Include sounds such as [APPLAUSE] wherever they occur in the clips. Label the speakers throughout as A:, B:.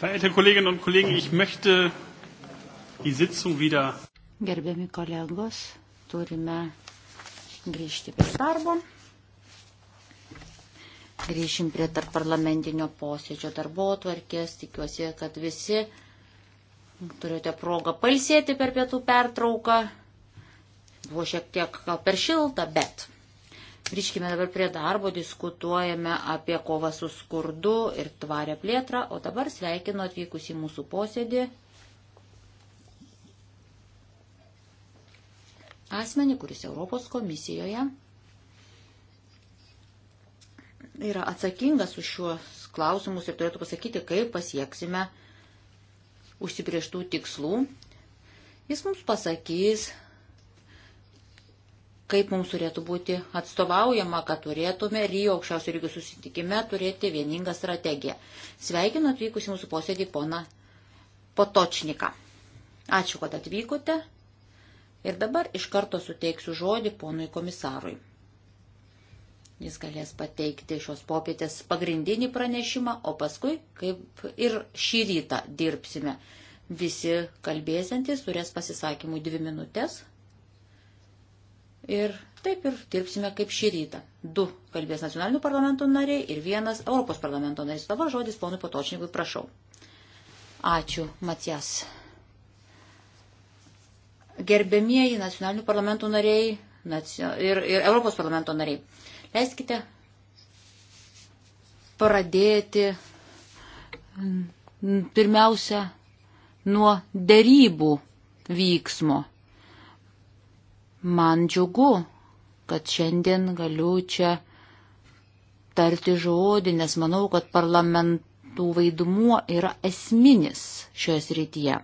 A: Verehrte Kolleginnen und Kollegen, ich möchte die Sitzung wieder.
B: Gerbiami kolegos, turime grįžti prie darbo. Grįšim prie tarp parlamentinio posėdžio darbo tvarkės. Tikiuosi, kad visi turėjote progą palsėti per pietų pertrauką. Buvo šiek tiek gal per šilta, bet Grįžkime dabar prie darbo, diskutuojame apie kovą su skurdu ir tvarę plėtrą, o dabar sveikinu atvykus į mūsų posėdį. Asmenį, kuris Europos komisijoje yra atsakingas už šiuos klausimus ir turėtų pasakyti, kaip pasieksime užsibrieštų tikslų. Jis mums pasakys, kaip mums turėtų būti atstovaujama, kad turėtume Rio aukščiausio lygio susitikime turėti vieningą strategiją. Sveikinu atvykusi mūsų posėdį pona Potočniką. Ačiū, kad atvykote. Ir dabar iš karto suteiksiu žodį ponui komisarui. Jis galės pateikti šios popietės pagrindinį pranešimą, o paskui, kaip ir šį rytą dirbsime, visi kalbėsiantis turės pasisakymų dvi minutės, Ir taip ir dirbsime kaip šį rytą. Du kalbės nacionalinių parlamentų nariai ir vienas Europos parlamento narys. Tavo žodis, ponui Potočnikui, prašau. Ačiū, Matijas. Gerbėmieji nacionalinių parlamentų nariai nacio... ir, ir Europos parlamento nariai. Leiskite pradėti mm, pirmiausia nuo dėrybų vyksmo Man džiugu, kad šiandien galiu čia tarti žodį, nes manau, kad parlamentų vaidmuo yra esminis šioje srityje.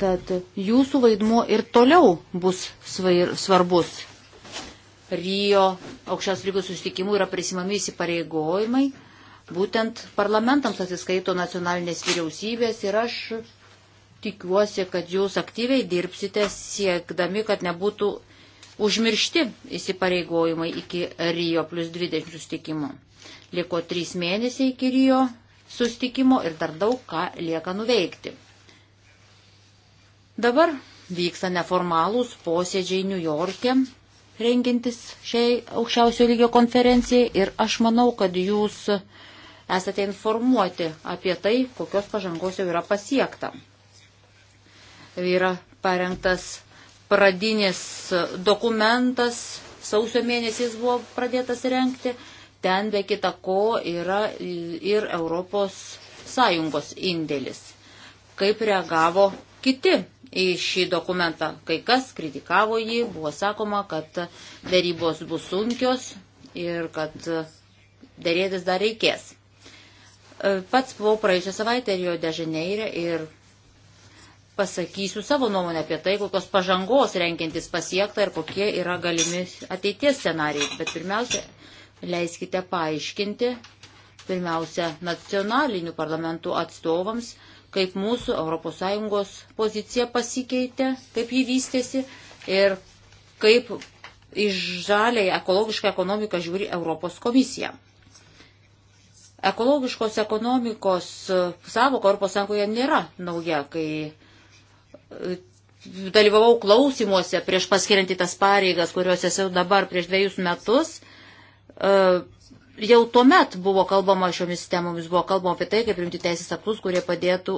B: Tad jūsų vaidmuo ir toliau bus svarbus. Rijo aukščiaus lygos susitikimų yra prisimami įsipareigojimai. Būtent parlamentams atsiskaito nacionalinės vyriausybės ir aš tikiuosi, kad jūs aktyviai dirbsite siekdami, kad nebūtų užmiršti įsipareigojimai iki Rio plus 20 sustikimo. Liko trys mėnesiai iki Rio sustikimo ir dar daug ką lieka nuveikti. Dabar vyksta neformalūs posėdžiai New York'e, rengintis šiai aukščiausio lygio konferencijai ir aš manau, kad jūs esate informuoti apie tai, kokios pažangos jau yra pasiekta. Yra parengtas pradinis dokumentas, sausio mėnesiais buvo pradėtas renkti. Ten be kita ko yra ir Europos Sąjungos indėlis. Kaip reagavo kiti į šį dokumentą. Kai kas kritikavo jį, buvo sakoma, kad darybos bus sunkios ir kad dėrėtis dar reikės. Pats buvau praėjusią savaitę Rio de Žaneire ir pasakysiu savo nuomonę apie tai, kokios pažangos renkintis pasiektą ir kokie yra galimi ateities scenarijai. Bet pirmiausia, leiskite paaiškinti, pirmiausia, nacionalinių parlamentų atstovams, kaip mūsų ES pozicija pasikeitė, kaip ji vystėsi ir kaip iš žaliai ekologišką ekonomiką žiūri Europos komisija. Ekologiškos ekonomikos savoka Europos Sąjungoje nėra nauja, kai dalyvavau klausimuose prieš paskiriant į tas pareigas, kuriuos esu dabar prieš dviejus metus. E, jau tuomet buvo kalbama šiomis temomis, buvo kalbama apie tai, kaip rimti teisės aktus, kurie padėtų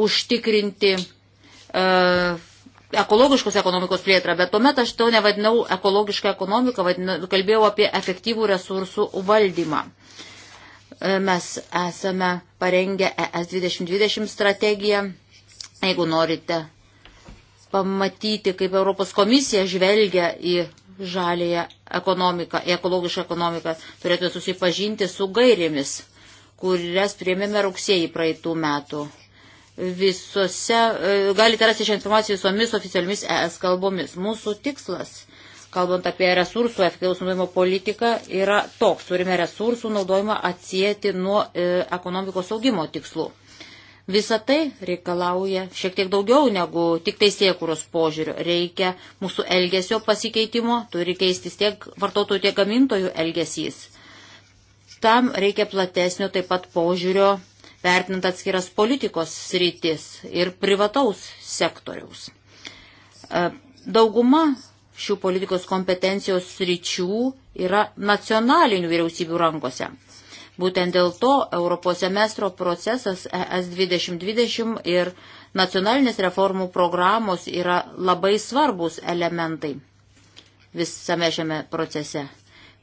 B: užtikrinti e, ekologiškos ekonomikos plėtrą, bet tuomet aš to nevadinau ekologišką ekonomiką, vadinau, kalbėjau apie efektyvų resursų valdymą. E, mes esame parengę ES 2020 strategiją Jeigu norite pamatyti, kaip Europos komisija žvelgia į žalėją ekonomiką, į ekologišką ekonomiką, turėtume susipažinti su gairėmis, kurias priėmėme rugsėjį praeitų metų. Visose, e, galite rasti šią informaciją visomis oficialiomis ES kalbomis. Mūsų tikslas, kalbant apie resursų efektyvaus naudojimo politiką, yra toks. Turime resursų naudojimą atsijėti nuo e, ekonomikos augimo tikslų. Visa tai reikalauja šiek tiek daugiau negu tik teisėkuros požiūrių. Reikia mūsų elgesio pasikeitimo, turi keistis tiek vartotojų, tiek gamintojų elgesys. Tam reikia platesnio taip pat požiūrio, vertinant atskiras politikos sritis ir privataus sektoriaus. E, dauguma šių politikos kompetencijos sričių yra nacionalinių vyriausybių rankose. Būtent dėl to Europos semestro procesas ES 2020 ir nacionalinės reformų programos yra labai svarbus elementai visame šiame procese.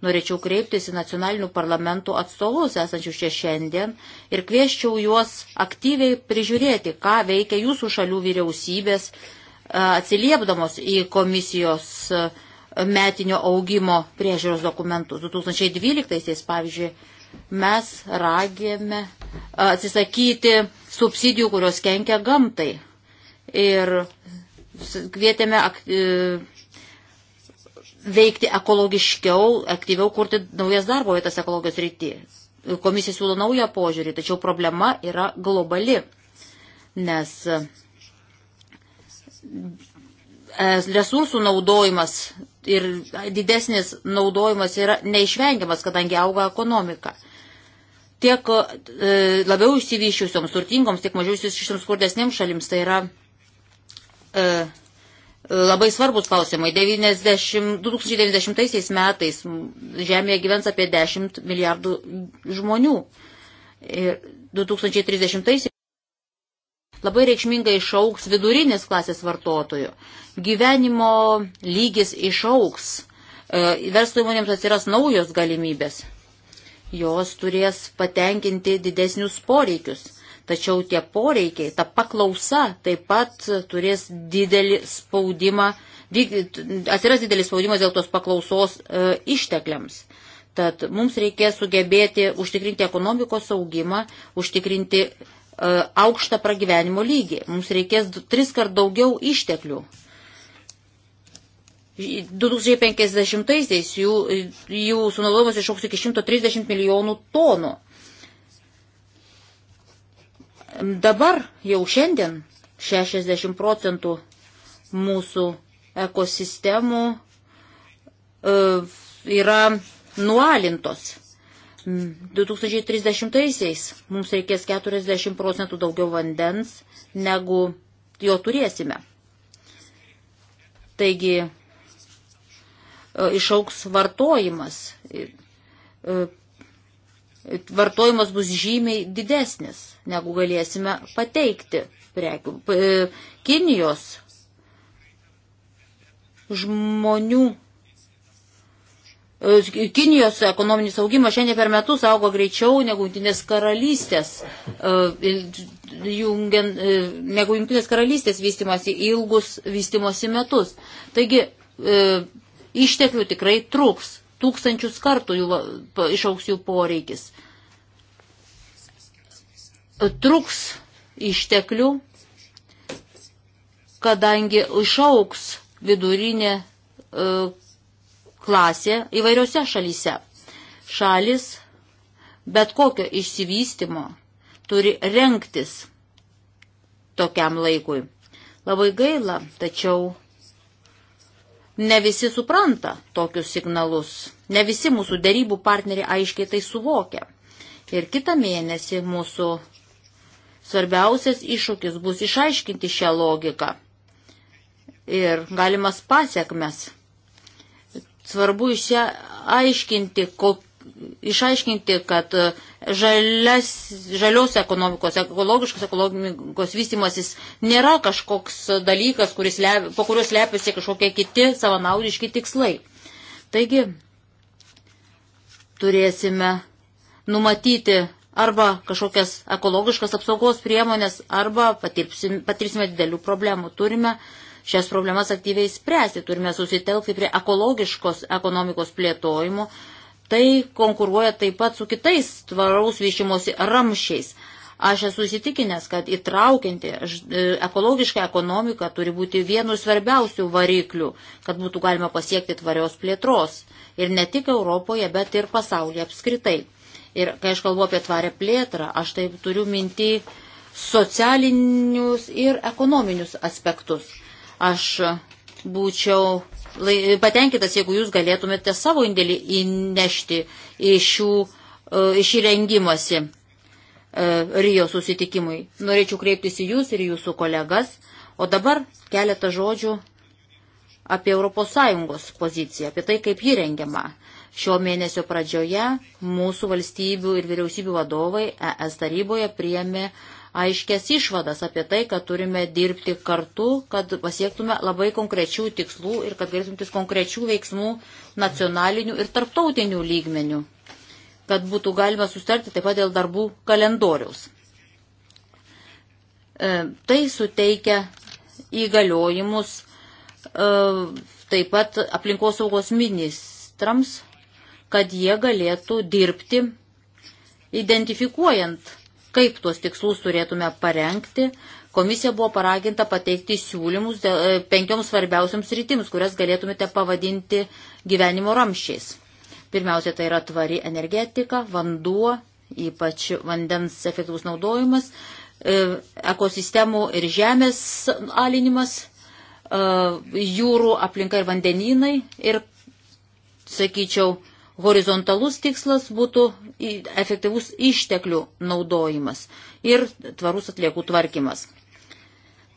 B: Norėčiau kreiptis į nacionalinių parlamentų atstovus esančius čia šiandien ir kvieščiau juos aktyviai prižiūrėti, ką veikia jūsų šalių vyriausybės, e, atsiliepdamos į komisijos e, metinio augimo priežiūros dokumentus. 2012, pavyzdžiui, mes ragėme atsisakyti subsidijų, kurios kenkia gamtai. Ir kvietėme ak, e, veikti ekologiškiau, aktyviau kurti naujas darbo vietas ekologijos rytį. Komisija siūlo naują požiūrį, tačiau problema yra globali, nes e, resursų naudojimas ir didesnis naudojimas yra neišvengiamas, kadangi auga ekonomika. Tiek e, labiau išsivyščiusioms, turtingoms, tiek mažiau išsivyščiusioms skurdesnėms šalims tai yra e, labai svarbus klausimai. 90, 2090 metais Žemėje gyvens apie 10 milijardų žmonių. Ir 2030 labai reikšmingai išauks vidurinės klasės vartotojų. Gyvenimo lygis išauks, e, verslo įmonėms atsiras naujos galimybės. Jos turės patenkinti didesnius poreikius. Tačiau tie poreikiai, ta paklausa taip pat turės didelį spaudimą, atsiras didelis spaudimas dėl tos paklausos e, ištekliams. Tad mums reikės sugebėti užtikrinti ekonomikos augimą, užtikrinti E, aukštą pragyvenimo lygį. Mums reikės tris kart daugiau išteklių. 2050-aisiais jų, jų sunaudojimas išauks iki 130 milijonų tonų. Dabar jau šiandien 60 procentų mūsų ekosistemų e, yra nualintos. 2030-aisiais mm, mums reikės 40 procentų daugiau vandens, negu jo turėsime. Taigi e, išauks vartojimas. E, vartojimas bus žymiai didesnis, negu galėsime pateikti prekių. E, Kinijos žmonių E, Kinijos ekonominis augimas šiandien per metus augo greičiau negu Junktinės karalystės, e, jungiant, e, negu Junktinės karalystės vystimas į ilgus vystimosi metus. Taigi išteklių tikrai truks, tūkstančius kartų jų, išauks jų poreikis. Truks išteklių, kadangi išauks vidurinė klasė įvairiose šalyse. Šalis bet kokio išsivystimo turi renktis tokiam laikui. Labai gaila, tačiau ne visi supranta tokius signalus, ne visi mūsų darybų partneriai aiškiai tai suvokia. Ir kitą mėnesį mūsų svarbiausias iššūkis bus išaiškinti šią logiką ir galimas pasiekmes svarbu išsiaiškinti, kokie išaiškinti, kad e, žalias, žalios ekonomikos, ekologiškos ekonomikos vystimasis nėra kažkoks dalykas, lep, po kuriuo slepiasi kažkokie kiti savanaudiški tikslai. Taigi turėsime numatyti arba kažkokias ekologiškas apsaugos priemonės, arba patirsime didelių problemų. Turime uh, šias problemas aktyviai spręsti. Turime susitelkti prie ekologiškos ekonomikos plėtojimo. Tai konkuruoja taip pat su kitais tvaraus vyšimosi ramšiais. Aš esu įsitikinęs, kad įtraukianti e, ekologišką ekonomiką turi būti vienu svarbiausių variklių, kad būtų galima pasiekti tvarios plėtros. Ir ne tik Europoje, bet ir pasaulyje apskritai. Ir kai aš kalbu apie tvarę plėtrą, aš taip turiu minti socialinius ir ekonominius aspektus. Aš būčiau patenkintas, jeigu jūs galėtumėte savo indėlį įnešti iš šių išrengimasi e, e, Rijo susitikimui. Norėčiau kreiptis į jūs ir jūsų kolegas, o dabar keletą žodžių apie ES poziciją, apie tai, kaip ji rengiama. Šio mėnesio pradžioje mūsų valstybių ir vyriausybių vadovai ES taryboje priėmė uh, aiškės išvadas apie tai, kad turime dirbti kartu, kad pasiektume labai konkrečių tikslų ir kad galėtumtis konkrečių veiksmų nacionalinių ir tarptautinių lygmenių, kad būtų galima sustarti taip pat dėl darbų kalendoriaus. E, tai suteikia įgaliojimus e, taip pat aplinkosaugos ministrams, kad jie galėtų dirbti identifikuojant kaip tuos tikslus turėtume parengti, komisija buvo paraginta pateikti siūlymus e, penkioms svarbiausiams rytims, kurias galėtumėte pavadinti gyvenimo ramšiais. Pirmiausia, tai yra tvari energetika, vanduo, ypač vandens efektyvus naudojimas, e, ekosistemų ir žemės alinimas, e, jūrų aplinka ir vandenynai ir, sakyčiau, horizontalus tikslas būtų efektyvus išteklių naudojimas ir tvarus atliekų tvarkymas.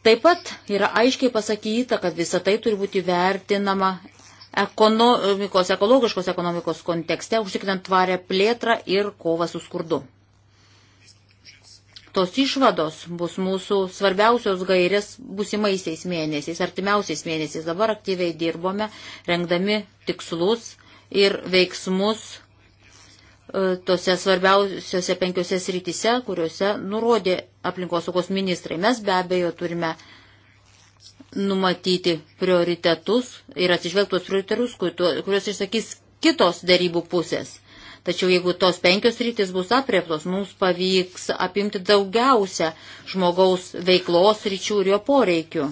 B: Taip pat yra aiškiai pasakyta, kad visa tai turi būti vertinama ekonomikos, ekologiškos ekonomikos kontekste, užtikrinant tvarę plėtrą ir kovą su skurdu. Tos išvados bus mūsų svarbiausios gairės busimaisiais mėnesiais, artimiausiais mėnesiais. Dabar aktyviai dirbome, rengdami tikslus ir veiksmus e, tose svarbiausiose penkiose srityse, kuriuose nurodė aplinkosaugos ministrai. Mes be abejo turime numatyti prioritetus ir atsižvelgtos prioritetus, kuriuos išsakys kitos darybų pusės. Tačiau jeigu tos penkios rytis bus apriektos, mums pavyks apimti daugiausia žmogaus veiklos ryčių ir jo poreikių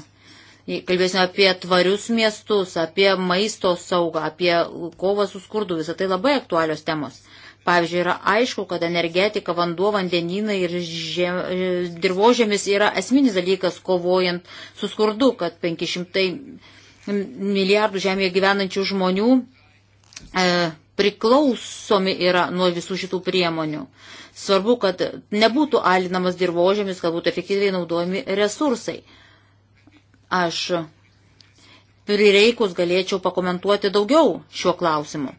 B: kalbėsime apie tvarius miestus, apie maisto saugą, apie kovą su skurdu, visą tai labai aktualios temos. Pavyzdžiui, yra aišku, kad energetika, vanduo, vandeninai ir žem, dirbožėmis yra esminis dalykas kovojant su skurdu, kad 500 milijardų žemėje gyvenančių žmonių e, priklausomi yra nuo visų šitų priemonių. Svarbu, kad nebūtų alinamas dirbožėmis, kad būtų efektyviai naudojami resursai. Aš prireikus galėčiau pakomentuoti daugiau šiuo klausimu.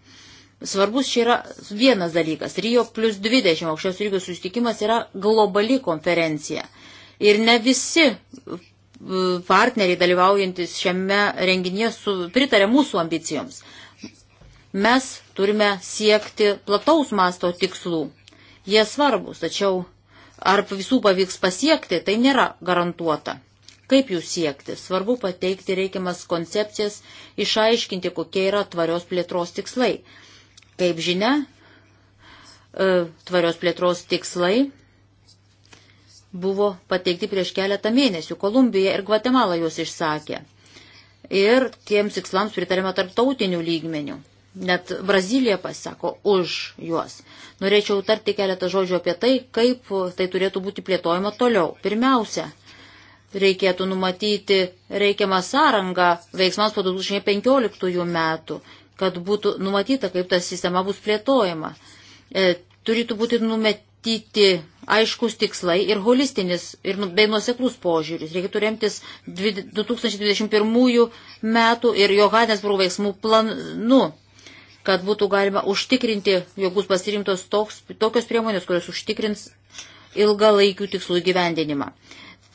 B: Svarbus čia yra vienas dalykas. Rio plus 20 aukščiausių lygių susitikimas yra globali konferencija. Ir ne visi uh, partneriai dalyvaujantis šiame renginėje su, pritarė mūsų ambicijoms. Mes turime siekti plataus masto tikslų. Jie svarbus, tačiau ar visų pavyks pasiekti, tai nėra garantuota. Kaip jų siekti? Svarbu pateikti reikiamas koncepcijas, išaiškinti, kokie yra tvarios plėtros tikslai. Kaip žinia, e, tvarios plėtros tikslai buvo pateikti prieš keletą mėnesių. Kolumbija ir Gvatemala juos išsakė. Ir tiems tikslams pritarima tarptautinių lygmenių. Net Brazilija pasisako už juos. Norėčiau tarti keletą žodžių apie tai, kaip tai turėtų būti plėtojama toliau. Pirmiausia, reikėtų numatyti reikiamą sąrangą veiksmams po 2015 metų, kad būtų numatyta, kaip ta sistema bus plėtojama. E, turėtų būti numatyti aiškus tikslai ir holistinis, ir, nu, bei nuoseklus požiūris. Reikėtų remtis 2021 metų ir Johannesburgo veiksmų planu kad būtų galima užtikrinti, jog bus pasirimtos toks, tokios priemonės, kurios užtikrins ilgalaikių tikslų įgyvendinimą.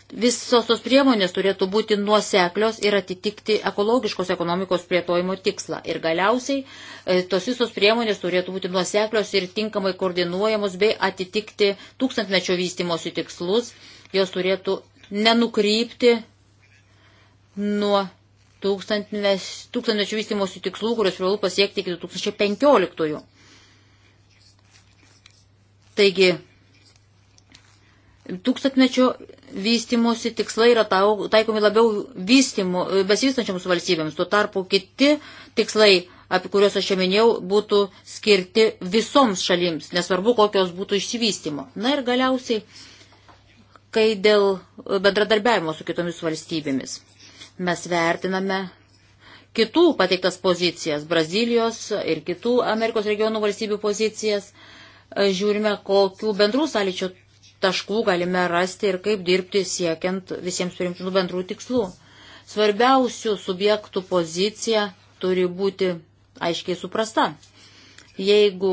B: Visos tos priemonės turėtų būti nuoseklios ir atitikti ekologiškos ekonomikos plėtojimo tikslą. Ir galiausiai e, tos visos priemonės turėtų būti nuoseklios ir tinkamai koordinuojamos bei atitikti tūkstantmečio vystimosi tikslus. Jos turėtų nenukrypti nuo tūkstantmečio vystimosi tikslų, kurios privalu pasiekti iki 2015. Taigi, tūkstantmečio vystimosi tikslai yra taikomi labiau vystimo, besivystančiams valstybėms. Tuo tarpu kiti tikslai, apie kuriuos aš čia minėjau, būtų skirti visoms šalims, nesvarbu, kokios būtų išsivystimo. Na ir galiausiai, kai dėl bendradarbiavimo su kitomis valstybėmis mes vertiname kitų pateiktas pozicijas, Brazilijos ir kitų Amerikos regionų valstybių pozicijas, žiūrime, kokių bendrų sąlyčio taškų galime rasti ir kaip dirbti siekiant visiems turimtinų bendrų tikslų. Svarbiausių subjektų pozicija turi būti aiškiai suprasta. Jeigu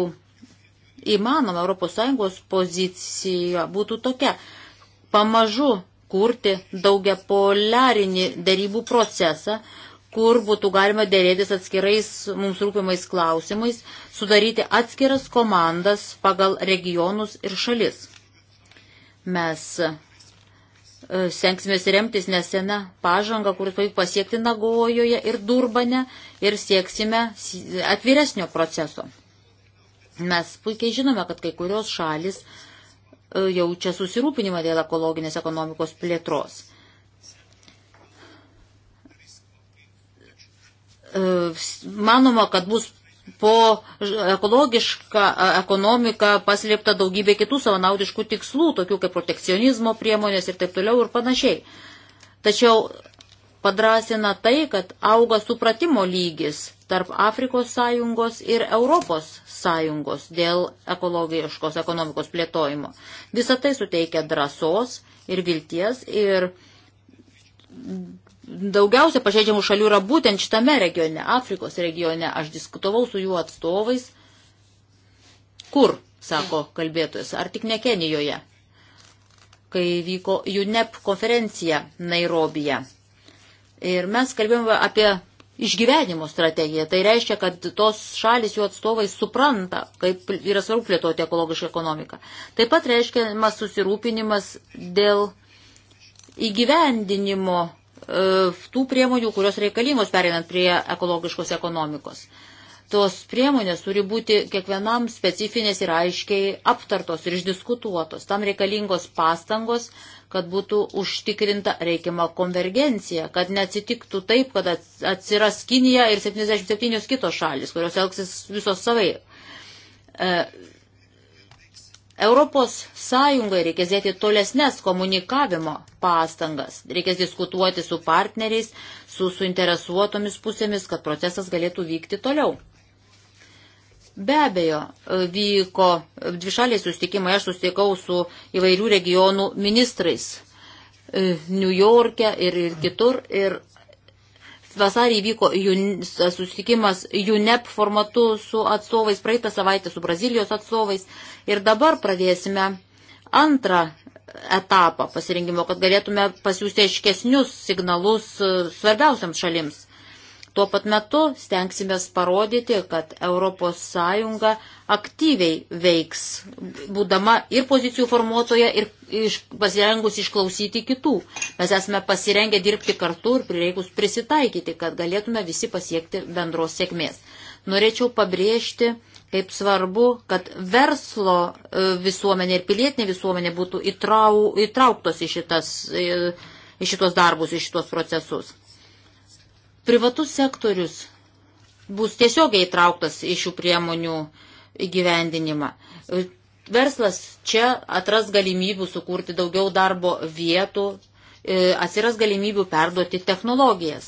B: įmanoma ES pozicija būtų tokia, pamažu kurti daugia poliarinį darybų procesą, kur būtų galima dėrėtis atskirais mums rūpimais klausimais, sudaryti atskiras komandas pagal regionus ir šalis. Mes e, Sengsime remtis neseną pažangą, kuris pavyko pasiekti Nagojoje ir Durbane ir sieksime atviresnio proceso. Mes puikiai žinome, kad kai kurios šalis e, jaučia susirūpinimą dėl ekologinės ekonomikos plėtros. E, manoma, kad bus po ekologišką e, ekonomiką paslėpta daugybė kitų savanaudiškų tikslų, tokių kaip protekcionizmo priemonės ir taip toliau ir panašiai. Tačiau padrasina tai, kad auga supratimo lygis tarp Afrikos sąjungos ir Europos sąjungos dėl ekologiškos ekonomikos plėtojimo. Visą tai suteikia drąsos ir vilties ir daugiausia pažeidžiamų šalių yra būtent šitame regione, Afrikos regione. Aš diskutavau su jų atstovais. Kur, sako kalbėtojas, ar tik ne Kenijoje, kai vyko UNEP konferencija Nairobija. Ir mes kalbėjome apie išgyvenimo strategiją. Tai reiškia, kad tos šalis jų atstovai supranta, kaip yra svarbu plėtoti ekologišką ekonomiką. Taip pat reiškia susirūpinimas dėl įgyvendinimo E, tų priemonių, kurios reikalingos perinant prie ekologiškos ekonomikos. Tos priemonės turi būti kiekvienam specifinės ir aiškiai aptartos ir išdiskutuotos. Tam reikalingos pastangos, kad būtų užtikrinta reikiama konvergencija, kad neatsitiktų taip, kad atsiras Kinija ir 77 kitos šalis, kurios elgsis visos savai. E, Europos Sąjungai reikės dėti tolesnės komunikavimo pastangas, reikės diskutuoti su partneriais, su suinteresuotomis pusėmis, kad procesas galėtų vykti toliau. Be abejo, vyko dvišaliai sustikimai, aš sustikau su įvairių regionų ministrais e, New York'e ir, ir kitur. Ir vasarį vyko susitikimas UNEP formatu su atstovais, praeitą savaitę su Brazilijos atstovais. Ir dabar pradėsime antrą etapą pasirinkimo, kad galėtume pasiūsti aiškesnius signalus e, svarbiausiams šalims. Tuo pat metu stengsime parodyti, kad ES aktyviai veiks, būdama ir pozicijų formuotoja, ir iš, pasirengus išklausyti kitų. Mes esame pasirengę dirbti kartu ir prireikus prisitaikyti, kad galėtume visi pasiekti bendros sėkmės. Norėčiau pabrėžti, kaip svarbu, kad verslo e, visuomenė ir pilietinė visuomenė būtų įtrau, įtrauktos į, šitas, e, į šitos darbus, į šitos procesus. Privatus sektorius bus tiesiogiai įtrauktas į šių priemonių įgyvendinimą. E, verslas čia atras galimybių sukurti daugiau darbo vietų, atsiras galimybių perduoti technologijas.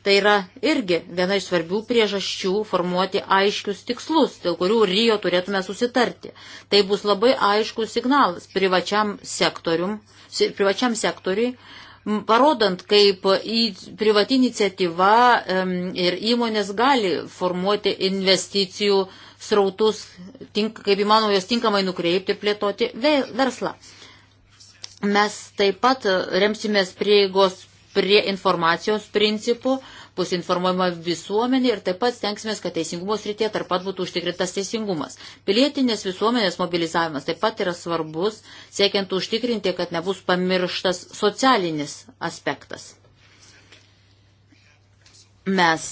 B: Tai yra irgi viena iš svarbių priežasčių formuoti aiškius tikslus, dėl kurių Rijo turėtume susitarti. Tai bus labai aiškus signalas privačiam, privačiam sektoriui, parodant, kaip privati iniciatyva ir įmonės gali formuoti investicijų srautus, tink, kaip įmanoma jos tinkamai nukreipti ir plėtoti verslą. Mes taip pat remsimės prieigos prie informacijos principų, bus informuojama visuomenė ir taip pat stengsime, kad teisingumo srityje tarp pat būtų užtikrintas teisingumas. Pilietinės visuomenės mobilizavimas taip pat yra svarbus, siekiant užtikrinti, kad nebus pamirštas socialinis aspektas. Mes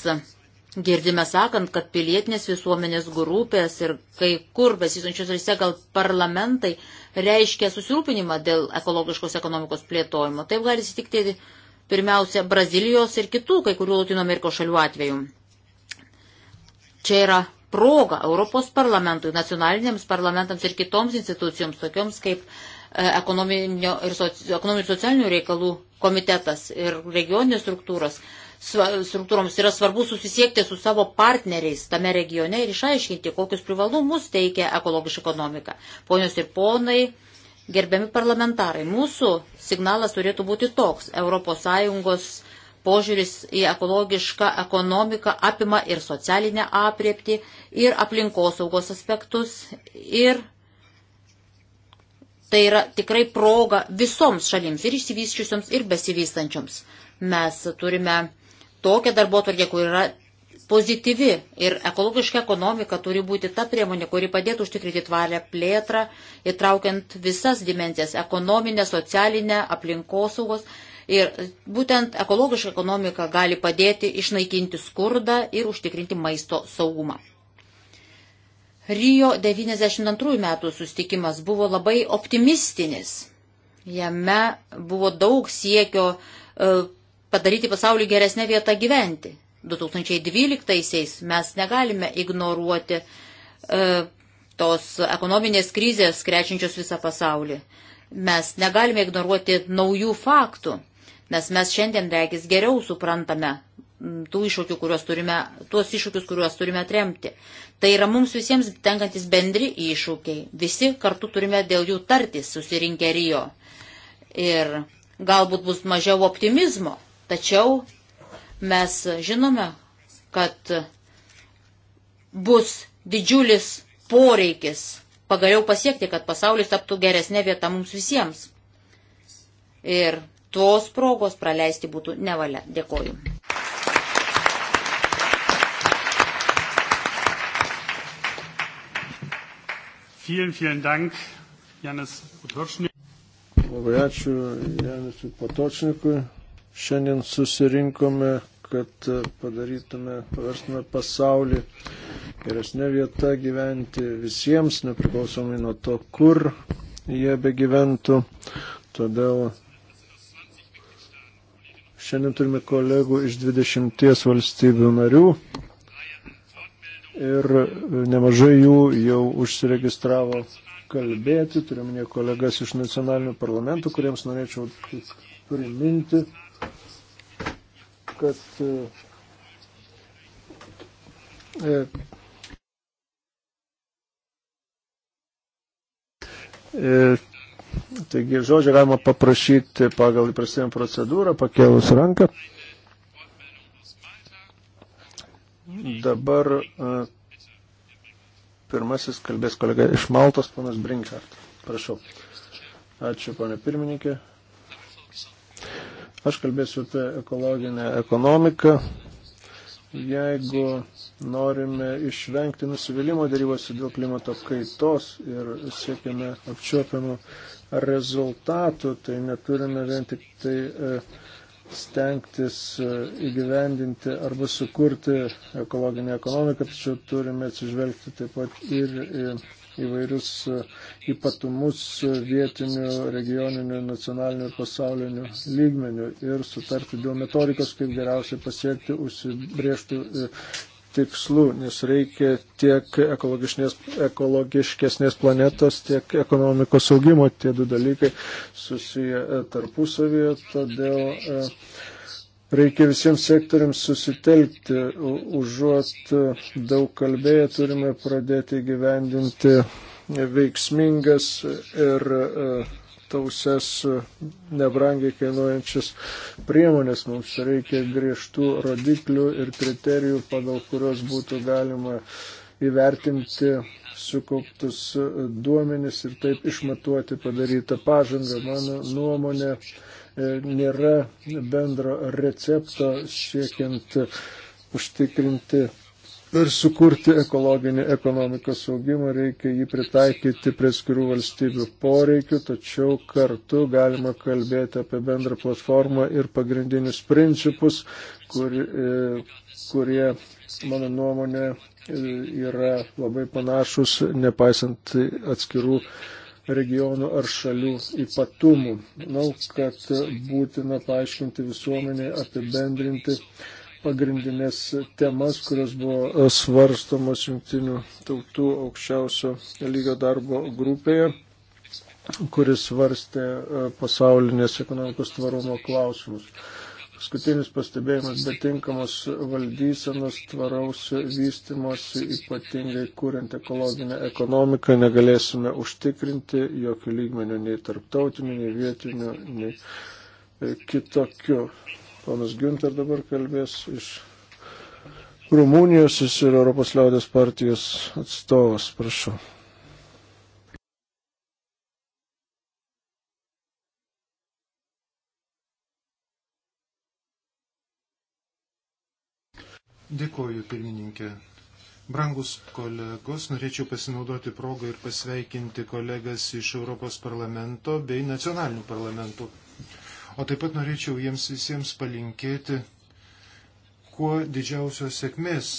B: girdime sakant, kad pilietinės visuomenės grupės ir kai kur besisunčios ryse gal parlamentai reiškia susirūpinimą dėl ekologiškos ekonomikos plėtojimo. Taip gali sitikti pirmiausia Brazilijos ir kitų kai kurių Latino Amerikos šalių atveju. Čia yra proga Europos parlamentui, nacionaliniams parlamentams ir kitoms institucijoms, tokioms kaip e, ekonominio ir soci, ekonominio socialinių reikalų komitetas ir regioninės struktūros, struktūroms yra svarbu susisiekti su savo partneriais tame regione ir išaiškinti, kokius privalumus teikia ekologiška ekonomika. Ponios ir ponai, Gerbiami parlamentarai, mūsų signalas turėtų būti toks. ES požiūris į ekologišką ekonomiką apima ir socialinę apriepti, ir aplinkosaugos aspektus, ir tai yra tikrai proga visoms šalims, ir išsivyščiusioms, ir besivystančioms. Mes turime tokią darbo tvarkę, kur yra pozityvi ir ekologiška ekonomika turi būti ta priemonė, kuri padėtų užtikrinti tvarę plėtrą, įtraukiant visas dimencijas - ekonominę, socialinę, aplinkosaugos. Ir būtent ekologiška ekonomika gali padėti išnaikinti skurdą ir užtikrinti maisto saugumą. Rio 92 metų sustikimas buvo labai optimistinis. Jame buvo daug siekio e, padaryti pasaulį geresnę vietą gyventi. 2012-aisiais mes negalime ignoruoti e, tos ekonominės krizės, krečiančios visą pasaulį. Mes negalime ignoruoti naujų faktų, nes mes šiandien regis geriau suprantame tų iššūkių, kuriuos turime, tuos iššūkius, kuriuos turime atremti. Tai yra mums visiems tenkantis bendri iššūkiai. Visi kartu turime dėl jų tartis susirinkę Rijo. Ir galbūt bus mažiau optimizmo, tačiau Mes žinome, kad bus didžiulis poreikis pagaliau pasiekti, kad pasaulis taptų geresnė vieta mums visiems. Ir tos progos praleisti būtų nevalia. Dėkoju.
A: Vielen, vielen Dank, Janis Potočnik.
C: Labai ačiū Janisui Potočnikui. Šiandien susirinkome, kad padarytume, paverstume pasaulį geresnė vieta gyventi visiems, nepriklausomai nuo to, kur jie begyventų. Todėl šiandien turime kolegų iš 20 valstybių narių ir nemažai jų jau užsiregistravo kalbėti, turiu minėti kolegas iš nacionalinių parlamentų, kuriems norėčiau priminti, kad e, e, e, Taigi žodžio galima paprašyti pagal įprastinę procedūrą, pakėlus ranką. Dabar pirmasis kalbės kolega iš Maltos, panas Brinkart. Prašau. Ačiū, ponė pirmininkė. Aš kalbėsiu apie ekologinę ekonomiką. Jeigu norime išvengti nusivylimų darybose dėl klimato kaitos ir siekime apčiuopiamų rezultatų, tai neturime vien tik tai e, stengtis e, įgyvendinti arba sukurti ekologinę ekonomiką, tačiau turime atsižvelgti taip pat ir į įvairius e, ypatumus e, vietinių, regioninių, nacionalinių ir pasaulinių lygmenių ir sutarti dėl metodikos, kaip geriausiai pasiekti užsibrieštų e, tikslų, nes reikia tiek ekologiškesnės planetos, tiek ekonomikos augimo, tie du dalykai susiję tarpusavyje, todėl Reikia visiems sektoriams susitelkti, užuot e, daug kalbėję turime pradėti gyvendinti veiksmingas ir e, tausias e, nebrangiai kainuojančias priemonės. Mums reikia griežtų rodiklių ir kriterijų, pagal kurios būtų galima įvertinti sukauptus duomenis ir taip išmatuoti padarytą pažangą. Mano nuomonė, E, nėra bendro recepto siekiant užtikrinti ir sukurti ekologinį ekonomikos augimą, reikia jį pritaikyti prie skirų valstybių poreikių, tačiau kartu galima kalbėti apie bendrą platformą ir pagrindinius principus, kur, e, kurie, mano nuomonė, e, yra labai panašus, nepaisant atskirų regionų ar šalių ypatumų. Manau, kad būtina paaiškinti visuomenį, apibendrinti pagrindinės temas, kurios buvo svarstamos jungtinių tautų aukščiausio lygio darbo grupėje, kuris svarstė pasaulinės ekonomikos tvarumo klausimus. Paskutinis pastebėjimas be tinkamos valdysenos, tvaraus vystimosi, ypatingai kuriant ekologinę ekonomiką, negalėsime užtikrinti jokių lygmenių nei tarptautinių, nei vietinių, nei e, kitokių. Ponas Günther dabar kalbės iš Rumunijos, jis yra Europos liaudės partijos atstovas, prašau.
A: Dėkoju, pirmininkė. Brangus kolegos, norėčiau pasinaudoti progą ir pasveikinti kolegas iš Europos parlamento bei nacionalinių parlamentų. O taip pat norėčiau jiems visiems palinkėti kuo didžiausios sėkmės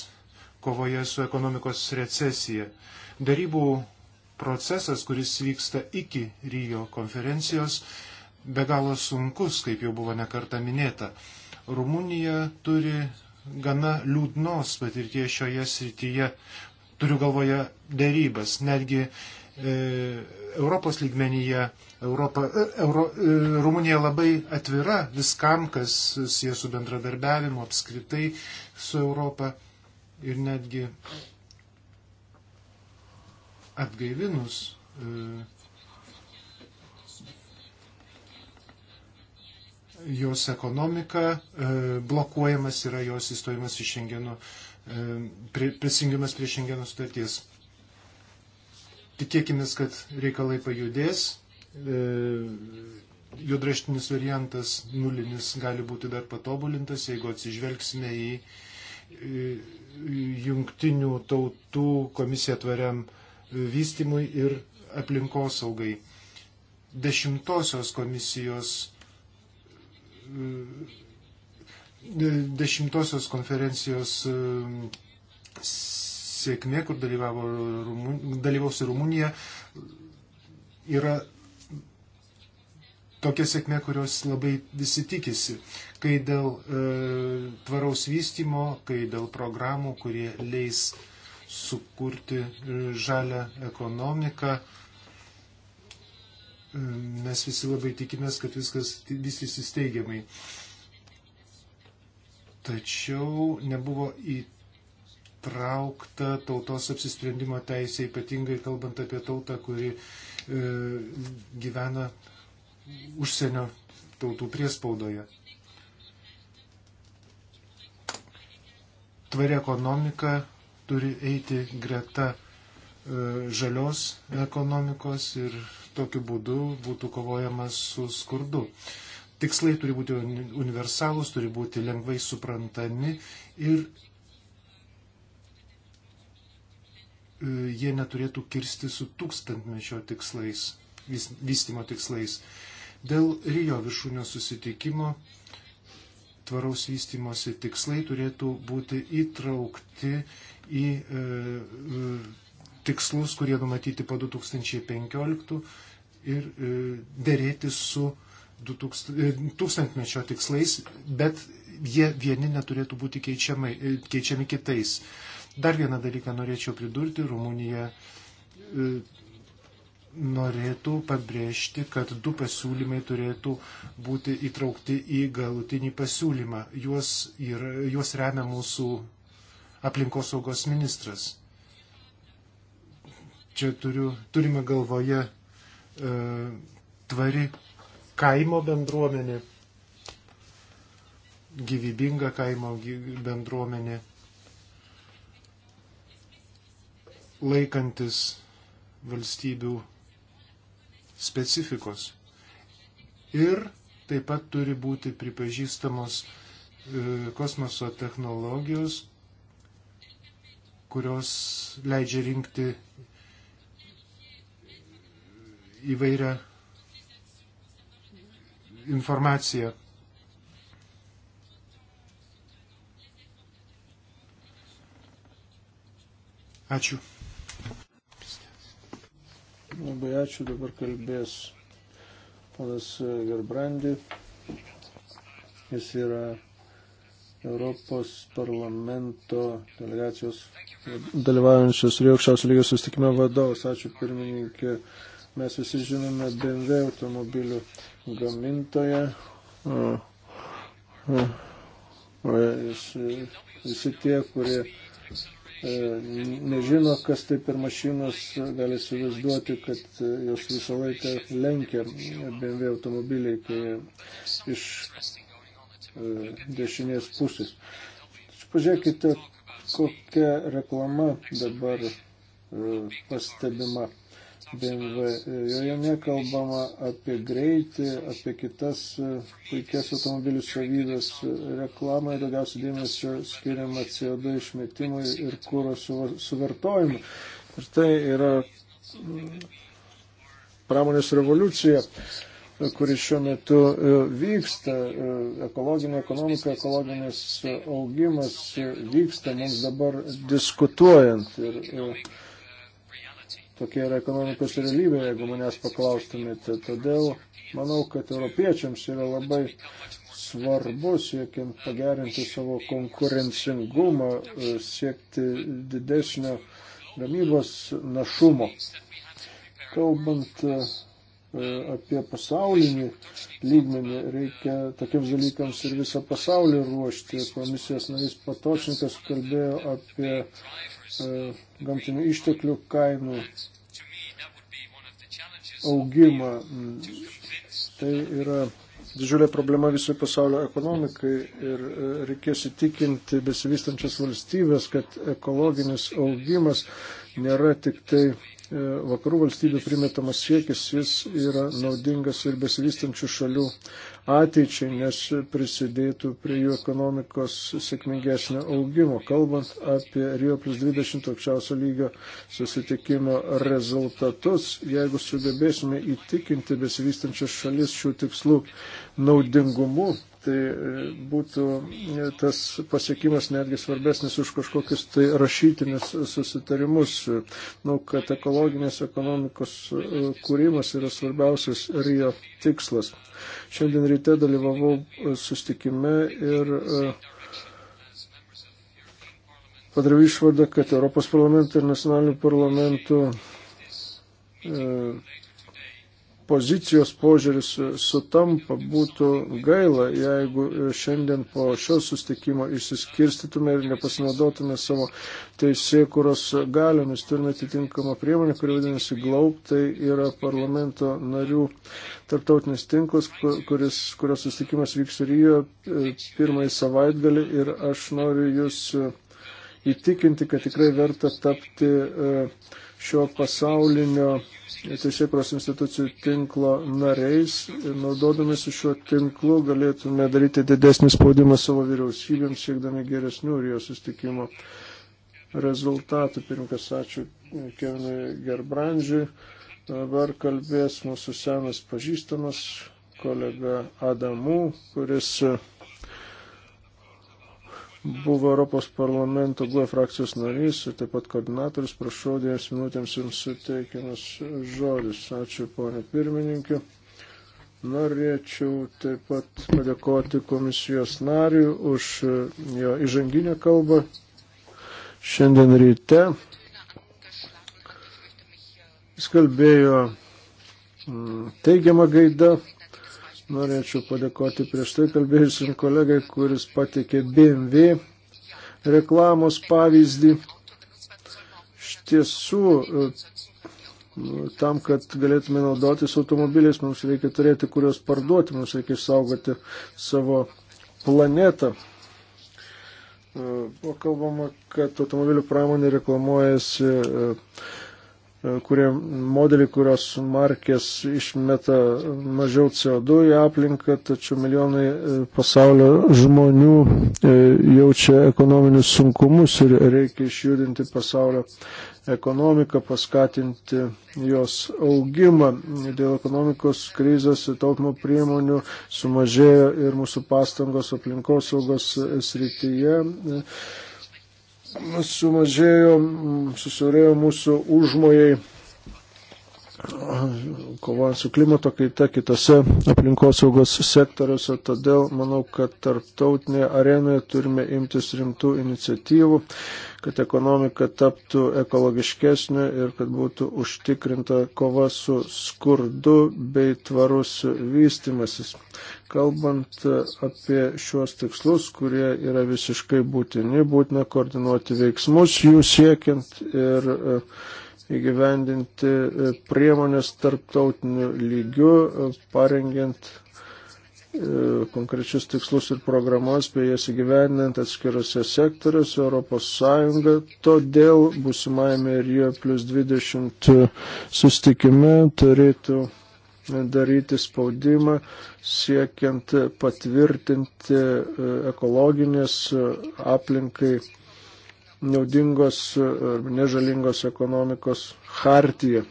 A: kovoje su ekonomikos recesija. Darybų procesas, kuris vyksta iki Rijo konferencijos, be galo sunkus, kaip jau buvo nekarta minėta. Rumunija turi gana liūdnos patirties šioje srityje, turiu galvoje dėrybas, netgi e, Europos lygmenyje. Europa, e, Euro, e, Rumunija labai atvira viskam, kas susijęs su bendradarbiavimu apskritai su Europa ir netgi atgaivinus e, jos ekonomika, e, blokuojamas yra jos įstojimas į Šengeno, e, prisijungimas prie Šengeno sutarties. Tikėkime, kad reikalai pajudės. E, judraštinis variantas nulinis gali būti dar patobulintas, jeigu atsižvelgsime į jungtinių tautų komisiją tvariam vystimui ir aplinkosaugai. Dešimtosios komisijos dešimtosios konferencijos e, sėkmė, kur dalyvausi Rumunija, yra tokia sėkmė, kurios labai visi tikisi. Kai dėl e, tvaraus vystimo, kai dėl programų, kurie leis sukurti e, žalę ekonomiką, mes visi labai tikimės, kad viskas vystysis teigiamai. Tačiau nebuvo įtraukta tautos apsisprendimo teisė, ypatingai kalbant apie tautą, kuri e, gyvena užsienio tautų priespaudoje. Tvari ekonomika turi eiti greta E, žalios ekonomikos ir tokiu būdu būtų kovojama su skurdu. Tikslai turi būti universalūs, turi būti lengvai suprantami ir e, jie neturėtų kirsti su tūkstantmečio tikslais, vystimo tikslais. Dėl Rijo viršūnio susitikimo tvaraus vystimosi tikslai turėtų būti įtraukti į e, e, tikslus, kurie numatyti po 2015 ir e, dėrėti su e, tūkstantmečio tikslais, bet jie vieni neturėtų būti keičiami, e, keičiami kitais. Dar vieną dalyką norėčiau pridurti. Rumunija norėtų pabrėžti, kad du pasiūlymai turėtų būti įtraukti į galutinį pasiūlymą. Juos, yra, juos remia mūsų aplinkosaugos ministras. Čia turiu, turime galvoje e, tvari kaimo bendruomenė, gyvybinga kaimo bendruomenė, laikantis valstybių specifikos. Ir taip pat turi būti pripažįstamos e, kosmoso technologijos, kurios leidžia rinkti įvairią informaciją. Ačiū.
C: Labai ačiū, dabar kalbės panas Gerbrandi. Jis yra Europos parlamento delegacijos dalyvaujančios ir aukščiausio lygio sustikime vadovas. Ačiū pirmininkė. Mes visi žinome BMW automobilių gamintoje. Visi tie, kurie e, nežino, kas tai per mašinos, gali įsivaizduoti, kad e, jos visą laiką lenkia BMW automobiliai, kai iš e, dešinės pusės. Pažiūrėkite, kokia reklama dabar pastebima BMW. E, joje nekalbama apie greitį, apie kitas e, puikias automobilių savybės. Reklamai daugiausiai dėmesio skiriama CO2 išmetimui ir kūro suvartojimui. Ir tai yra mm, pramonės revoliucija e, kuris šiuo metu vyksta, ekologinė ekonomika, ekologinis augimas vyksta mums dabar diskutuojant. Ir, ir Tokia yra ekonomikos realybė, jeigu manęs paklaustumėte. Todėl manau, kad europiečiams yra labai svarbu siekiant pagerinti savo konkurencingumą, e, siekti didesnio gamybos našumo. Kalbant e, apie pasaulinį lygmenį, reikia tokiems dalykams ir visą pasaulį ruošti. Komisijos narys Patočnikas kalbėjo apie E, gamtinių išteklių kainų augimą. Tai yra didžiulė problema visų pasaulio ekonomikai ir e, reikės įtikinti besivystančias valstybės, kad ekologinis augimas nėra tik tai E, vakarų valstybių primetamas siekis, jis yra naudingas ir besivystančių šalių ateičiai, nes prisidėtų prie jų ekonomikos sėkmingesnio augimo. Kalbant apie Rio plus 20 aukščiausio lygio susitikimo rezultatus, jeigu sugebėsime įtikinti besivystančias šalis šių tikslų naudingumu, tai e, būtų e, tas pasiekimas netgi svarbesnis už kažkokius tai rašytinius susitarimus. Manau, kad ekologinės ekonomikos e, kūrimas yra svarbiausias Rio tikslas. Šiandien ryte dalyvavau sustikime ir padariau išvadą, kad Europos parlamento ir nacionalinių parlamentų pozicijos požiūris sutampa, būtų gaila, jeigu šiandien po šio sustikimo išsiskirstytume ir nepasinaudotume savo teisėkuros galiomis. Turime atitinkamą priemonę, kuri vadinasi GLAUB, tai yra parlamento narių tarptautinis tinklas, kuris, kurio sustikimas vyks Rijo e, pirmąjį savaitgalį ir aš noriu jūs e, įtikinti, kad tikrai verta tapti uh, šio pasaulinio teisėkros institucijų tinklo nariais ir naudodamės šiuo tinklu galėtume daryti didesnį spaudimą savo vyriausybėms, siekdami geresnių ir jo sustikimo rezultatų. Pirmkas, ačiū Kevinui Gerbrandžiui. Dabar kalbės mūsų senas pažįstamas kolega Adamu, kuris buvo Europos parlamento GUE frakcijos narys, taip pat koordinatorius, prašau, 10 minutėms jums suteikiamas žodis. Ačiū, ponė pirmininkė. Norėčiau taip pat padėkoti komisijos nariui už jo įžanginę kalbą šiandien ryte. Jis kalbėjo mm, teigiamą gaidą Norėčiau padėkoti prieš tai kalbėjusim kolegai, kuris patikė BMW reklamos pavyzdį. Iš tiesų, tam, kad galėtume naudotis automobiliais, mums reikia turėti, kurios parduoti, mums reikia išsaugoti savo planetą. Buvo kalbama, kad automobilių pramonė reklamuojasi E, kurie modeliai, kurios markės išmeta mažiau CO2 į aplinką, tačiau milijonai e, pasaulio žmonių e, jaučia ekonominius sunkumus ir reikia išjudinti pasaulio ekonomiką, paskatinti jos augimą. Dėl ekonomikos krizės ir taupimo priemonių sumažėjo ir mūsų pastangos aplinkosaugos srityje sumažėjo, susiaurėjo mūsų užmojai kova su klimato kaita kitose aplinkosaugos sektoriuose. Todėl manau, kad tarptautinėje arenoje turime imtis rimtų iniciatyvų kad ekonomika taptų ekologiškesnė ir kad būtų užtikrinta kova su skurdu bei tvarus vystimasis. Kalbant apie šiuos tikslus, kurie yra visiškai būtini, būtina koordinuoti veiksmus jų siekiant ir e, įgyvendinti e, priemonės tarptautiniu lygiu, e, parengiant E, konkrečius tikslus ir programas, bei jas įgyvendinant atskirose sektoriuose Europos Sąjunga. Todėl busimajame Rio plus 20 sustikime turėtų daryti spaudimą, siekiant patvirtinti e, ekologinės aplinkai naudingos ar nežalingos ekonomikos hartiją.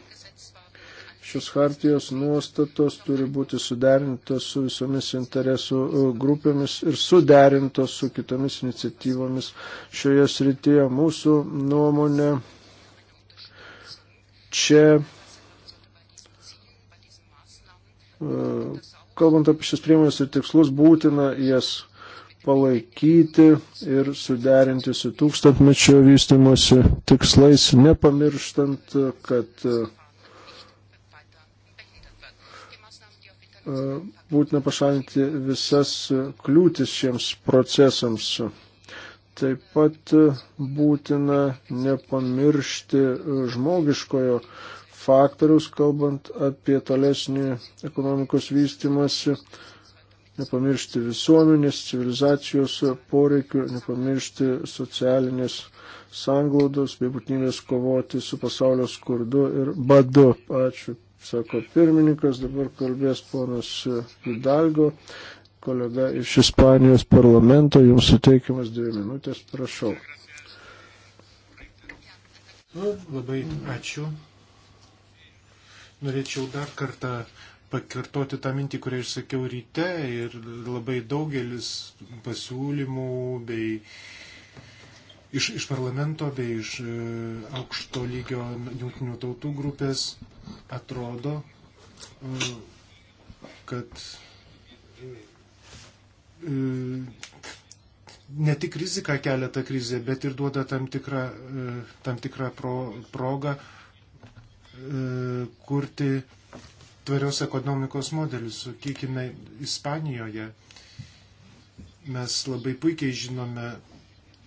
C: Šios hartijos nuostatos turi būti suderintos su visomis interesų e, grupėmis ir suderintos su kitomis iniciatyvomis šioje srityje. Mūsų nuomonė čia. E, kalbant apie šias priemonės ir tikslus, būtina jas palaikyti ir suderinti su tūkstantmečio vystimosi tikslais, nepamirštant, kad e, E, būtina pašalinti visas kliūtis šiems procesams. Taip pat būtina nepamiršti žmogiškojo faktoriaus, kalbant apie tolesnį ekonomikos vystimąsi, nepamiršti visuomenės, civilizacijos poreikių, nepamiršti socialinės sanglaudos bei būtinybės kovoti su pasaulio skurdu ir badu. Ačiū sako pirmininkas, dabar kalbės ponas Vidalgo, kolega iš Ispanijos parlamento, jums suteikiamas dvi minutės, prašau.
A: Labai ačiū. Norėčiau dar kartą pakartoti tą mintį, kurią išsakiau ryte ir labai daugelis pasiūlymų bei uh, iš, iš parlamento bei iš e, aukšto lygio jungtinių tautų grupės atrodo, e, kad e, ne tik rizika kelia ta krizė, bet ir duoda tam tikrą, tam tikrą pro, progą kurti tvarios ekonomikos modelius. Sakykime, Ispanijoje mes labai puikiai žinome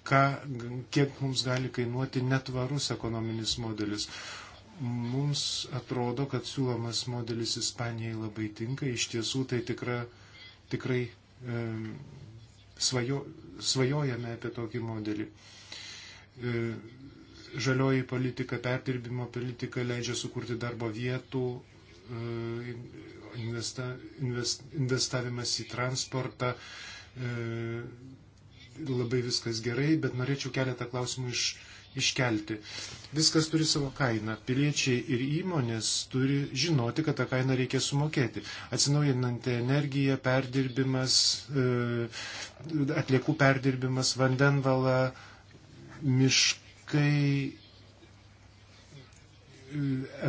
A: ką, kiek mums gali kainuoti netvarus ekonominis modelis. Mums atrodo, kad siūlomas modelis Ispanijai labai tinka, iš tiesų tai tikra, tikrai e, svajo, svajojame apie tokį modelį. E, žalioji politika, perdirbimo politika leidžia sukurti darbo vietų, e, investa, invest, investavimas į transportą. E, labai viskas gerai, bet norėčiau keletą klausimų iš, iškelti. Viskas turi savo kainą. Piliečiai ir įmonės turi žinoti, kad tą kainą reikia sumokėti. Atsinaujinanti energija, perdirbimas, e, atliekų perdirbimas, vandenvala, miškai, e,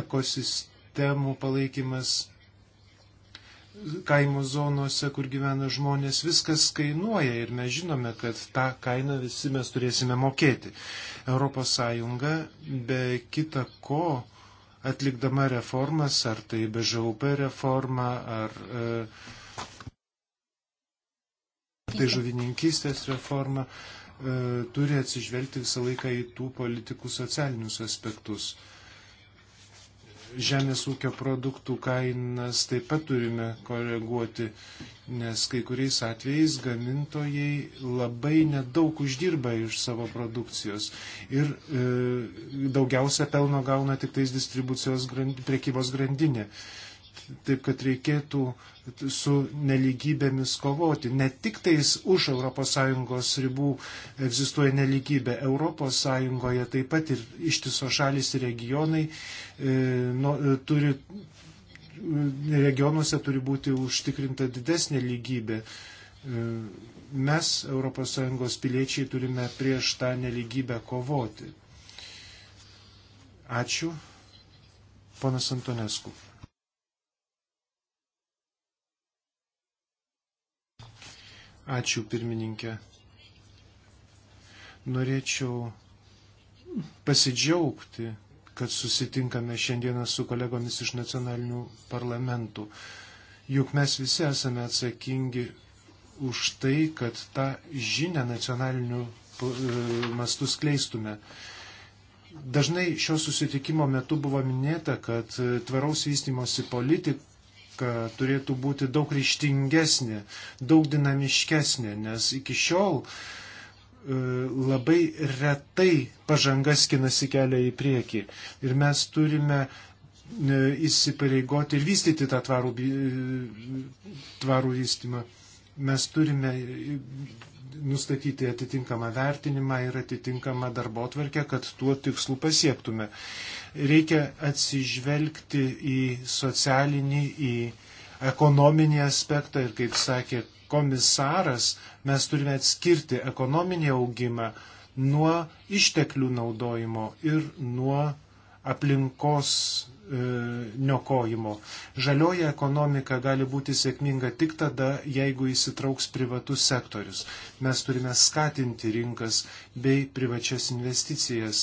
A: ekosistemų palaikymas kaimo zonose, kur gyvena žmonės, viskas kainuoja ir mes žinome, kad tą kainą visi mes turėsime mokėti. ES be kita ko atlikdama reformas, ar tai BŽUP reforma, ar e, tai žuvininkystės reforma, e, turi atsižvelgti visą laiką į tų politikų socialinius aspektus. E, žemės ūkio produktų kainas taip pat turime koreguoti, nes kai kuriais atvejais gamintojai labai nedaug uždirba iš savo produkcijos ir e, daugiausia pelno gauna tik tais distribucijos grand, priekybos grandinė. E, Taip kad reikėtų su neligybėmis kovoti. Ne tik tais už ES ribų egzistuoja neligybė. ES taip pat ir ištiso šalis ir regionai e, no, e, turi, e, regionuose turi būti užtikrinta didesnė lygybė. Mes, ES piliečiai, turime prieš tą neligybę kovoti. Ačiū. Ponas Antonescu. Ačiū pirmininkė. Norėčiau pasidžiaugti, kad susitinkame šiandieną su kolegomis iš nacionalinių parlamentų. Juk mes visi esame atsakingi už tai, kad tą žinią nacionalinių e, mastų skleistume. Dažnai šio susitikimo metu buvo minėta, kad e, tvaraus vystimosi politika turėtų būti daug ryštingesnė, daug dinamiškesnė, nes iki šiol e, labai retai pažanga skinasi kelią į priekį. Ir mes turime e, įsipareigoti ir vystyti tą tvarų, e, tvarų vystymą. Mes turime nustatyti atitinkamą vertinimą ir atitinkamą darbo tvarkę, kad tuo tikslu pasiektume. Reikia atsižvelgti į socialinį, į ekonominį aspektą ir, kaip sakė komisaras, mes turime atskirti ekonominį augimą nuo išteklių naudojimo ir nuo aplinkos e, niokojimo. Žalioji ekonomika gali būti sėkminga tik tada, jeigu įsitrauks privatus sektorius. Mes turime skatinti rinkas bei privačias investicijas,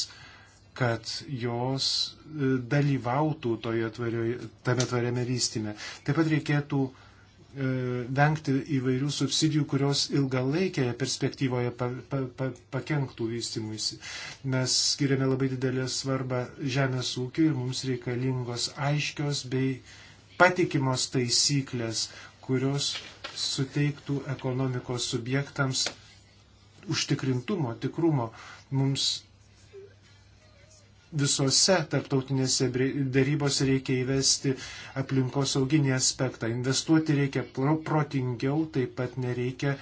A: kad jos e, dalyvautų toje tvarioje, tame tvariame vystime. Taip pat reikėtų E, vengti įvairių subsidijų, kurios ilgalaikėje perspektyvoje pa, pa, pa, pakenktų vystimuisi. Mes skiriame labai didelę svarbą žemės ūkiui ir mums reikalingos aiškios bei patikimos taisyklės, kurios suteiktų ekonomikos subjektams užtikrintumo, tikrumo. Mums visose tarptautinėse darybose reikia įvesti aplinkosauginį aspektą. Investuoti reikia protingiau, taip pat nereikia e,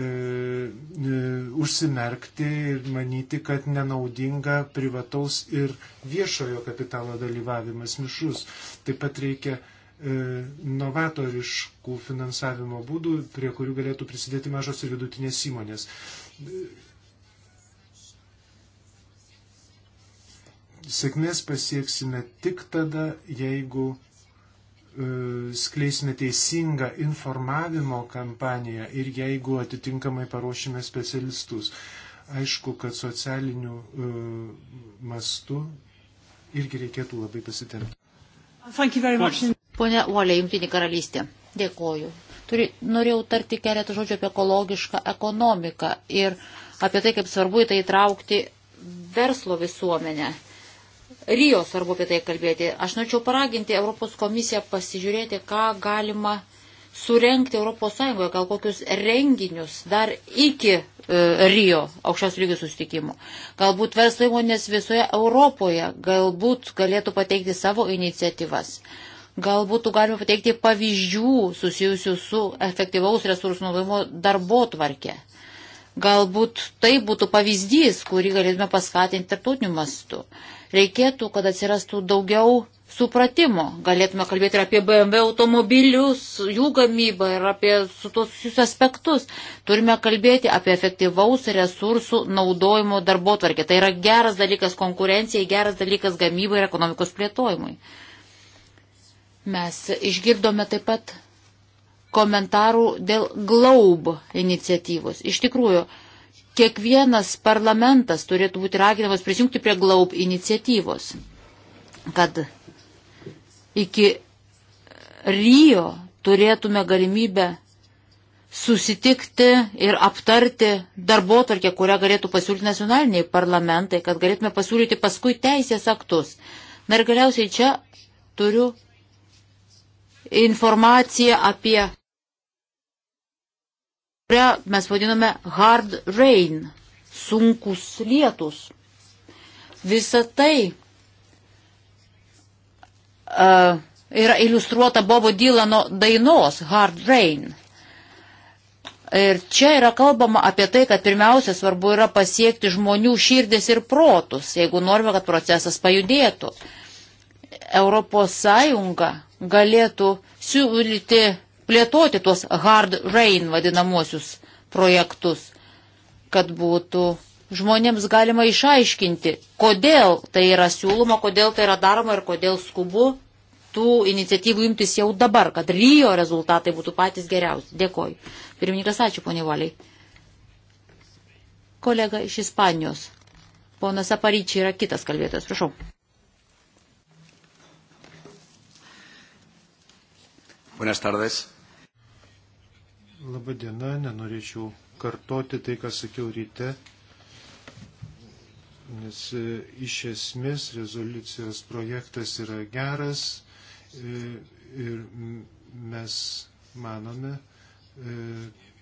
A: e, užsimerkti ir manyti, kad nenaudinga privataus ir viešojo kapitalo dalyvavimas mišrus. Taip pat reikia e, novatoriškų finansavimo būdų, prie kurių galėtų prisidėti mažos ir vidutinės įmonės. E, sėkmės pasieksime tik tada, jeigu e, skleisime teisingą informavimo kampaniją ir jeigu atitinkamai paruošime specialistus. Aišku, kad socialiniu e, mastu irgi reikėtų labai pasitelkti.
B: Pone Uolė, Jungtinė karalystė, dėkoju. Turi, norėjau tarti keletą žodžių apie ekologišką ekonomiką ir apie tai, kaip svarbu į tai įtraukti verslo visuomenę. Rio svarbu apie tai kalbėti. Aš norėčiau paraginti Europos komisiją pasižiūrėti, ką galima surenkti Europos Sąjungoje, gal kokius renginius dar iki e, Rio aukščiausių lygių susitikimų. Galbūt verslo įmonės visoje Europoje galbūt galėtų pateikti savo iniciatyvas. Galbūt galima pateikti pavyzdžių susijusių su efektyvaus resursų naudojimo darbo tvarkė. Galbūt tai būtų pavyzdys, kurį galėtume paskatinti tarptautiniu mastu. Reikėtų, kad atsirastų daugiau supratimo. Galėtume kalbėti ir apie BMW automobilius, jų gamybą ir apie su to susijusius aspektus. Turime kalbėti apie efektyvaus resursų naudojimo darbo tvarkį. Tai yra geras dalykas konkurencijai, geras dalykas gamybai ir ekonomikos plėtojimui. Mes išgirdome taip pat komentarų dėl Glaub iniciatyvos. Iš tikrųjų, kiekvienas parlamentas turėtų būti raginamas prisijungti prie glaub iniciatyvos, kad iki Rijo turėtume galimybę susitikti ir aptarti darbo tarkę, kurią galėtų pasiūlyti nacionaliniai parlamentai, kad galėtume pasiūlyti paskui teisės aktus. Na ir galiausiai čia turiu informaciją apie kurią mes vadiname hard rain, sunkus lietus. Visa tai uh, yra iliustruota Bobo Dylano dainos Hard Rain. Ir čia yra kalbama apie tai, kad pirmiausia svarbu yra pasiekti žmonių širdis ir protus, jeigu norime, kad procesas pajudėtų. Europos Sąjunga galėtų siūlyti plėtoti tuos hard rain vadinamosius projektus, kad būtų žmonėms galima išaiškinti, kodėl tai yra siūloma, kodėl tai yra daroma ir kodėl skubu tų iniciatyvų imtis jau dabar, kad Rio rezultatai būtų patys geriausi. Dėkoju. Pirmininkas, ačiū, ponė Valiai. Kolega iš Ispanijos. Ponas Aparyčiai yra kitas kalbėtojas. Prašau.
C: Buenas tardes.
A: Labą dieną, nenorėčiau kartoti tai, ką sakiau ryte, nes e, iš esmės rezoliucijos projektas yra geras e, ir mes manome, e,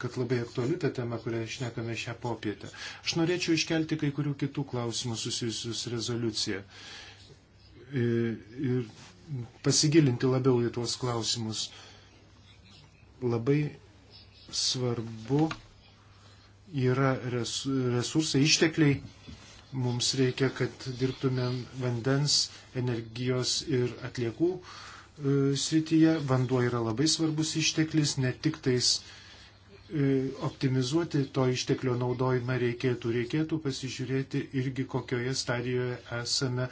A: kad labai aktuali ta tema, kurią išnekame šią popietę. Aš norėčiau iškelti kai kurių kitų klausimų susijusius rezoliuciją ir pasigilinti labiau į tuos klausimus. Labai svarbu yra resursai, ištekliai. Mums reikia, kad dirbtumėm vandens, energijos ir atliekų e, srityje. Vanduo yra labai svarbus išteklis, ne tik tais e, optimizuoti to išteklio naudojimą reikėtų. Reikėtų pasižiūrėti irgi, kokioje stadijoje esame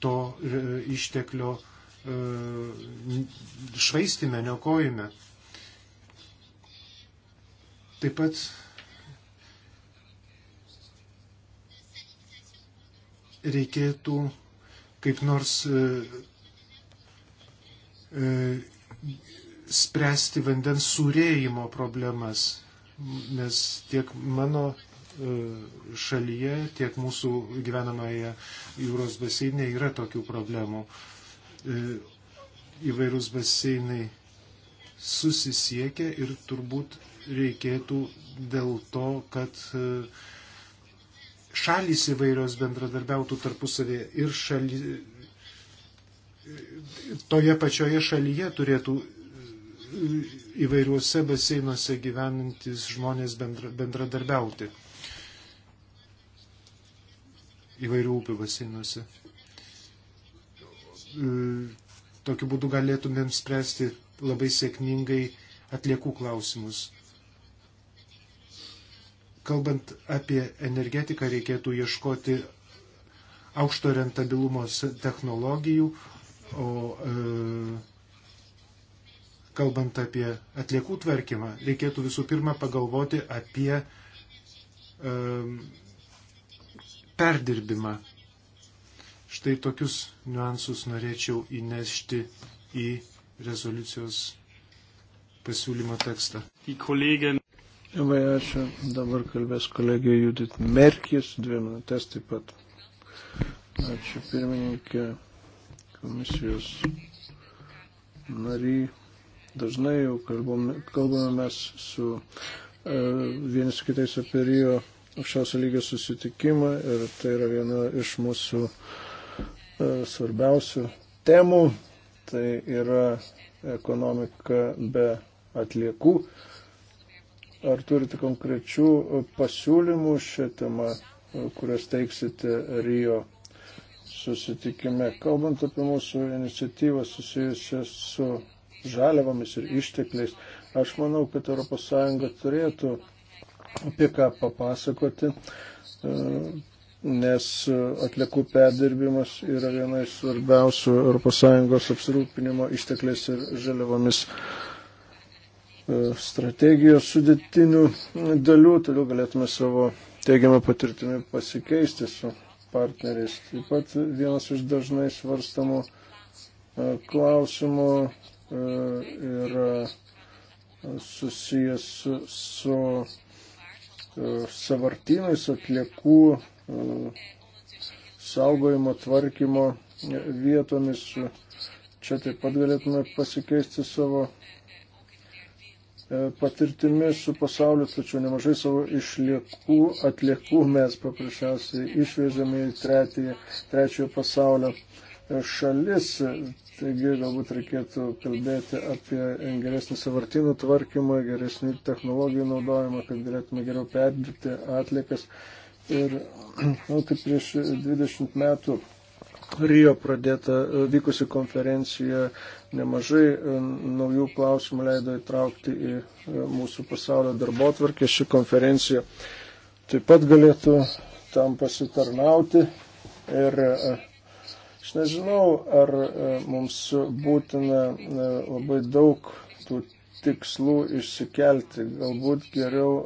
A: to e, išteklio švaistime, neokojime. Taip pat reikėtų kaip nors e, e, spręsti vandens surėjimo problemas, nes tiek mano e, šalyje, tiek mūsų gyvenamąją jūros baseinė yra tokių problemų. E, įvairūs baseinai susisiekia ir turbūt reikėtų dėl to, kad e, šalys įvairios bendradarbiautų tarpusavėje ir šaly, e, toje pačioje šalyje turėtų e, įvairiuose baseinuose gyvenantis žmonės bendra, bendradarbiauti. Įvairių upių baseinuose. Tokiu būdu galėtumėm spręsti labai sėkmingai atliekų klausimus. Kalbant apie energetiką, reikėtų ieškoti aukšto rentabilumo technologijų, o e, kalbant apie atliekų tvarkymą, reikėtų visų pirma pagalvoti apie e, perdirbimą. Štai tokius niuansus norėčiau įnešti į rezoliucijos pasiūlymo tekstą. Į kolegę.
C: Labai ačiū. Dabar kalbės kolegija Judit Merkis, dvi minutės taip pat. Ačiū pirmininkė komisijos nariai. Dažnai jau kalbame, kalbame mes su e, vieni su kitais apie Rio aukščiausio lygio susitikimą ir tai yra viena iš mūsų e, svarbiausių temų Tai yra ekonomika be atliekų. Ar turite konkrečių pasiūlymų šią temą, kurias teiksite Rio susitikime? Kalbant apie mūsų iniciatyvą susijusią su žaliavomis ir ištekliais, aš manau, kad ES turėtų apie ką papasakoti nes atliekų perdirbimas yra viena iš svarbiausių ES apsirūpinimo ištekliais ir žaliavomis e, strategijos sudėtinių dalių, toliau galėtume savo teigiamą patirtimį pasikeisti su partneriais. Taip pat vienas iš dažnai svarstamų e, klausimų e, yra susijęs su, su savartynais atliekų saugojimo, tvarkymo vietomis. Čia taip pat galėtume pasikeisti savo e, patirtimi su pasauliu, tačiau nemažai savo išliekų, atliekų mes paprasčiausiai išvežame į trečiojo, trečiojo pasaulio e, šalis. Taigi galbūt reikėtų kalbėti apie geresnį savartinų tvarkymą, geresnį technologijų naudojimą, kad galėtume geriau perdirbti atliekas Ir kaip [CLEARS THROAT] nu, prieš 20 metų Rio pradėta e, vykusi konferencija nemažai e, naujų klausimų leido įtraukti į e, mūsų pasaulio darbo tvarkę. Ši konferencija taip pat galėtų tam pasitarnauti. Ir aš nežinau, ar mums būtina labai daug tų tikslų išsikelti. Galbūt geriau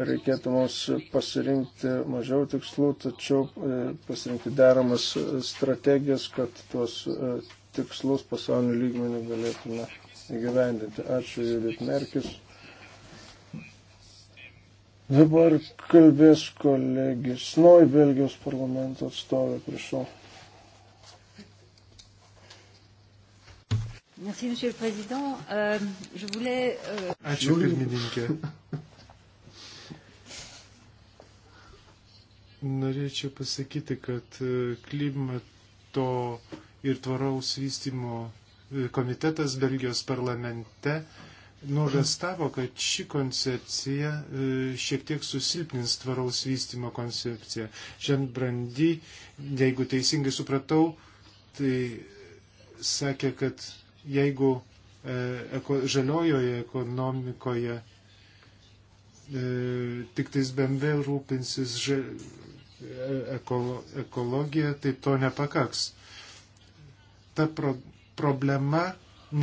C: reikėtų mums pasirinkti mažiau tikslų, tačiau e, pasirinkti deramas e, strategijas, kad tuos e, tikslus pasaulio lygmenį galėtume įgyvendinti. Ačiū Judit Merkis. Dabar kalbės kolegis Noj, Belgijos parlamento atstovė, prašau.
B: Merci, Monsieur le Président. Euh, je voulais. Euh... Ačiū, pirmininkė.
A: [LAUGHS] Norėčiau pasakyti, kad e, klimato ir tvaraus vystimo e, komitetas Belgijos parlamente nuogastavo, kad ši koncepcija e, šiek tiek susilpnins tvaraus vystimo koncepciją. Žembrandy, jeigu teisingai supratau, tai sakė, kad jeigu eko, žaliojoje ekonomikoje e, tik tais BMW rūpinsis žal, ekolo, ekologiją, tai to nepakaks. Ta pro, problema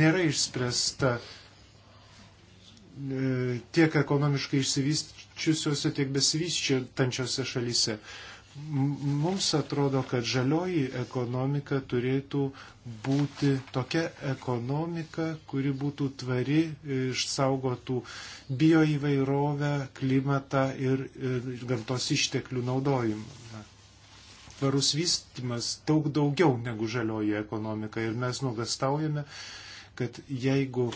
A: nėra išspręsta e, tiek ekonomiškai išsivysčiusiuose, tiek besivysčiančiuose šalyse. Mums atrodo, kad žalioji ekonomika turėtų būti tokia ekonomika, kuri būtų tvari, išsaugotų bioįvairovę, klimatą ir, ir gamtos išteklių naudojimą. Tvarus vystimas daug daugiau negu žalioji ekonomika ir mes nuogastaujame, kad jeigu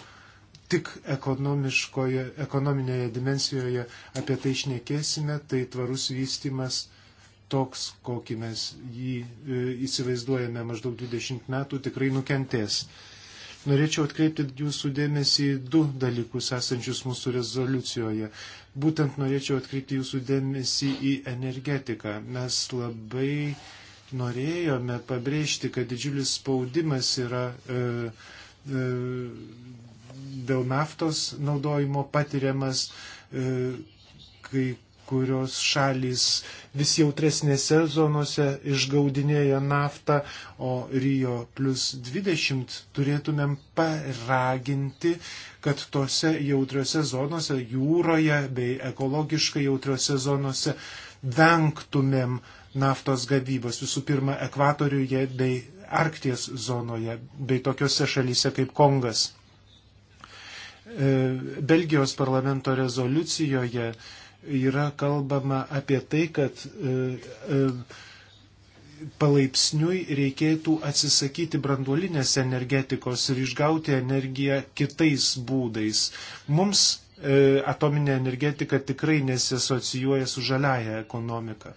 A: tik ekonominėje dimensijoje apie tai išnekėsime, tai tvarus vystimas toks, kokį mes jį e, įsivaizduojame maždaug 20 metų, tikrai nukentės. Norėčiau atkreipti jūsų dėmesį į du dalykus esančius mūsų rezoliucijoje. Būtent norėčiau atkreipti jūsų dėmesį į energetiką. Mes labai norėjome pabrėžti, kad didžiulis spaudimas yra e, e, dėl naftos naudojimo patiriamas, e, kai kurios šalys vis jautresnėse zonose išgaudinėja naftą, o Rio plus 20 turėtumėm paraginti, kad tose jautriose zonose, jūroje bei ekologiškai jautriose zonose vengtumėm naftos gavybos, visų pirma, ekvatoriuje bei Arkties zonoje, bei tokiose šalyse kaip Kongas. E, Belgijos parlamento rezoliucijoje yra kalbama apie tai, kad e, e, palaipsniui reikėtų atsisakyti branduolinės energetikos ir išgauti energiją kitais būdais. Mums e, atominė energetika tikrai nesisocijuoja su žaliaja ekonomika.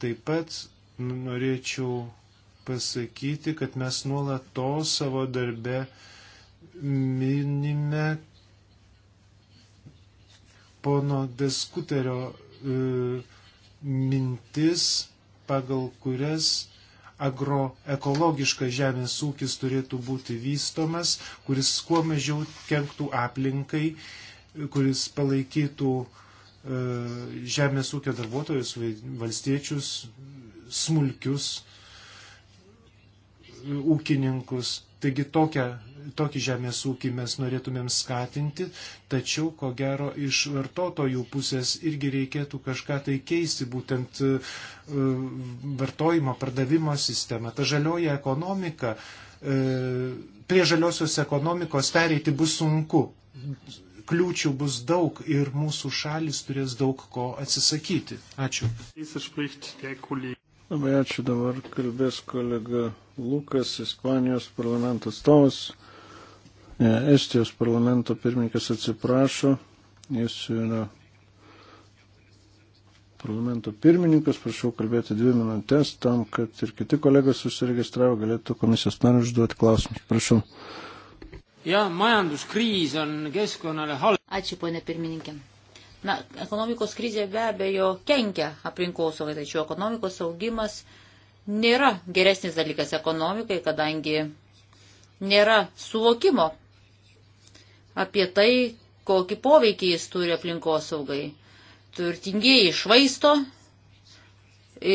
A: Taip pat norėčiau pasakyti, kad mes nuolatos savo darbe minime, pono Deskuterio e, mintis, pagal kurias agroekologiškas žemės ūkis turėtų būti vystomas, kuris kuo mažiau kenktų aplinkai, kuris palaikytų e, žemės ūkio darbuotojus, valstiečius, smulkius e, ūkininkus. Taigi tokią, tokį žemės ūkį mes norėtumėm skatinti, tačiau ko gero iš vartotojų pusės irgi reikėtų kažką tai keisti, būtent e, vartojimo, pardavimo sistemą. Ta žalioji ekonomika, e, prie žaliosios ekonomikos pereiti bus sunku. Kliūčių bus daug ir mūsų šalis turės daug ko atsisakyti. Ačiū. Labai ačiū
C: dabar kalbės kolega Lukas, Ispanijos parlamento atstovas. Estijos parlamento pirmininkas atsiprašo. Jis yra parlamento pirmininkas. Prašau kalbėti dvi minutės tam, kad ir kiti kolegos susiregistravo galėtų komisijos narių užduoti klausimus. Prašau.
B: Ja, majanduskriis on keskkonnale halb. Ačiū, ponė pirmininkė. Na, ekonomikos krizė be abejo kenkia aplinkosaugai, tačiau ekonomikos augimas nėra geresnis dalykas ekonomikai, kadangi nėra suvokimo apie tai, kokį poveikį jis turi aplinkosaugai. Turtingieji išvaisto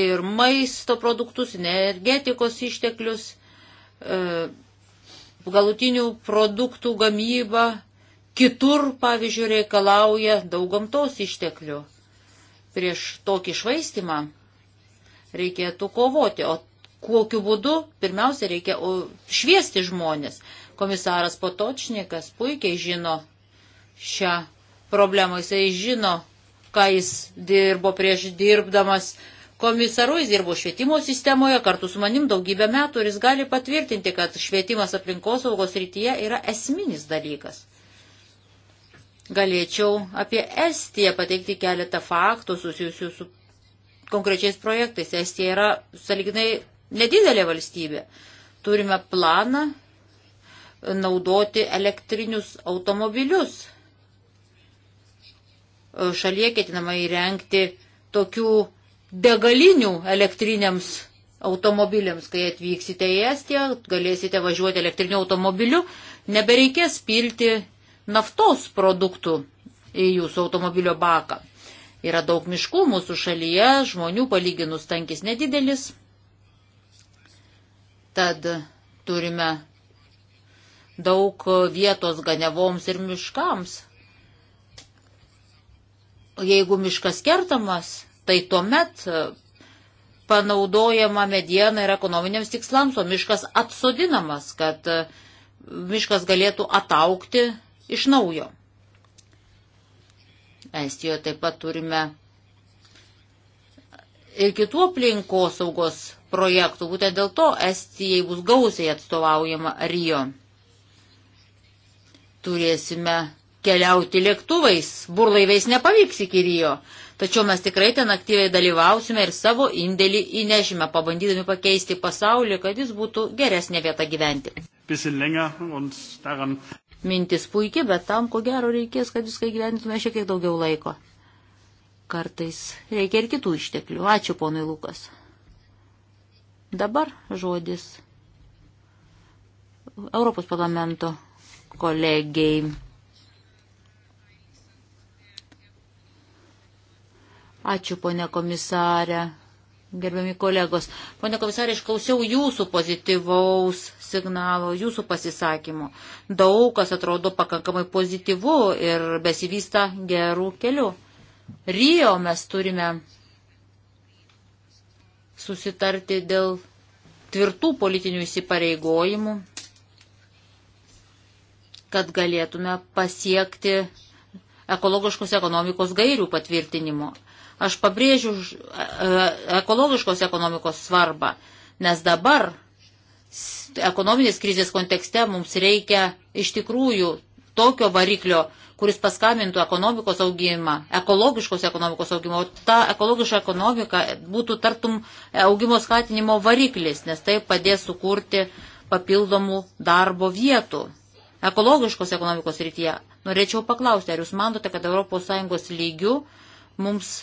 B: ir maisto produktus, energetikos išteklius, e, galutinių produktų gamybą kitur, pavyzdžiui, reikalauja daug gamtos išteklių. Prieš tokį švaistimą reikėtų kovoti, o kokiu būdu pirmiausia reikia šviesti žmonės. Komisaras Potočnikas puikiai žino šią problemą, jisai žino, ką jis dirbo prieš dirbdamas komisaru, jis dirbo švietimo sistemoje kartu su manim daugybę metų ir jis gali patvirtinti, kad švietimas aplinkosaugos rytyje yra esminis dalykas. Galėčiau apie Estiją pateikti keletą faktų susijusių su konkrečiais projektais. Estija yra saliginai nedidelė valstybė. Turime planą naudoti elektrinius automobilius. Šalyje ketinama įrengti tokių degalinių elektriniams automobiliams. Kai atvyksite į Estiją, galėsite važiuoti elektriniu automobiliu, nebereikės pilti naftos produktų į jūsų automobilio baką. Yra daug miškų mūsų šalyje, žmonių palyginus tankis nedidelis. Tad turime daug vietos ganevoms ir miškams. Jeigu miškas kertamas, tai tuomet panaudojama mediena ir ekonominiams tikslams, o miškas atsodinamas, kad miškas galėtų ataukti iš naujo. Estijoje taip pat turime ir kitų aplinkosaugos projektų. Būtent dėl to Estijai bus gausiai atstovaujama Rijo. Turėsime keliauti lėktuvais, burlaiviais nepavyks iki Rijo, tačiau mes tikrai ten aktyviai dalyvausime ir savo indėlį įnešime, pabandydami pakeisti pasaulį, kad jis būtų geresnė vieta gyventi mintis puikia, bet tam, ko gero, reikės, kad viską gyventume šiek tiek daugiau laiko. Kartais reikia ir kitų išteklių. Ačiū, ponai Lukas. Dabar žodis Europos parlamento kolegiai. Ačiū, ponė komisarė gerbiami kolegos. Pone komisarė, išklausiau jūsų pozityvaus signalo, jūsų pasisakymo. Daug kas atrodo pakankamai pozityvu ir besivysta gerų kelių. Rijo mes turime susitarti dėl tvirtų politinių įsipareigojimų, kad galėtume pasiekti ekologiškos ekonomikos gairių patvirtinimo. Aš pabrėžiu e, e, ekologiškos ekonomikos svarbą, nes dabar ekonominės krizės kontekste mums reikia iš tikrųjų tokio variklio, kuris paskamintų ekonomikos augimą, ekologiškos ekonomikos augimo. Ta ekologiška ekonomika būtų tartum augimo skatinimo variklis, nes tai padės sukurti papildomų darbo vietų. Ekologiškos ekonomikos rytyje norėčiau paklausti, ar jūs manote, kad ES lygių mums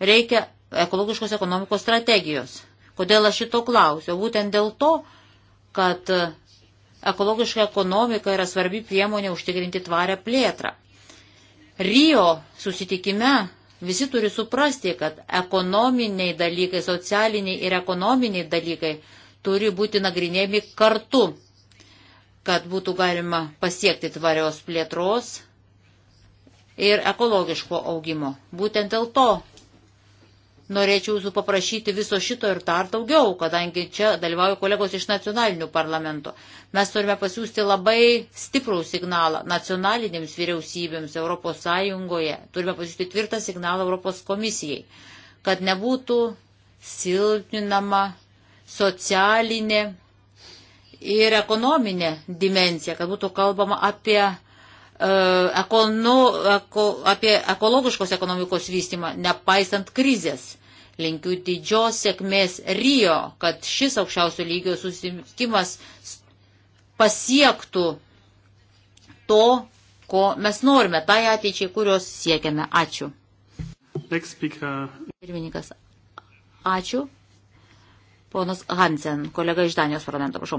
B: Reikia ekologiškos ekonomikos strategijos. Kodėl aš šito klausiu? Būtent dėl to, kad ekologiška ekonomika yra svarbi priemonė užtikrinti tvarę plėtrą. Rio susitikime visi turi suprasti, kad ekonominiai dalykai, socialiniai ir ekonominiai dalykai turi būti nagrinėjami kartu, kad būtų galima pasiekti tvarios plėtros ir ekologiško augimo. Būtent dėl to Norėčiau jūsų paprašyti viso šito ir dar daugiau, kadangi čia dalyvauja kolegos iš nacionalinių parlamentų. Mes turime pasiūsti labai stiprų signalą nacionalinėms vyriausybėms ES, turime pasiūsti tvirtą signalą Europos komisijai, kad nebūtų silpninama socialinė ir ekonominė dimencija, kad būtų kalbama apie e, ekonu, eko, apie ekologiškos ekonomikos vystymą, nepaisant krizės. Linkiu didžios sėkmės Rio, kad šis aukščiausio lygio susitikimas pasiektų to, ko mes norime, tai ateičiai, kurios siekiame. Ačiū. Pirmininkas, ačiū. Ponas Hansen, kolega iš Danijos parlamento, prašau.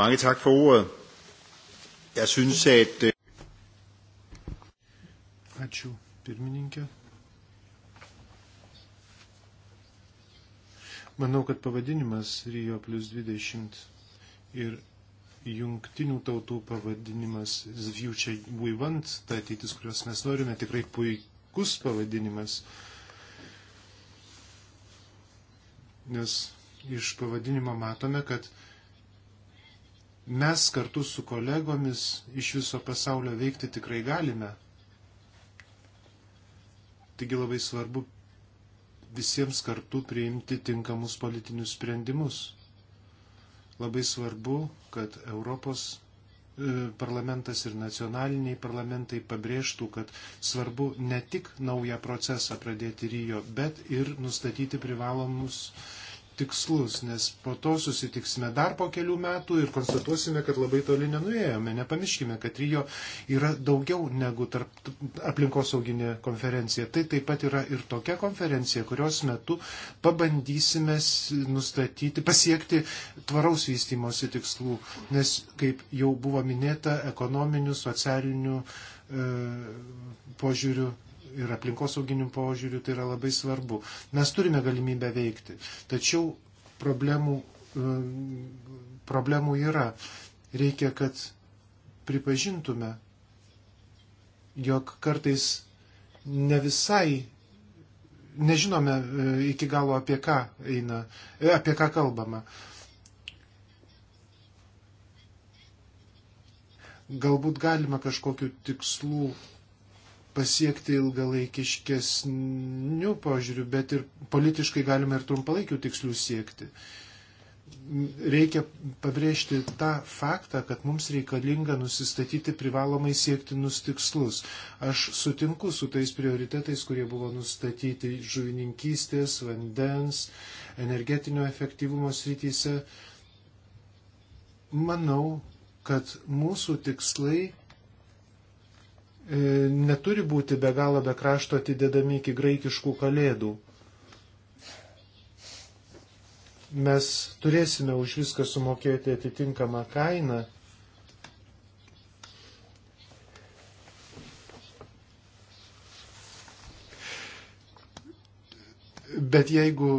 A: Mange tak for ordet. Jeg synes, at... Øh, ačiū, pirmininkė. Manau, kad pavadinimas Rio plus 20 ir jungtinių tautų pavadinimas The Future We Want, ta ateitis, kurios mes norime, tikrai puikus pavadinimas. Nes iš pavadinimo matome, kad mes kartu su kolegomis iš viso pasaulio veikti tikrai galime. Taigi labai svarbu visiems kartu priimti tinkamus politinius sprendimus. Labai svarbu, kad Europos e, parlamentas ir nacionaliniai parlamentai pabrėžtų, kad svarbu ne tik naują procesą pradėti Rijo, bet ir nustatyti privalomus uh, tikslus, nes po to susitiksime dar po kelių metų ir konstatuosime, kad labai toli nenuėjome. Nepamirškime, kad Rijo yra daugiau negu tarp aplinkosauginė konferencija. Tai taip pat yra ir tokia konferencija, kurios metu pabandysime nustatyti, pasiekti tvaraus vystimosi tikslų, nes, kaip jau buvo minėta, ekonominių, socialinių e, požiūrių ir aplinkosauginių požiūrių tai yra labai svarbu. Mes turime galimybę veikti, tačiau problemų, e, problemų yra. Reikia, kad pripažintume, jog kartais ne visai nežinome e, iki galo apie ką eina, e, apie ką kalbama. galbūt galima kažkokiu tikslu pasiekti ilgalaikiškesnių požiūrių, bet ir politiškai galime ir trumpalaikių tikslių siekti. Reikia pabrėžti tą faktą, kad mums reikalinga nusistatyti privalomai siektinus tikslus. Aš sutinku su tais prioritetais, kurie buvo nustatyti žuvininkystės, vandens, energetinio efektyvumo srityse. Manau, kad mūsų tikslai E, neturi būti be galo be krašto atidedami iki graikiškų kalėdų. Mes turėsime už viską sumokėti atitinkamą kainą. Bet jeigu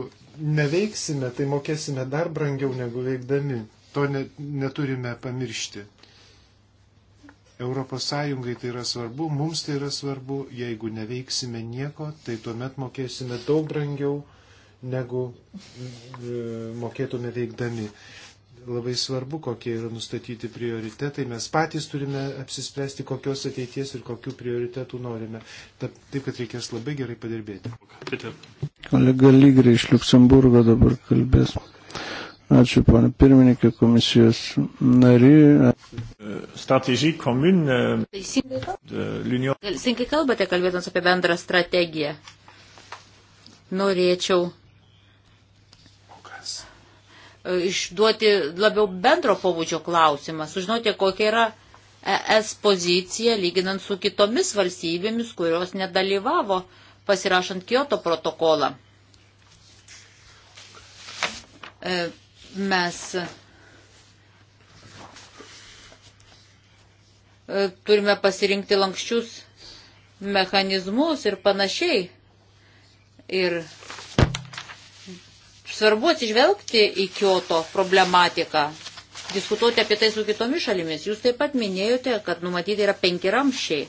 A: neveiksime, tai mokėsime dar brangiau negu veikdami. To ne, neturime pamiršti. Europos Sąjungai tai yra svarbu, mums tai yra svarbu, jeigu neveiksime nieko, tai tuomet mokėsime daug brangiau, negu e, mokėtume veikdami. Labai svarbu, kokie yra nustatyti prioritetai. Mes patys turime apsispręsti, kokios ateities ir kokių prioritetų norime. Taip, kad reikės labai gerai padirbėti.
C: Kolega Lygrė iš Luksemburgo dabar kalbės. Ačiū, pana pirmininkė, komisijos nari.
A: Strategija komun. Euh,
B: Teisingai kalbate, kalbėtams apie bendrą strategiją. Norėčiau e, išduoti labiau bendro pobūdžio klausimą, sužinoti, kokia yra ES pozicija lyginant su kitomis valstybėmis, kurios nedalyvavo pasirašant Kyoto protokolą. E, mes e, turime pasirinkti lankščius mechanizmus ir panašiai. Ir svarbu atsižvelgti į Kyoto problematiką, diskutuoti apie tai su kitomis šalimis. Jūs taip pat minėjote, kad numatyti yra penki ramšiai.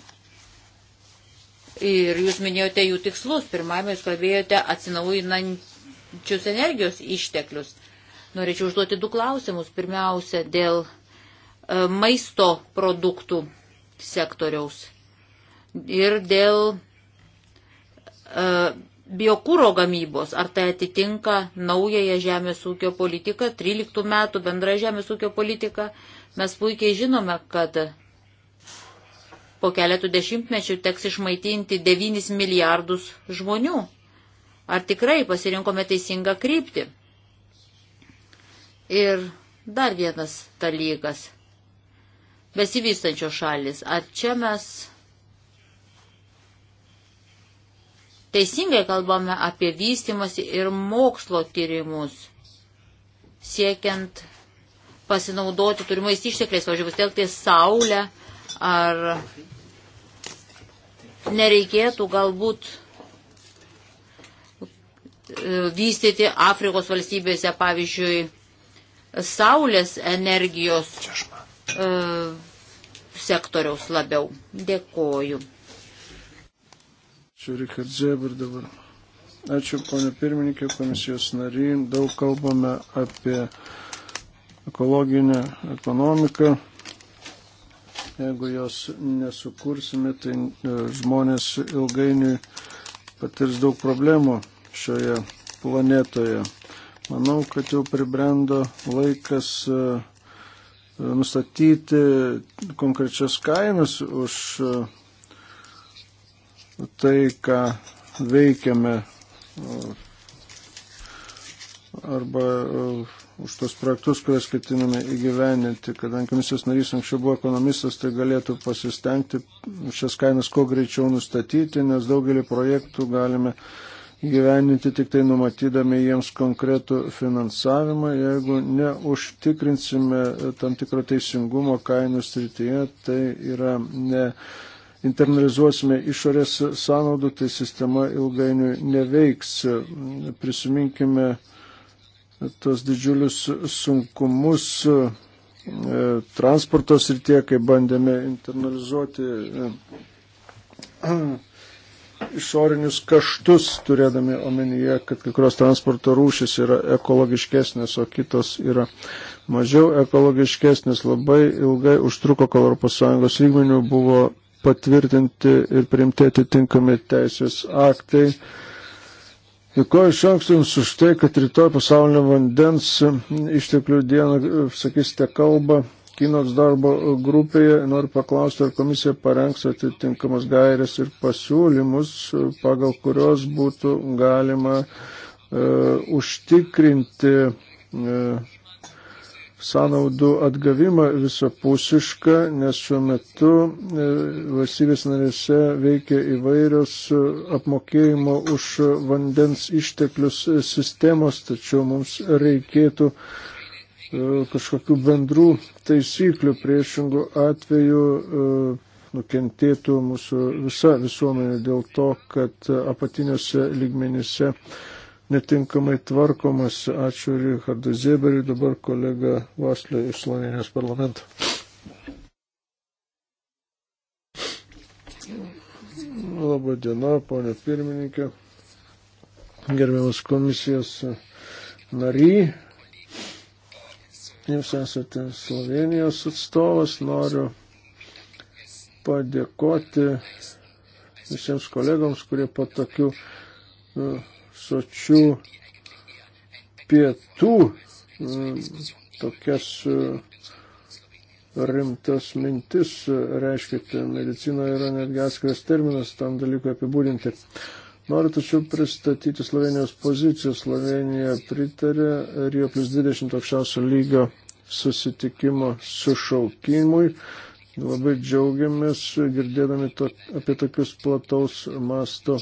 B: Ir jūs minėjote jų tikslus. Pirmajame jūs kalbėjote atsinaujinančius energijos išteklius. Norėčiau užduoti du klausimus. Pirmiausia, dėl e, maisto produktų sektoriaus ir dėl e, biokūro gamybos. Ar tai atitinka naująją žemės ūkio politiką, 13 metų bendrą žemės ūkio politiką? Mes puikiai žinome, kad po keletų dešimtmečių teks išmaitinti 9 milijardus žmonių. Ar tikrai pasirinkome teisingą kryptį? Ir dar vienas dalykas. Besivystančios šalis. Ar čia mes teisingai kalbame apie vystimasi ir mokslo tyrimus, siekiant pasinaudoti turimais ištekliais, važiuoju, telkti saulę, ar nereikėtų galbūt e, vystyti Afrikos valstybėse, pavyzdžiui, saulės energijos e, sektoriaus labiau. Dėkoju.
C: Ačiū, Richard Zeber dabar. Ačiū, ponė pirmininkė, komisijos nariai. Daug kalbame apie ekologinę ekonomiką. Jeigu jos nesukursime, tai e, žmonės ilgainiui patirs daug problemų šioje planetoje. Manau, kad jau pribrendo laikas e, e, nustatyti konkrečias kainas už e, tai, ką veikiame arba už tos projektus, kurias ketiname įgyveninti. Kadangi komisijos narys anksčiau buvo ekonomistas, tai galėtų pasistengti šias kainas kuo greičiau nustatyti, nes daugelį projektų galime uh, įgyveninti tik tai numatydami jiems konkretų finansavimą. Jeigu neužtikrinsime tam tikro teisingumo kainų srityje, tai yra ne internalizuosime išorės sąnaudų, tai sistema ilgainiui neveiks. Prisiminkime tos didžiulius sunkumus e, transporto srityje, kai bandėme internalizuoti e, išorinius kaštus, turėdami omenyje, kad kai kurios transporto rūšis yra ekologiškesnės, o kitos yra mažiau ekologiškesnės. Labai ilgai užtruko, kol ES lygmenių buvo patvirtinti ir priimti atitinkami teisės aktai. Dėkuoju iš anksto Jums už tai, kad rytoj pasaulio vandens išteklių dieną sakysite kalbą Kinoks darbo grupėje. Noriu paklausti, ar komisija parengs atitinkamas gairės ir pasiūlymus, pagal kurios būtų galima e, užtikrinti e, sąnaudų atgavimą visapusišką, nes šiuo metu e, valstybės narėse veikia įvairios e, apmokėjimo už vandens išteklius sistemos, tačiau mums reikėtų uh, kažkokių bendrų taisyklių, priešingų atveju e, nukentėtų mūsų visa visuomenė dėl to, kad apatiniuose lygmenyse netinkamai tvarkomas. Ačiū Richardui Zeberiui, dabar kolega Vaslė iš Slovenijos parlamento. Labą dieną, ponė pirmininkė, gerbiamas komisijos nary, Jūs esate Slovenijos atstovas, noriu padėkoti visiems kolegoms, kurie po tokių nu, sočių pietų nu, tokias e, rimtas mintis reiškia, medicinoje yra netgi atskiras terminas tam dalykui apibūdinti. Noriu tačiau pristatyti Slovenijos poziciją. Slovenija pritarė Rio plus 20 aukščiausio lygio susitikimo sušaukimui. Labai džiaugiamės girdėdami to, apie tokius plataus masto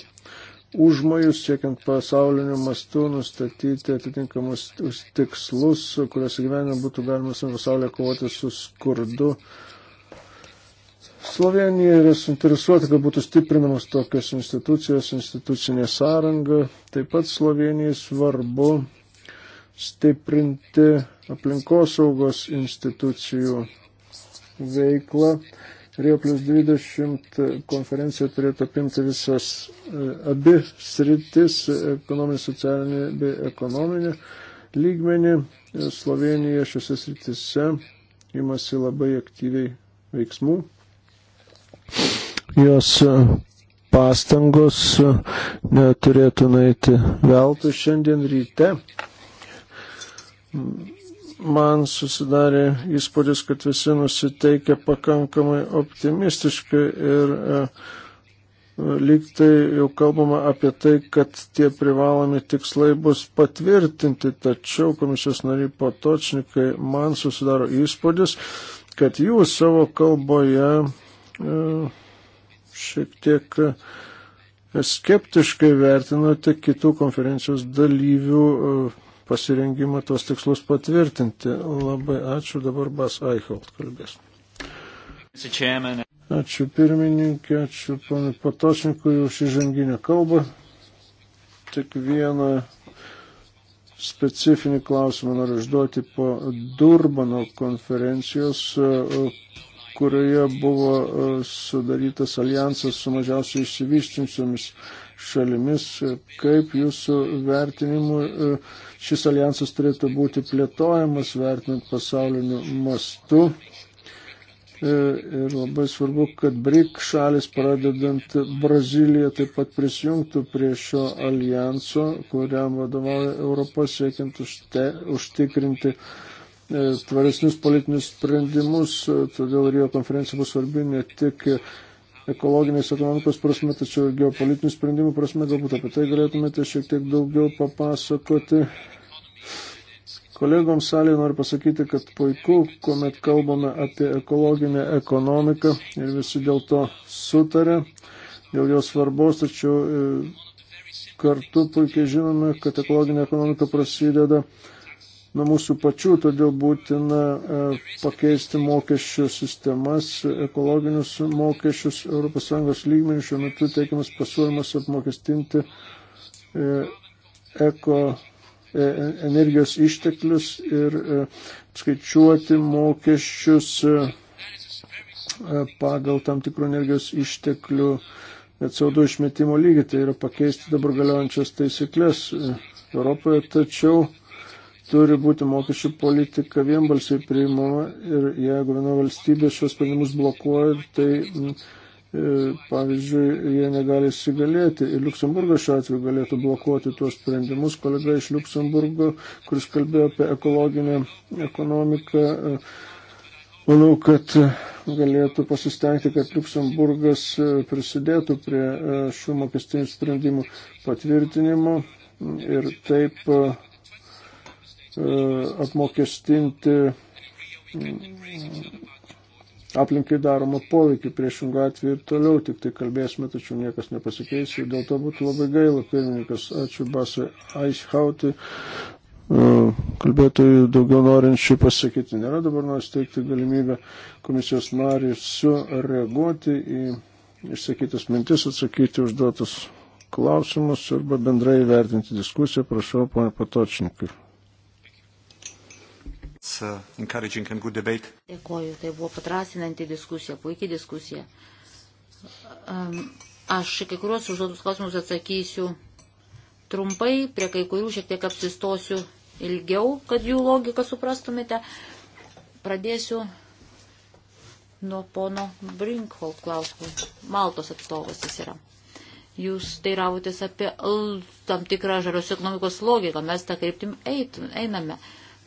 C: užmojus, siekiant pasauliniu mastu nustatyti atitinkamus tikslus, kuriuos gyvenime būtų galima visame pasaulyje kovoti su skurdu Slovenija yra suinteresuota, kad būtų stiprinamos tokios institucijos, institucinė sąranga. Taip pat Slovenijai svarbu stiprinti aplinkosaugos institucijų veiklą. Rio plus 20 konferencija turėtų apimti visas e, abi sritis - ekonominį, socialinį bei ekonominį lygmenį. Slovenija šiuose sritise imasi labai aktyviai veiksmų jos e, pastangos e, neturėtų naiti veltui šiandien ryte. Man susidarė įspūdis, kad visi nusiteikia pakankamai optimistiškai ir e, lyg tai jau kalbama apie tai, kad tie privalomi tikslai bus patvirtinti, tačiau komisijos nariai patočnikai man susidaro įspūdis, kad jūs savo kalboje E, šiek tiek e, skeptiškai vertinote kitų konferencijos dalyvių e, pasirengimą tuos tikslus patvirtinti. Labai ačiū, dabar Bas Aichaut kalbės. Ačiū pirmininkė, ačiū panui Patošnikui už įžanginę kalbą. Tik vieną specifinį klausimą noriu užduoti po Durbano konferencijos, kurioje buvo e, sudarytas alijansas su mažiausiai išsivyščiusiomis šalimis. Kaip jūsų vertinimu e, šis alijansas turėtų būti plėtojamas, vertinant pasauliniu mastu? E, ir labai svarbu, kad BRIC šalis, pradedant Braziliją, taip pat prisijungtų prie šio alijanso, kuriam vadovauja Europos siekiant užte, užtikrinti uh, E, tvaresnius politinius sprendimus, e, todėl Rio konferencija bus svarbi ne tik ekologinės ekonomikos prasme, tačiau ir geopolitinių sprendimų prasme. Galbūt apie tai galėtumėte šiek tiek daugiau papasakoti. Kolegoms salėje noriu pasakyti, kad puiku, kuomet kalbame apie ekologinę ekonomiką ir visi dėl to sutarė, dėl jos svarbos, tačiau e, kartu puikiai žinome, kad ekologinė ekonomika prasideda nuo mūsų pačių, todėl būtina e, pakeisti mokesčių sistemas, ekologinius mokesčius ES lygmenį. Šiuo metu teikiamas pasiūlymas apmokestinti e, eko e, energijos išteklius ir skaičiuoti mokesčius pagal tam tikrų energijos išteklių CO2 išmetimo lygį, tai yra pakeisti dabar galiojančias taisyklės Europoje, tačiau turi būti mokesčių politika vienbalsiai priimama ir jeigu viena valstybė šios sprendimus blokuoja, tai mm, e, pavyzdžiui, jie negali įsigalėti. Ir Luksemburgas šiuo atveju galėtų blokuoti tuos sprendimus. Kolega iš Luksemburgo, kuris kalbėjo apie ekologinę ekonomiką, e, manau, kad e, galėtų pasistengti, kad Luksemburgas prisidėtų prie šių mokestinių sprendimų patvirtinimo ir taip E, apmokestinti mm, aplinkai daromą poveikį priešingų atveju ir toliau tik tai kalbėsime, tačiau niekas nepasikeis ir dėl to būtų labai gaila, pirmininkas. Ačiū Basui Aichhautui. E, Kalbėtojų daugiau norinčių pasakyti nėra, dabar noriu steigti galimybę komisijos nariui sureaguoti į išsakytas mintis, atsakyti užduotus klausimus arba bendrai vertinti diskusiją. Prašau, ponė Patočnikai.
A: Uh, Dėkoju,
B: tai buvo patrasinanti diskusija, puikiai diskusija. Um, aš kai kuriuos užduotus klausimus atsakysiu trumpai, prie kai kurių šiek tiek apsistosiu ilgiau, kad jų logiką suprastumėte. Pradėsiu nuo pono Brinkhold klausimų. Maltos atstovas jis yra. Jūs teiravotės apie tam tikrą žalios ekonomikos logiką, mes tą kryptim einame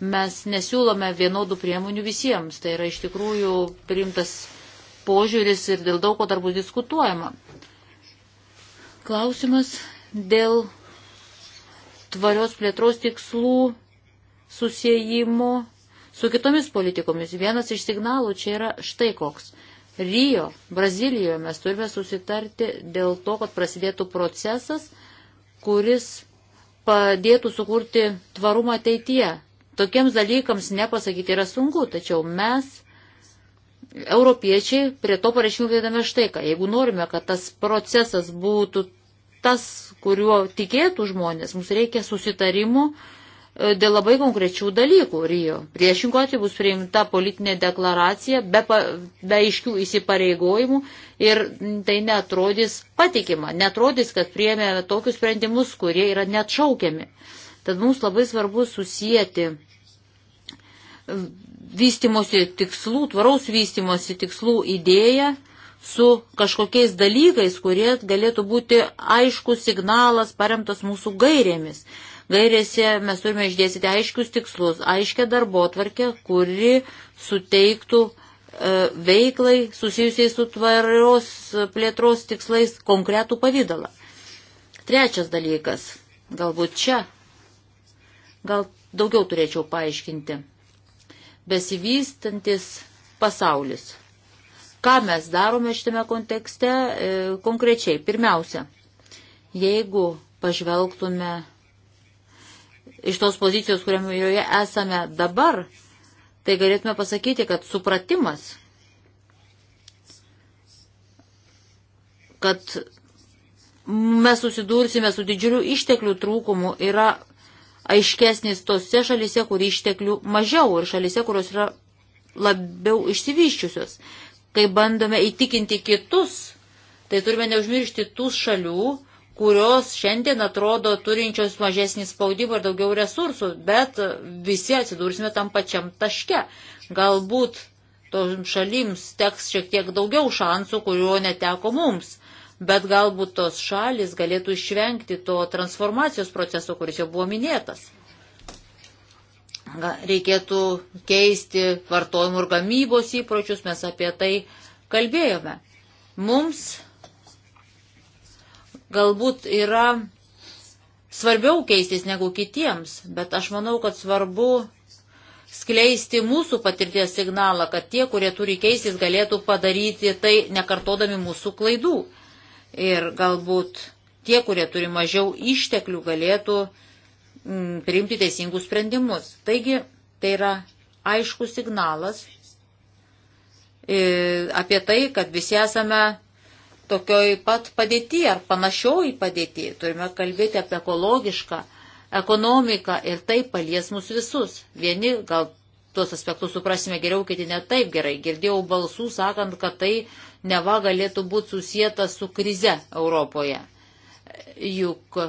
B: mes nesiūlome vienodų priemonių visiems. Tai yra iš tikrųjų priimtas požiūris ir dėl daug ko dar bus diskutuojama. Klausimas dėl tvarios plėtros tikslų susijimo su kitomis politikomis. Vienas iš signalų čia yra štai koks. Rijo, Brazilijoje mes turime susitarti dėl to, kad prasidėtų procesas, kuris padėtų sukurti tvarumą ateityje tokiems dalykams nepasakyti yra sunku, tačiau mes, europiečiai, prie to pareiškimų vedame štai ką. Jeigu norime, kad tas procesas būtų tas, kuriuo tikėtų žmonės, mums reikia susitarimų e, dėl labai konkrečių dalykų Rijo. Priešingų atveju bus priimta politinė deklaracija be, pa, be aiškių įsipareigojimų ir tai netrodys patikima, netrodys, kad priėmė tokius sprendimus, kurie yra neatšaukiami. Uh, Tad mums labai svarbu susijęti vystimosi tikslų, tvaraus vystimosi tikslų idėją su kažkokiais dalykais, kurie galėtų būti aiškus signalas paremtas mūsų gairėmis. Gairėse mes turime išdėsyti aiškius tikslus, aiškę darbo tvarkę, kuri suteiktų e, veiklai susijusiai su tvarios plėtros tikslais konkretų pavydalą. Trečias dalykas, galbūt čia Gal daugiau turėčiau paaiškinti. Besivystantis pasaulis. Ką mes darome šitame kontekste e, konkrečiai? Pirmiausia, jeigu pažvelgtume iš tos pozicijos, kurioje esame dabar, tai galėtume pasakyti, kad supratimas, kad mes susidursime su didžiuliu išteklių trūkumu, yra aiškesnis tose šalise, kur išteklių mažiau ir šalise, kurios yra labiau išsivyščiusios. Kai bandome įtikinti kitus, tai turime neužmiršti tų šalių, kurios šiandien atrodo turinčios mažesnį spaudimą ir daugiau resursų, bet visi atsidursime tam pačiam taške. Galbūt toms šalims teks šiek tiek daugiau šansų, kurio neteko mums bet galbūt tos šalis galėtų išvengti to transformacijos proceso, kuris jau buvo minėtas. Reikėtų keisti vartojimų ir gamybos įpročius, mes apie tai kalbėjome. Mums galbūt yra svarbiau keistis negu kitiems, bet aš manau, kad svarbu skleisti mūsų patirties signalą, kad tie, kurie turi keistis, galėtų padaryti tai nekartodami mūsų klaidų ir galbūt tie, kurie turi mažiau išteklių, galėtų mm, priimti teisingus sprendimus. Taigi tai yra aiškus signalas e, apie tai, kad visi esame tokioj pat padėti ar panašioj padėti. Turime kalbėti apie ekologišką ekonomiką ir tai palies mus visus. Vieni gal tuos aspektus suprasime geriau, kiti ne taip gerai. Girdėjau balsų sakant, kad tai neva galėtų būti susijęta su krize Europoje. Juk e,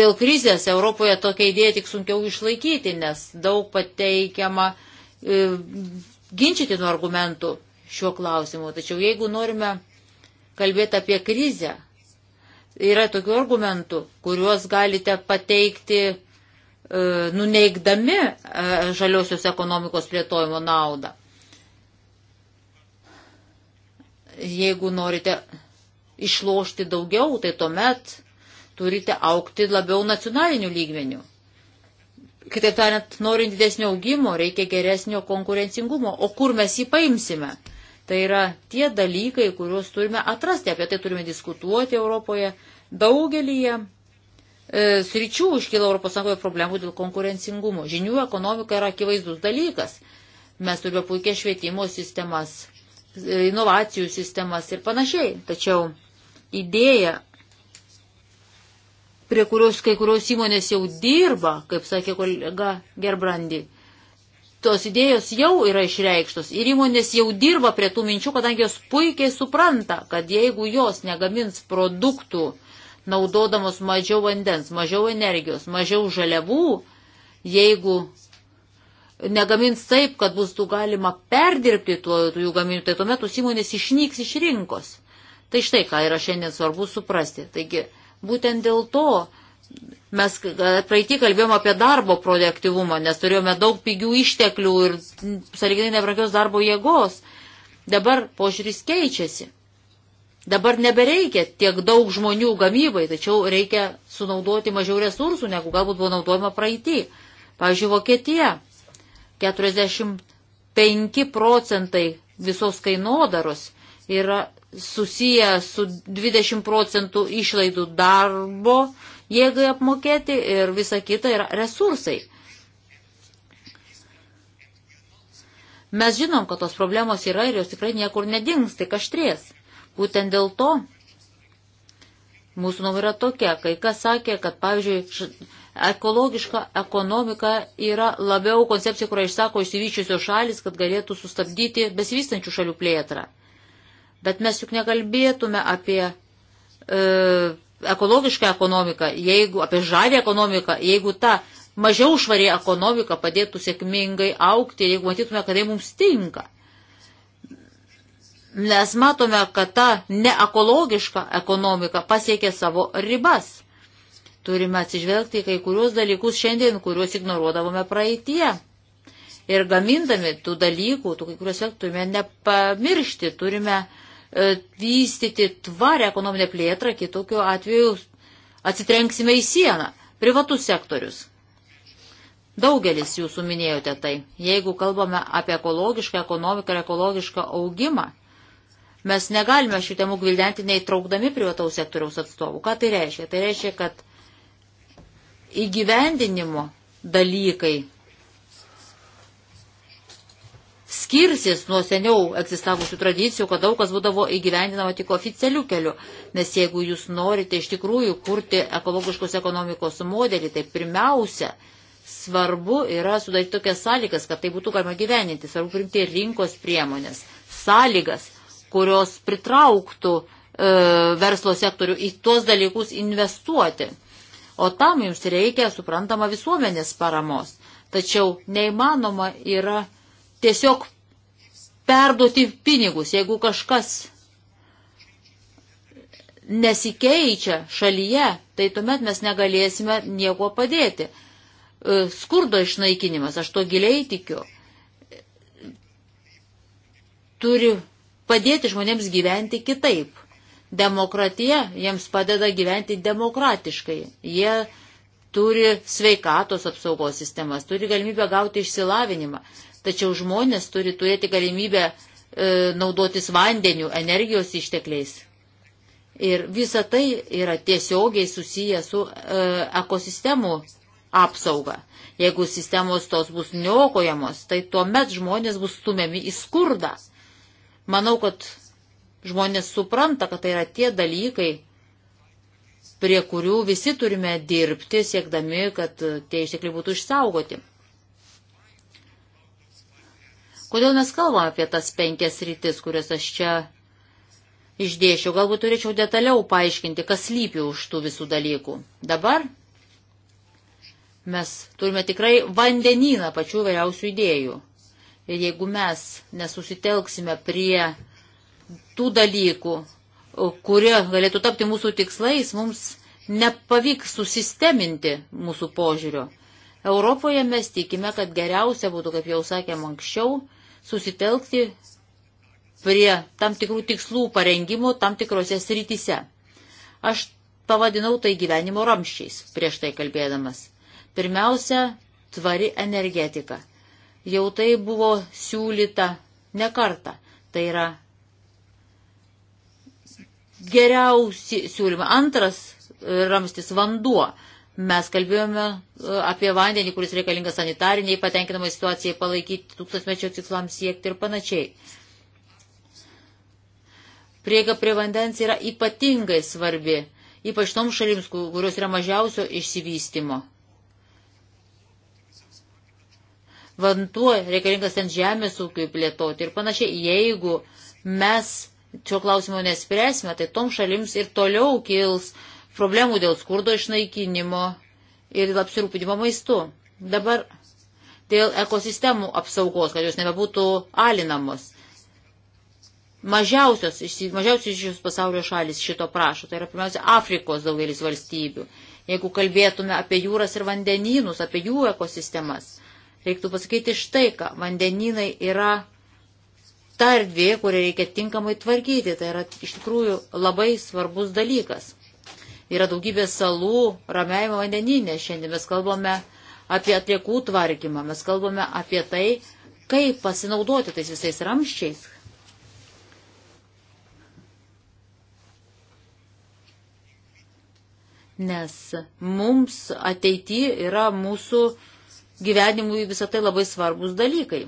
B: dėl krizės Europoje tokia idėja tik sunkiau išlaikyti, nes daug pateikiama e, ginčytinų argumentų šiuo klausimu. Tačiau jeigu norime kalbėti apie krizę, yra tokių argumentų, kuriuos galite pateikti e, nuneigdami žaliosios ekonomikos plėtojimo naudą. Jeigu norite išlošti daugiau, tai tuomet turite aukti labiau nacionaliniu lygmeniu. Kitaip tariant, norint didesnio augimo, reikia geresnio konkurencingumo. O kur mes jį paimsime? Tai yra tie dalykai, kuriuos turime atrasti, apie tai turime diskutuoti Europoje. Daugelį e, sričių iškyla ES problemų dėl konkurencingumo. Žinių ekonomika yra akivaizdus dalykas. Mes turime puikia švietimo sistemas, inovacijų sistemas ir panašiai. Tačiau idėja, prie kurios kai kurios įmonės jau dirba, kaip sakė kolega Gerbrandi, tos idėjos jau yra išreikštos ir įmonės jau dirba prie tų minčių, kadangi jos puikiai supranta, kad jeigu jos negamins produktų, naudodamos mažiau vandens, mažiau energijos, mažiau žaliavų, jeigu negamins taip, kad bus tų galima perdirbti tuo, tų jų gaminių, tai tuomet tos įmonės išnyks iš rinkos. Tai štai ką yra šiandien svarbu suprasti. Taigi, būtent dėl to mes praeitį kalbėjome apie darbo produktivumą, nes turėjome daug pigių išteklių ir sąlyginai nebrangios darbo jėgos. Dabar požiūris keičiasi. Dabar nebereikia tiek daug žmonių gamybai, tačiau reikia sunaudoti mažiau resursų, negu galbūt buvo naudojama praeitį. Pavyzdžiui, Vokietija 45 procentai visos kainodaros yra susiję su 20 procentų išlaidų darbo jėgai apmokėti ir visa kita yra resursai. Mes žinom, kad tos problemos yra ir jos tikrai niekur nedings, tik aštrės. Būtent dėl to mūsų nuomonė yra tokia. Kai kas sakė, kad, pavyzdžiui, Ekologiška ekonomika yra labiau koncepcija, kurią išsako išsivyščiusios šalis, kad galėtų sustabdyti besivystančių šalių plėtrą. Bet mes juk nekalbėtume apie e, ekologišką ekonomiką, jeigu, apie žalį ekonomiką, jeigu ta mažiau švari ekonomika padėtų sėkmingai aukti, jeigu matytume, kad tai mums tinka. Mes matome, kad ta neekologiška ekonomika pasiekė savo ribas Turime atsižvelgti į kai kurios dalykus šiandien, kuriuos ignoruodavome praeitie. Ir gamindami tų dalykų, tų kai kuriuos turime nepamiršti, turime e, vystyti tvarę ekonominę plėtrą, kitokiu atveju atsitrenksime į sieną. Privatus sektorius. Daugelis jūsų minėjote tai. Jeigu kalbame apie ekologišką ekonomiką ir ekologišką augimą, mes negalime šių temų gvildenti neįtraukdami privataus sektoriaus atstovų. Ką tai reiškia? Tai reiškia, kad įgyvendinimo dalykai skirsis nuo seniau egzistavusių tradicijų, kad daug kas būdavo įgyvendinama tik oficialių kelių. Nes jeigu jūs norite iš tikrųjų kurti ekologiškos ekonomikos modelį, tai pirmiausia, svarbu yra sudaryti tokias sąlygas, kad tai būtų galima gyveninti. Svarbu primti rinkos priemonės, sąlygas, kurios pritrauktų e, verslo sektorių į tuos dalykus investuoti o tam jums reikia, suprantama, visuomenės paramos. Tačiau neįmanoma yra tiesiog perduoti pinigus, jeigu kažkas nesikeičia šalyje, tai tuomet mes negalėsime nieko padėti. E, skurdo išnaikinimas, aš to giliai tikiu, turi padėti žmonėms gyventi kitaip. Demokratija jiems padeda gyventi demokratiškai. Jie turi sveikatos apsaugos sistemas, turi galimybę gauti išsilavinimą. Tačiau žmonės turi turėti galimybę e, naudotis vandeniu, energijos ištekliais. Ir visa tai yra tiesiogiai susiję su e, ekosistemų apsauga. Jeigu sistemos tos bus niokojamos, tai tuomet žmonės bus stumiami į skurdą. Manau, kad Žmonės supranta, kad tai yra tie dalykai, prie kurių visi turime dirbti, siekdami, kad tie ištekliai būtų išsaugoti. Kodėl mes kalbame apie tas penkias rytis, kurias aš čia išdėšiau? Galbūt turėčiau detaliau paaiškinti, kas lypi už tų visų dalykų. Dabar mes turime tikrai vandenyną pačių vairiausių idėjų. Ir jeigu mes nesusitelksime prie tų dalykų, kurie galėtų tapti mūsų tikslais, mums nepavyks susisteminti mūsų požiūrio. Europoje mes tikime, kad geriausia būtų, kaip jau sakėm anksčiau, susitelkti prie tam tikrų tikslų parengimo tam tikrose srityse. Aš pavadinau tai gyvenimo ramščiais, prieš tai kalbėdamas. Pirmiausia, tvari energetika. Jau tai buvo siūlyta ne kartą. Tai yra geriausi siūlymai. Antras e, ramstis - vanduo. Mes kalbėjome e, apie vandenį, kuris reikalingas sanitariniai, patenkinamai situacijai palaikyti, tūkstantmečio tikslams siekti ir panašiai. Prieiga prie vandens yra ypatingai svarbi, ypač toms šalims, kurios yra mažiausio išsivystimo. Vanduo reikalingas ant žemės ūkiui plėtoti ir panašiai. Jeigu mes šio klausimo nespręsime, tai tom šalims ir toliau kils problemų dėl skurdo išnaikinimo ir apsirūpinimo maistu. Dabar dėl ekosistemų apsaugos, kad jos nebebūtų alinamos. Mažiausios, mažiausios iš šios pasaulio šalis šito prašo, tai yra pirmiausia Afrikos daugelis valstybių. Jeigu kalbėtume apie jūras ir vandenynus, apie jų ekosistemas, reiktų pasakyti štai ką. Vandeninai yra ta erdvė, kurią reikia tinkamai tvarkyti. Tai yra iš tikrųjų labai svarbus dalykas. Yra daugybė salų ramiajame vandeninė. Šiandien mes kalbame apie atliekų tvarkymą, mes kalbame apie tai, kaip pasinaudoti tais visais ramščiais. Nes mums ateityje yra mūsų gyvenimui visą tai labai svarbus dalykai.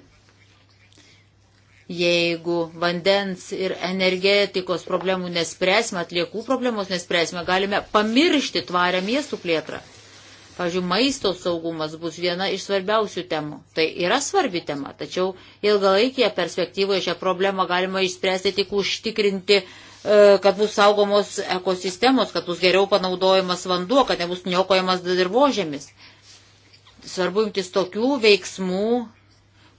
B: Jeigu vandens ir energetikos problemų nespręsime, atliekų problemos nespręsime, galime pamiršti tvarę miestų plėtrą. Pavyzdžiui, maisto saugumas bus viena iš svarbiausių temų. Tai yra svarbi tema, tačiau ilgalaikėje perspektyvoje šią problemą galima išspręsti tik užtikrinti e, kad bus saugomos ekosistemos, kad bus geriau panaudojamas vanduo, kad nebus niokojamas dirbožėmis. Svarbu imtis tokių veiksmų,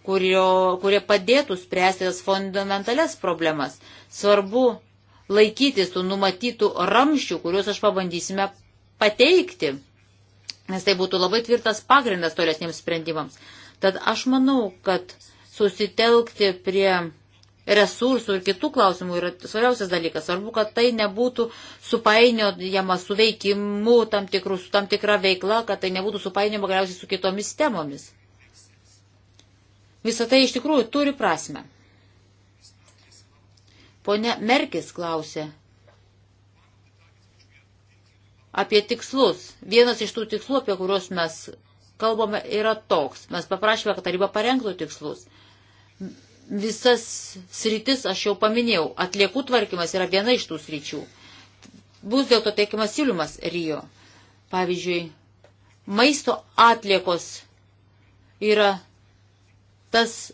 B: kurio, kurie padėtų spręsti tas fundamentales problemas. Svarbu laikytis tų numatytų ramščių, kuriuos aš pabandysime pateikti, nes tai būtų labai tvirtas pagrindas tolesniems sprendimams. Tad aš manau, kad susitelkti prie resursų ir kitų klausimų yra svarbiausias dalykas. Svarbu, kad tai nebūtų supainiojama su veikimu tam, tikrų, su tam tikra veikla, kad tai nebūtų supainiojama galiausiai su kitomis temomis. Visą tai iš tikrųjų turi prasme. Pone Merkis klausė apie tikslus. Vienas iš tų tikslų, apie kuriuos mes kalbame, yra toks. Mes paprašėme, kad taryba parengtų tikslus. Visas sritis aš jau paminėjau. Atliekų tvarkymas yra viena iš tų sričių. Bus dėl to teikiamas siūlymas Rijo. Pavyzdžiui, maisto atliekos yra tas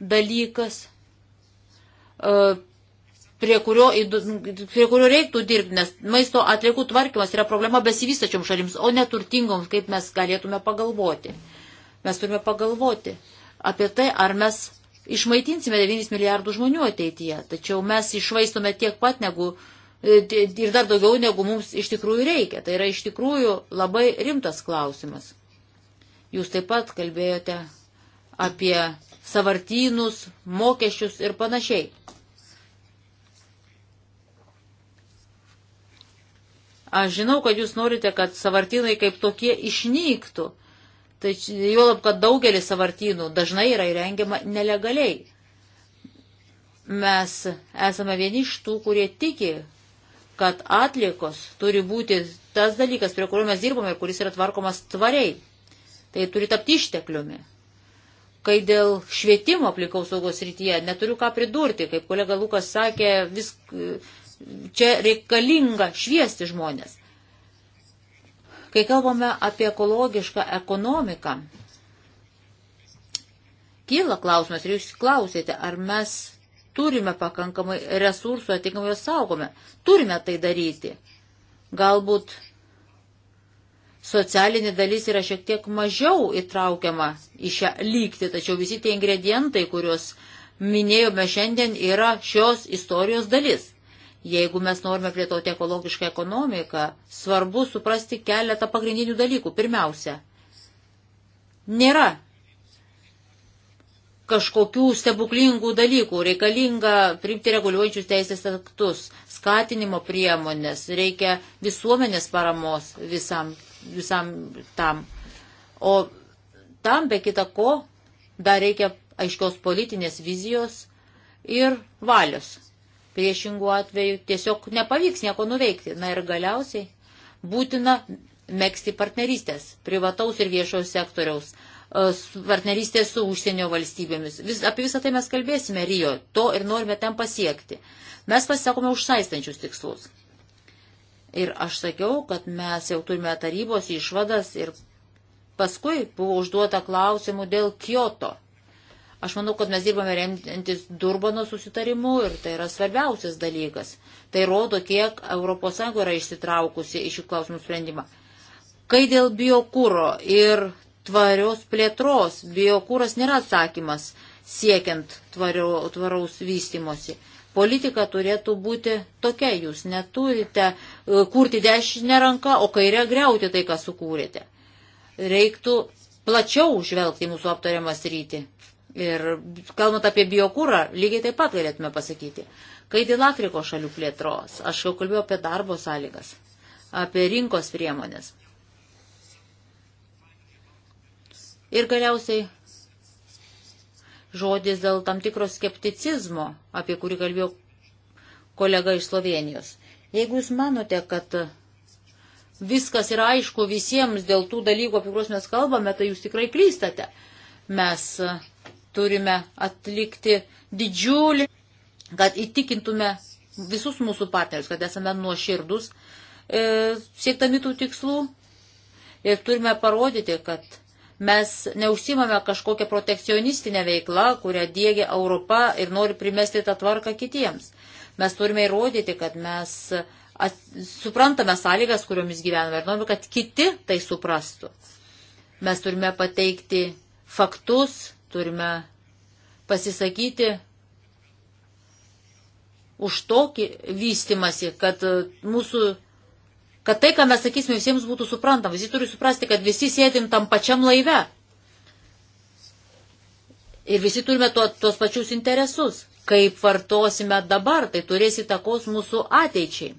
B: dalykas, e, prie kurio, prie kurio reiktų dirbti, nes maisto atliekų tvarkymas yra problema besivystačiom šalims, o neturtingoms, kaip mes galėtume pagalvoti. Mes turime pagalvoti apie tai, ar mes išmaitinsime 9 milijardų žmonių ateityje, tačiau mes išvaistome tiek pat negu e, ir dar daugiau negu mums iš tikrųjų reikia. Tai yra iš tikrųjų labai rimtas klausimas. Jūs taip pat kalbėjote apie savartynus, mokesčius ir panašiai. Aš žinau, kad jūs norite, kad savartynai kaip tokie išnyktų. Tai juolab, kad daugelis savartynų dažnai yra įrengiama nelegaliai. Mes esame vieni iš tų, kurie tiki, kad atlikos turi būti tas dalykas, prie kurio mes dirbame ir kuris yra tvarkomas tvariai. Tai turi tapti ištekliumi. Kai dėl švietimo aplikaus saugos rytyje neturiu ką pridurti, kaip kolega Lukas sakė, vis, čia reikalinga šviesti žmonės. Kai kalbame apie ekologišką ekonomiką, kyla klausimas ir jūs klausėte, ar mes turime pakankamai resursų, atitinkamai juos saugome. Turime tai daryti. Galbūt socialinė dalis yra šiek tiek mažiau įtraukiama į šią lygtį, tačiau visi tie ingredientai, kuriuos minėjome šiandien, yra šios istorijos dalis. Jeigu mes norime plėtoti ekologišką ekonomiką, svarbu suprasti keletą pagrindinių dalykų. Pirmiausia, nėra kažkokių stebuklingų dalykų, reikalinga priimti reguliuojančius teisės aktus, skatinimo priemonės, reikia visuomenės paramos visam visam tam. O tam be kita ko dar reikia aiškios politinės vizijos ir valios. Priešingų atveju tiesiog nepavyks nieko nuveikti. Na ir galiausiai būtina mėgsti partnerystės privataus ir viešojo sektoriaus e, partnerystės su užsienio valstybėmis. Vis, apie visą tai mes kalbėsime Rijo, to ir norime ten pasiekti. Mes pasisakome už saistančius tikslus. Ir aš sakiau, kad mes jau turime tarybos išvadas ir paskui buvo užduota klausimų dėl Kyoto. Aš manau, kad mes dirbame remtis Durbano susitarimu ir tai yra svarbiausias dalykas. Tai rodo, kiek ES yra išsitraukusi iš šių klausimų sprendimą. Kai dėl biokūro ir tvarios plėtros, biokūras nėra atsakymas siekiant tvario, tvaraus vystimosi politika turėtų būti tokia. Jūs neturite e, kurti dešinę ranką, o kairę greuti tai, ką sukūrėte. Reiktų plačiau žvelgti mūsų aptariamą sritį. Ir kalbant apie biokūrą, lygiai taip pat galėtume pasakyti. Kai dėl Afrikos šalių plėtros, aš jau kalbėjau apie darbo sąlygas, apie rinkos priemonės. Ir galiausiai žodis dėl tam tikro skepticizmo, apie kurį kalbėjo kolega iš Slovenijos. Jeigu jūs manote, kad viskas yra aišku visiems dėl tų dalykų, apie kuriuos mes kalbame, tai jūs tikrai klystate. Mes e, turime atlikti didžiulį, kad įtikintume visus mūsų partnerius, kad esame nuoširdus, e, siektami tų tikslų ir turime parodyti, kad Mes neužsimame kažkokią protekcionistinę veiklą, kurią dėgia Europa ir nori primesti tą tvarką kitiems. Mes turime įrodyti, kad mes at, suprantame sąlygas, kuriomis gyvename ir norime, kad kiti tai suprastų. Mes turime pateikti faktus, turime pasisakyti už tokį vystimasi, kad mūsų kad tai, ką mes sakysime, visiems būtų suprantama. Visi turi suprasti, kad visi sėdim tam pačiam laive. Ir visi turime to, tos pačius interesus. Kaip vartosime dabar, tai turės įtakos mūsų ateičiai.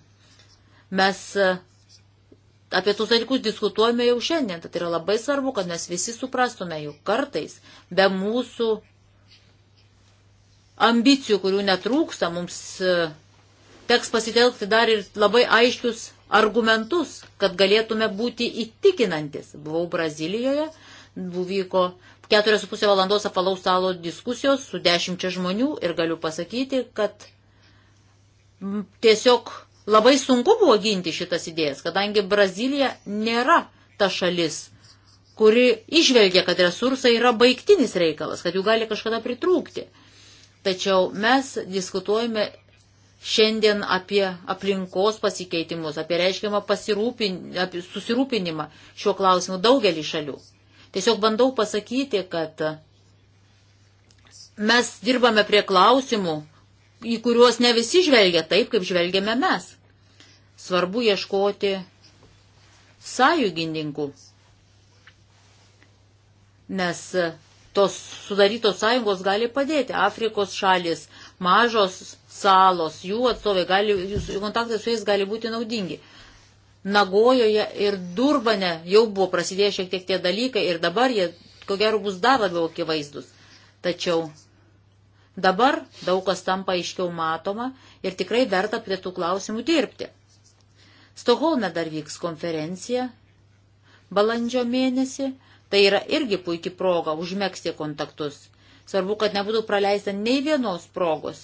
B: Mes e, apie tuos dalykus diskutuojame jau šiandien, tad yra labai svarbu, kad mes visi suprastume jų kartais be mūsų ambicijų, kurių netrūksta, mums e, teks pasitelkti dar ir labai aiškius argumentus, kad galėtume būti įtikinantis. Buvau Brazilijoje, vyko 4,5 valandos apalaus stalo diskusijos su dešimčia žmonių ir galiu pasakyti, kad tiesiog labai sunku buvo ginti šitas idėjas, kadangi Brazilija nėra ta šalis, kuri išvelgia, kad resursai yra baigtinis reikalas, kad jų gali kažkada pritrūkti. Tačiau mes diskutuojame šiandien apie aplinkos pasikeitimus, apie reiškiamą apie susirūpinimą šiuo klausimu daugelį šalių. Tiesiog bandau pasakyti, kad mes dirbame prie klausimų, į kuriuos ne visi žvelgia taip, kaip žvelgiame mes. Svarbu ieškoti sąjungininkų, nes tos sudarytos sąjungos gali padėti. Afrikos šalis, mažos salos, jų atstovai, gali, jūsų kontaktai su jais gali būti naudingi. Nagojoje ir Durbane jau buvo prasidėję šiek tiek tie dalykai ir dabar jie, ko gero, bus dar labiau akivaizdus. Tačiau dabar daug kas tampa aiškiau matoma ir tikrai verta prie tų klausimų dirbti. Stoholme dar vyks konferencija balandžio mėnesį. Tai yra irgi puikia proga užmėgsti kontaktus. Svarbu, kad nebūtų praleista nei vienos progos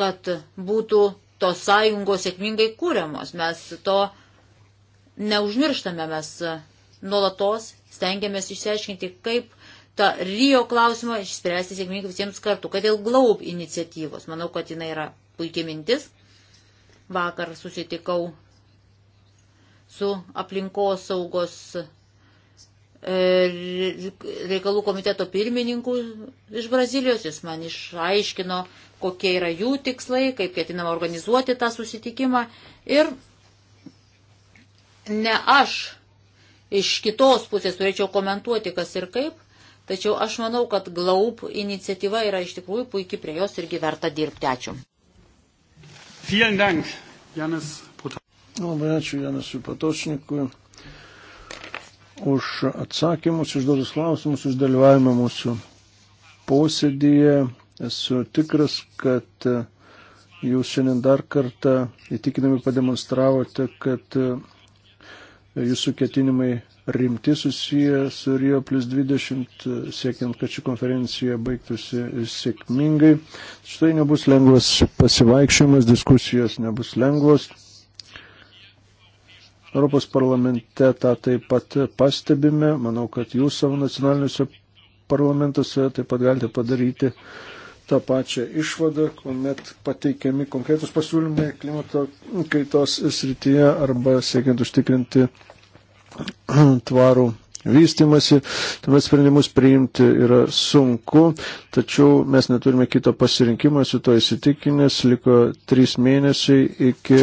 B: kad būtų tos sąjungos sėkmingai kūriamos. Mes to neužmirštame, mes nuolatos stengiamės išsiaiškinti, kaip tą Rio klausimą išspręsti sėkmingai visiems kartu, kad dėl Glaub iniciatyvos. Manau, kad jinai yra puikia mintis. Vakar susitikau su aplinkosaugos saugos E, reikalų komiteto pirmininkų iš Brazilijos, jis man išaiškino, kokie yra jų tikslai, kaip ketinama organizuoti tą susitikimą. Ir ne aš iš kitos pusės turėčiau komentuoti, kas ir kaip, tačiau aš manau, kad GLAUB iniciatyva yra iš tikrųjų puikiai prie jos irgi verta dirbti. Ačiū.
C: Vielen Dank, Janis Labai ačiū Janisui Patočnikui už atsakymus, užduotus klausimus, už dalyvavimą mūsų posėdėje. Esu tikras, kad jūs šiandien dar kartą įtikinami pademonstravote, kad jūsų ketinimai rimti susiję su Rio plus 20, siekiant, kad ši konferencija baigtųsi sėkmingai. Štai nebus lengvas pasivaikščiojimas, diskusijos nebus lengvos. Europos parlamente tą taip pat pastebime. Manau, kad jūs savo nacionaliniuose parlamentuose taip pat galite padaryti tą pačią išvadą, kuomet pateikiami konkretus pasiūlymai klimato kaitos srityje arba siekiant užtikrinti [CLEARS THROAT] tvarų vystimasi, tuomet sprendimus priimti yra sunku, tačiau mes neturime kito pasirinkimo, su to įsitikinęs, liko trys mėnesiai iki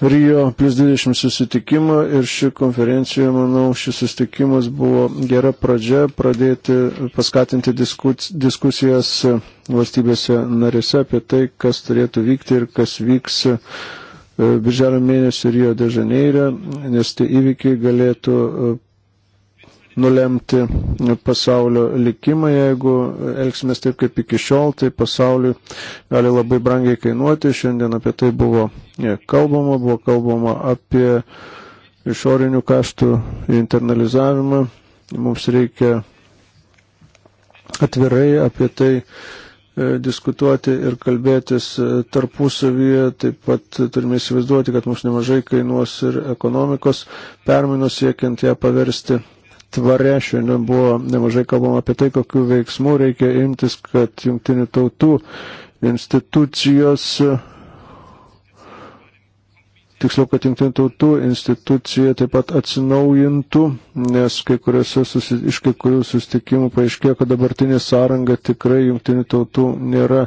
C: Rio plus 20 susitikimą ir ši konferencija, manau, šis susitikimas buvo gera pradžia pradėti, paskatinti diskus, diskusijas valstybėse narėse apie tai, kas turėtų vykti ir kas vyks e, birželio mėnesį Rio de Žaneire, nes tie įvykiai galėtų e, nulemti pasaulio likimą, jeigu elgsimės taip kaip iki šiol, tai pasauliu gali labai brangiai kainuoti. Šiandien apie tai buvo kalbama, buvo kalbama apie išorinių kaštų internalizavimą. Mums reikia atvirai apie tai e, diskutuoti ir kalbėtis e, tarpusavyje, taip pat turime įsivaizduoti, kad mums nemažai kainuos ir ekonomikos permainos siekiant ją paversti tvare. Šiandien buvo nemažai kalbama apie tai, kokiu veiksmu reikia imtis, kad jungtinių tautų institucijos tiksliau, kad jungtinių tautų institucija taip pat atsinaujintų, nes kai susi, iš kai kurių susitikimų paaiškėjo, kad dabartinė sąranga tikrai jungtinių tautų nėra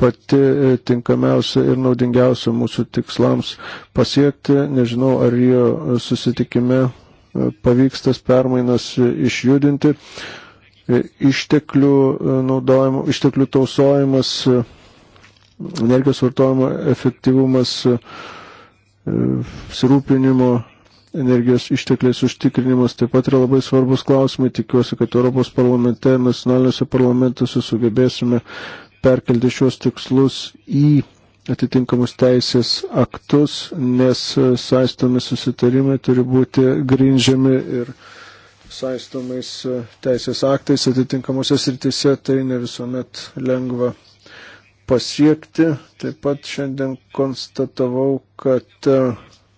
C: pati e, tinkamiausia ir naudingiausia mūsų tikslams pasiekti. Nežinau, ar jo susitikime e, pavyks tas permainas e, išjudinti. Išteklių naudojimo, išteklių tausojimas, energijos vartojimo efektyvumas apsirūpinimo energijos ištekliais užtikrinimas taip pat yra labai svarbus klausimai. Tikiuosi, kad Europos parlamente, nacionaliniuose parlamentuose sugebėsime perkelti šios tikslus į atitinkamus teisės aktus, nes saistomi susitarimai turi būti grindžiami ir saistomais teisės aktais atitinkamosios rytise, tai ne visuomet lengva pasiekti. Taip pat šiandien konstatavau, kad e,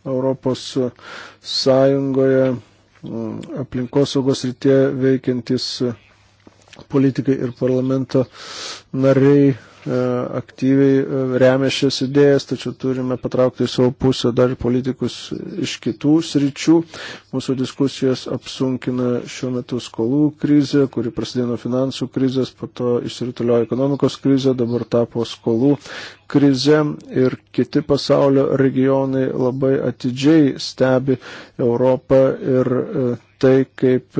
C: Europos Sąjungoje e, aplinkosaugos rytie veikiantis politikai ir parlamento nariai E, aktyviai e, remia šias idėjas, tačiau turime patraukti į savo pusę dar politikus iš kitų sričių. Mūsų diskusijas apsunkina šiuo metu skolų krizė, kuri prasidėjo nuo finansų krizės, po to išsirituliojo ekonomikos krizė, dabar tapo skolų krize ir kiti pasaulio regionai labai atidžiai stebi Europą ir e, tai, kaip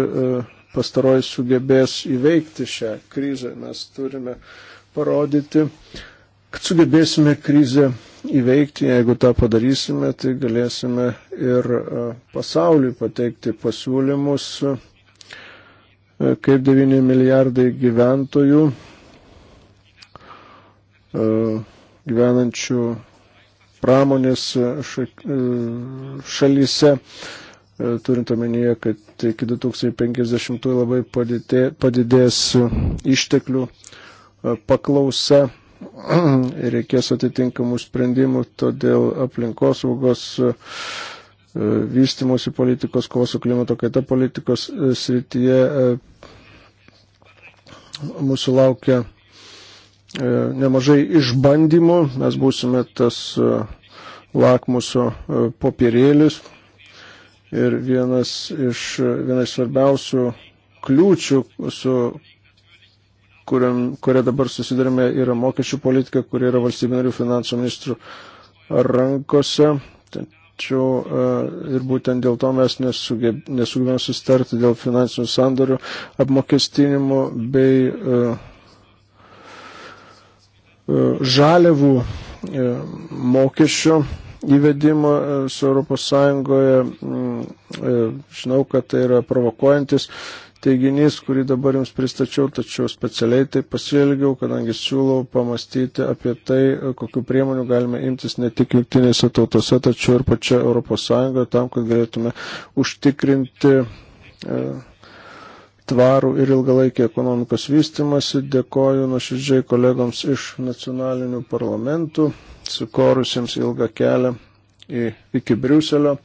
C: pastaroji sugebės įveikti šią krizę. Mes turime uh, parodyti, kad sugebėsime krizę įveikti. Jeigu tą padarysime, tai galėsime ir e, pasauliui pateikti pasiūlymus, e, kaip 9 milijardai gyventojų e, gyvenančių pramonės šalyse turint omenyje, kad iki 2050 labai padidė, padidės išteklių paklausa ir reikės atitinkamų sprendimų, todėl aplinkosaugos e, vystimosi politikos, kovos su klimato kaita politikos e, srityje e, mūsų laukia nemažai išbandymų, mes būsime tas lakmuso popierėlis ir vienas iš, vienas svarbiausių kliūčių, su kuria dabar susidurime, yra mokesčių politika, kuri yra valstybinarių finansų ministrų rankose. Tačiau e, ir būtent dėl to mes nesugebėjome sustarti dėl finansinių sandorių apmokestinimo bei e, e, žaliavų mokesčio įvedimo su ES. Mm, žinau, kad tai yra provokuojantis teiginys, kurį dabar jums pristačiau, tačiau specialiai tai pasielgiau, kadangi siūlau pamastyti apie tai, kokiu priemonių galime imtis ne tik jungtinėse tautose, tačiau ir pačia Europos Sąjungoje, tam, kad galėtume užtikrinti. E, tvarų ir ilgalaikį ekonomikos vystimasi. Dėkoju nuoširdžiai kolegoms iš nacionalinių parlamentų, sukorusiems ilgą kelią į, iki Briuselio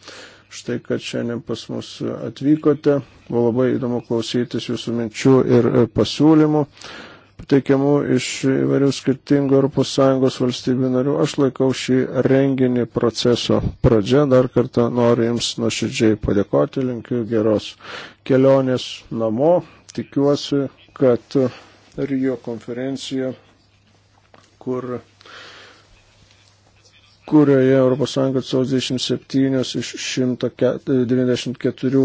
C: štai, kad šiandien pas mus atvykote. Buvo labai įdomu klausytis jūsų minčių ir e, pasiūlymų pateikiamų iš įvairių skirtingų ES valstybių narių. Aš laikau šį renginį proceso pradžią. Dar kartą noriu Jums nuoširdžiai padėkoti, linkiu geros kelionės namo. Tikiuosi, kad Rio konferencija, kur kurioje ES atstovas 27 iš 194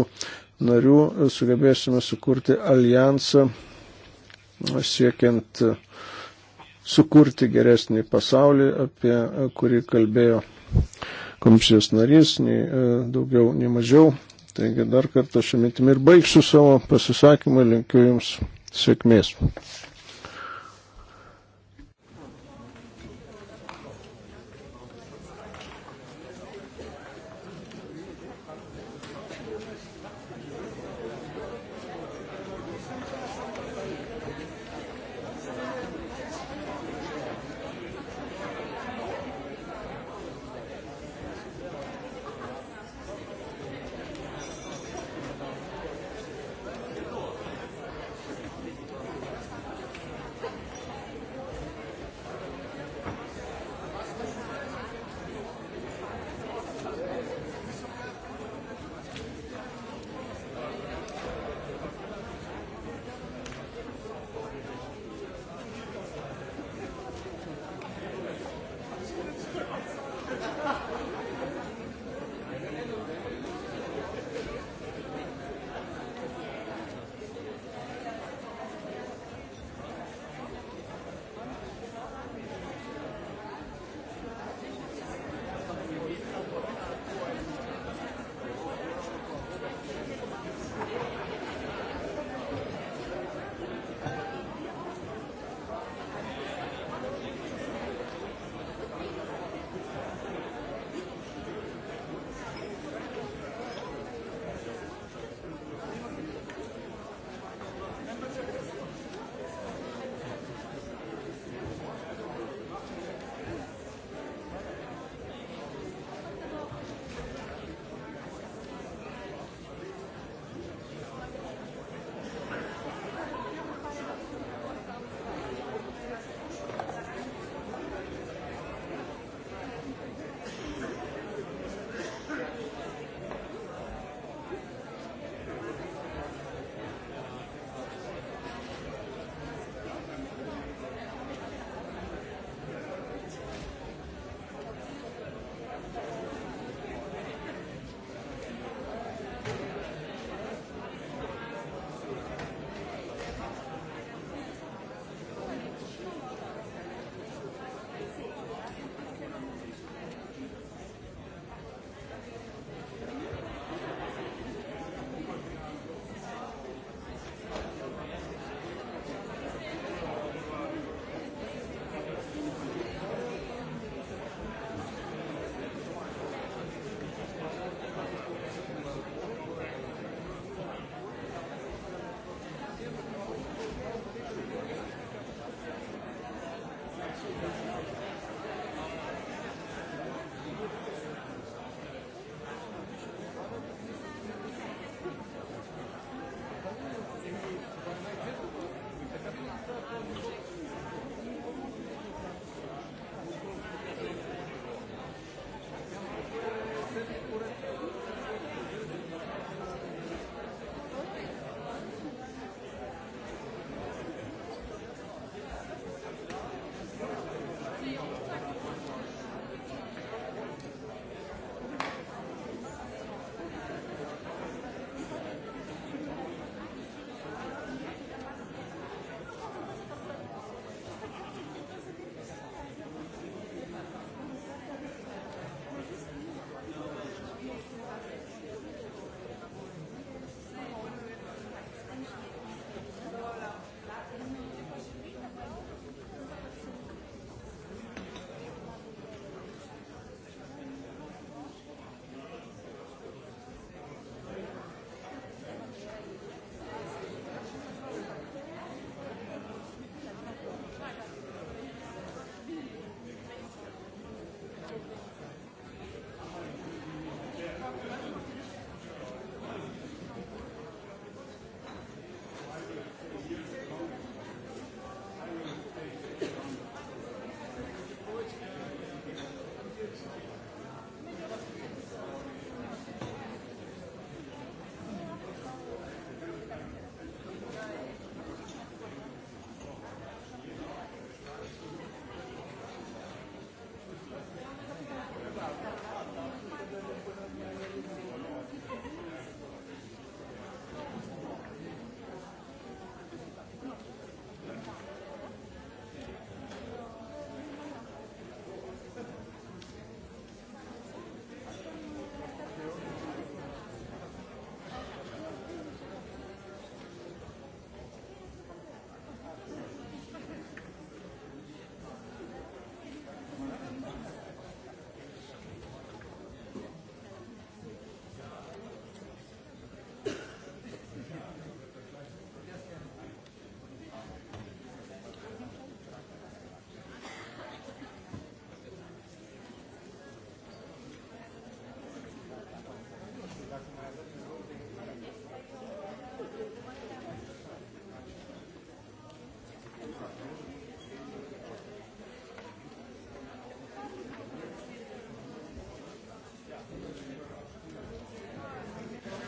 C: narių e, sugebėsime sukurti alijansą e, siekiant e, sukurti geresnį pasaulį, apie kurį kalbėjo komisijos narys, nei daugiau, nei mažiau. Taigi dar kartą šią mintimį ir baigsiu savo pasisakymą, linkiu Jums sėkmės.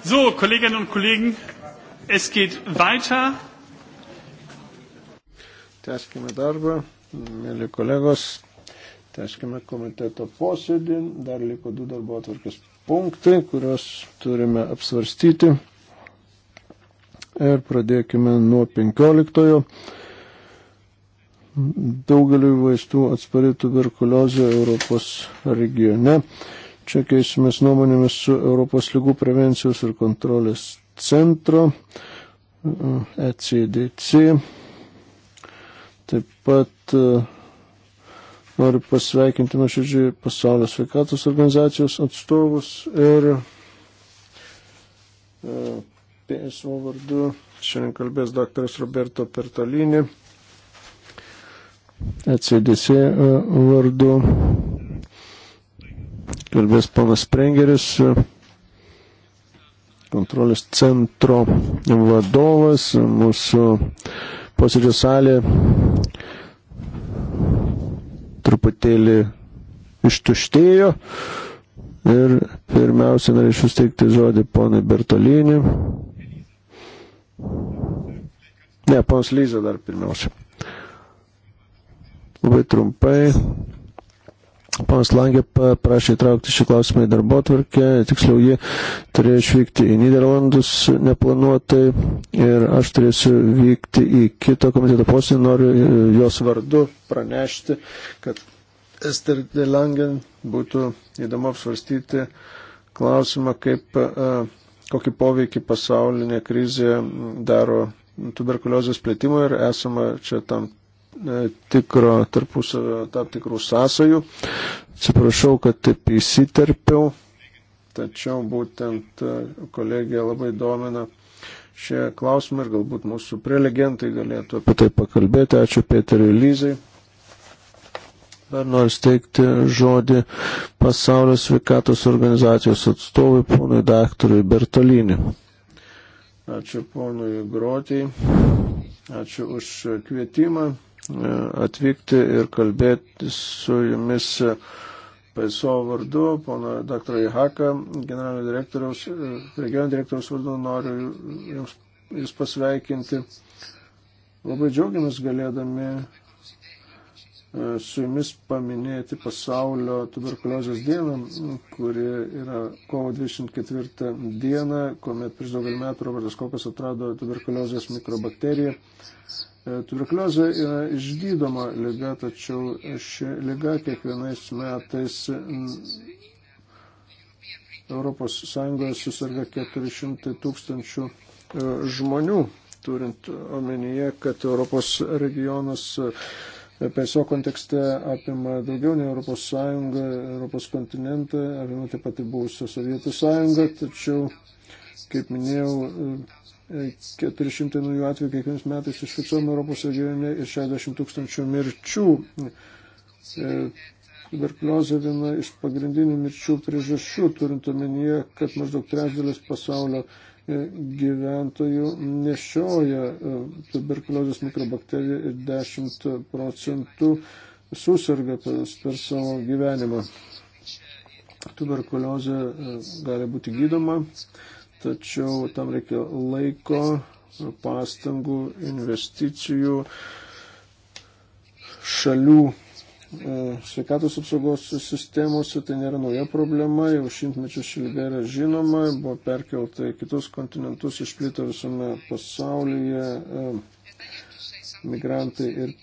A: So, Kolleginnen und Kollegen, es geht weiter.
C: Tęskime darbą, mėly kolegos, tęskime komiteto posėdį. Dar liko du darbo atvarkės punktai, kuriuos turime apsvarstyti. Ir pradėkime nuo penkioliktojo daugeliu vaistų atspari tuberkuliozė Europos regione. Čia keisimės nuomonėmis su Europos lygų prevencijos ir kontrolės centro ECDC. Taip pat e, noriu pasveikinti nuoširdžiai pasaulio sveikatos organizacijos atstovus ir e, PSO vardu šiandien kalbės daktaras Roberto Pertolini. ECDC e, vardu kalbės panas Prengeris, kontrolės centro vadovas, mūsų posėdžio salė truputėlį ištuštėjo ir pirmiausia norėčiau steigti žodį ponai Bertolinį. Ne, ponas Lyza dar pirmiausia. Labai trumpai Ponas Langė prašė įtraukti šį klausimą į darbo tvarkę, tiksliau ji turėjo išvykti į Niderlandus neplanuotai ir aš turėsiu vykti į kito komiteto posėdį, noriu e, jos vardu pranešti, kad Ester de Langen būtų įdomu apsvarstyti klausimą, kaip, e, kokį poveikį pasaulinė krizė daro tuberkuliozės plėtimo ir esama čia tam E, tikro tarpusavio tam tikrų sąsajų. Atsiprašau, kad taip įsiterpiau, tačiau būtent e, kolegija labai domina šie klausimai ir galbūt mūsų prelegentai galėtų apie tai pakalbėti. Ačiū Pėteriui Lyzai. Dar noriu steigti žodį pasaulio sveikatos organizacijos atstovui, ponui daktarui Bertolinį. Ačiū ponui Grotijai, ačiū už kvietimą atvykti ir kalbėti su jumis PSO vardu, pono dr. Haka, generalinio direktoriaus, regioninio direktoriaus vardu noriu jums, jūs pasveikinti. Labai džiaugiamės galėdami e, su jumis paminėti pasaulio tuberkuliozės dieną, kuri yra kovo 24 diena, kuomet prieš daugelį metų Robertas Kokas atrado tuberkuliozės mikrobakteriją. E, tuberkuliozė yra išgydoma lyga, tačiau ši lyga kiekvienais metais ES susirga 400 tūkstančių e, žmonių, turint omenyje, kad Europos regionas e, PSO kontekste apima daugiau nei Europos Sąjungą, Europos kontinentą, apima taip pat ir buvusią Sovietų Sąjungą, tačiau, kaip minėjau, 400 naujų atvejų kiekvienais metais išfiksuojama Europos regione ir 60 tūkstančių mirčių. E, tuberkuliozė viena iš pagrindinių mirčių priežasčių, turint omenyje, kad maždaug trečdalis pasaulio e, gyventojų nešioja e, tuberkuliozės mikrobakteriją ir 10 procentų susirga per savo gyvenimą. Tuberkuliozė gali būti gydoma tačiau tam reikia laiko, pastangų, investicijų, šalių e, sveikatos apsaugos sistemose tai nėra nauja problema, jau šimtmečius Šilbėra žinoma, buvo perkelta į kitus kontinentus, išplito visame pasaulyje, e, migrantai ir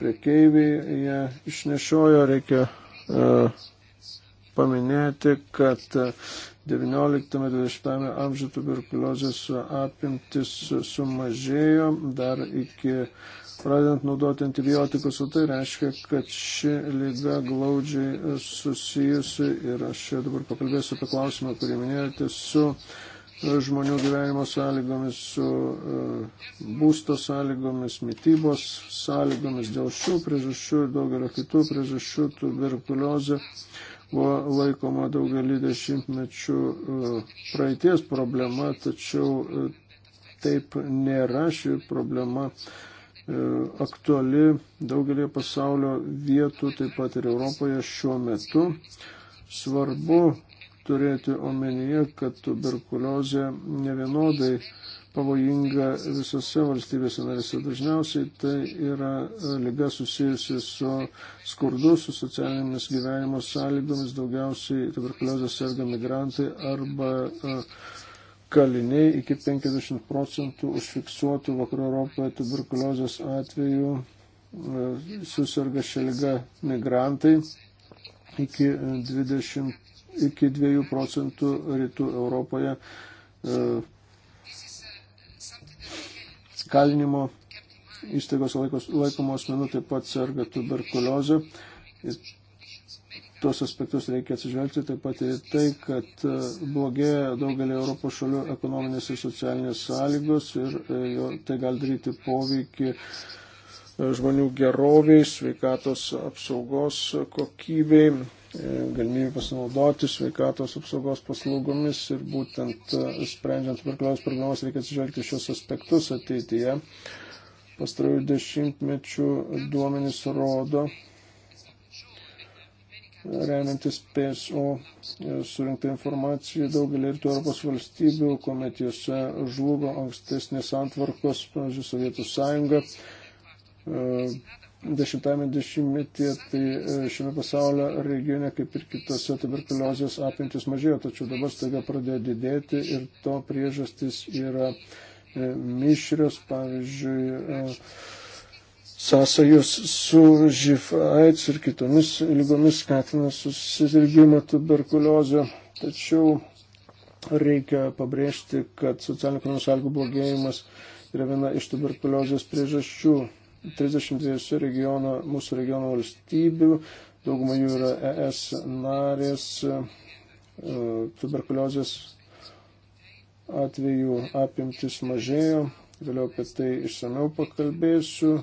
C: priekeiviai ją išnešiojo, reikia e, paminėti, kad XIX-XX amžių tuberkuliozės apimtis sumažėjo dar iki pradedant naudoti antibiotikus, o tai reiškia, kad ši lyga glaudžiai susijusi ir aš čia dabar pakalbėsiu apie klausimą, kurį minėjote, su e, žmonių gyvenimo sąlygomis, su e, būsto sąlygomis, mytybos sąlygomis, dėl šių priežasčių ir daugelio kitų priežasčių tuberkuliozė. Uh, buvo laikoma daugelį dešimtmečių e, praeities problema, tačiau e, taip nėra. Ši problema e, aktuali daugelį pasaulio vietų, taip pat ir Europoje šiuo metu. Svarbu turėti omenyje, kad tuberkuliozė nevienodai pavojinga visose valstybėse narėse. Dažniausiai tai yra e, lyga susijusi su skurdu, su socialinėmis gyvenimo sąlygomis, daugiausiai tuberkuliozę serga migrantai arba e, kaliniai iki 50 procentų užfiksuotų vakarų Europoje tuberkuliozės atvejų e, susirga šią lygą migrantai iki 20 iki 2 procentų rytų Europoje kalinimo įstaigos laikos, laikomų asmenų taip pat serga tuberkuliozę. Ir tuos aspektus reikia atsižvelgti taip pat ir tai, kad e, blogėja daugelį Europos šalių ekonominės ir socialinės sąlygos ir e, tai gali daryti poveikį e, žmonių geroviai, sveikatos apsaugos kokybei E, galimybė pasinaudoti sveikatos apsaugos paslaugomis ir būtent e, sprendžiant tuberkuliozės problemas reikia atsižvelgti šios aspektus ateityje. Pastarųjų dešimtmečių duomenys rodo, remiantis PSO e, surinktą informaciją daugelį rytų Europos valstybių, kuomet jose žlugo ankstesnės antvarkos, pavyzdžiui, Sovietų sąjunga, dešimtame dešimtmetyje, tai e, šiame pasaulio regione, kaip ir kitose, tuberkuliozės apimtis mažėjo, tačiau dabar staiga pradėjo didėti ir to priežastis yra e, mišrios, pavyzdžiui, e, sąsajos su živ AIDS ir kitomis lygomis skatina susirgymą tuberkuliozę. Tačiau reikia pabrėžti, kad socialinių ekonominių sąlygų blogėjimas yra viena iš tuberkuliozės priežasčių. 32 regiono, mūsų regiono valstybių, dauguma jų yra ES narės, e, tuberkuliozės atvejų apimtis mažėjo, vėliau apie tai išsameu pakalbėsiu.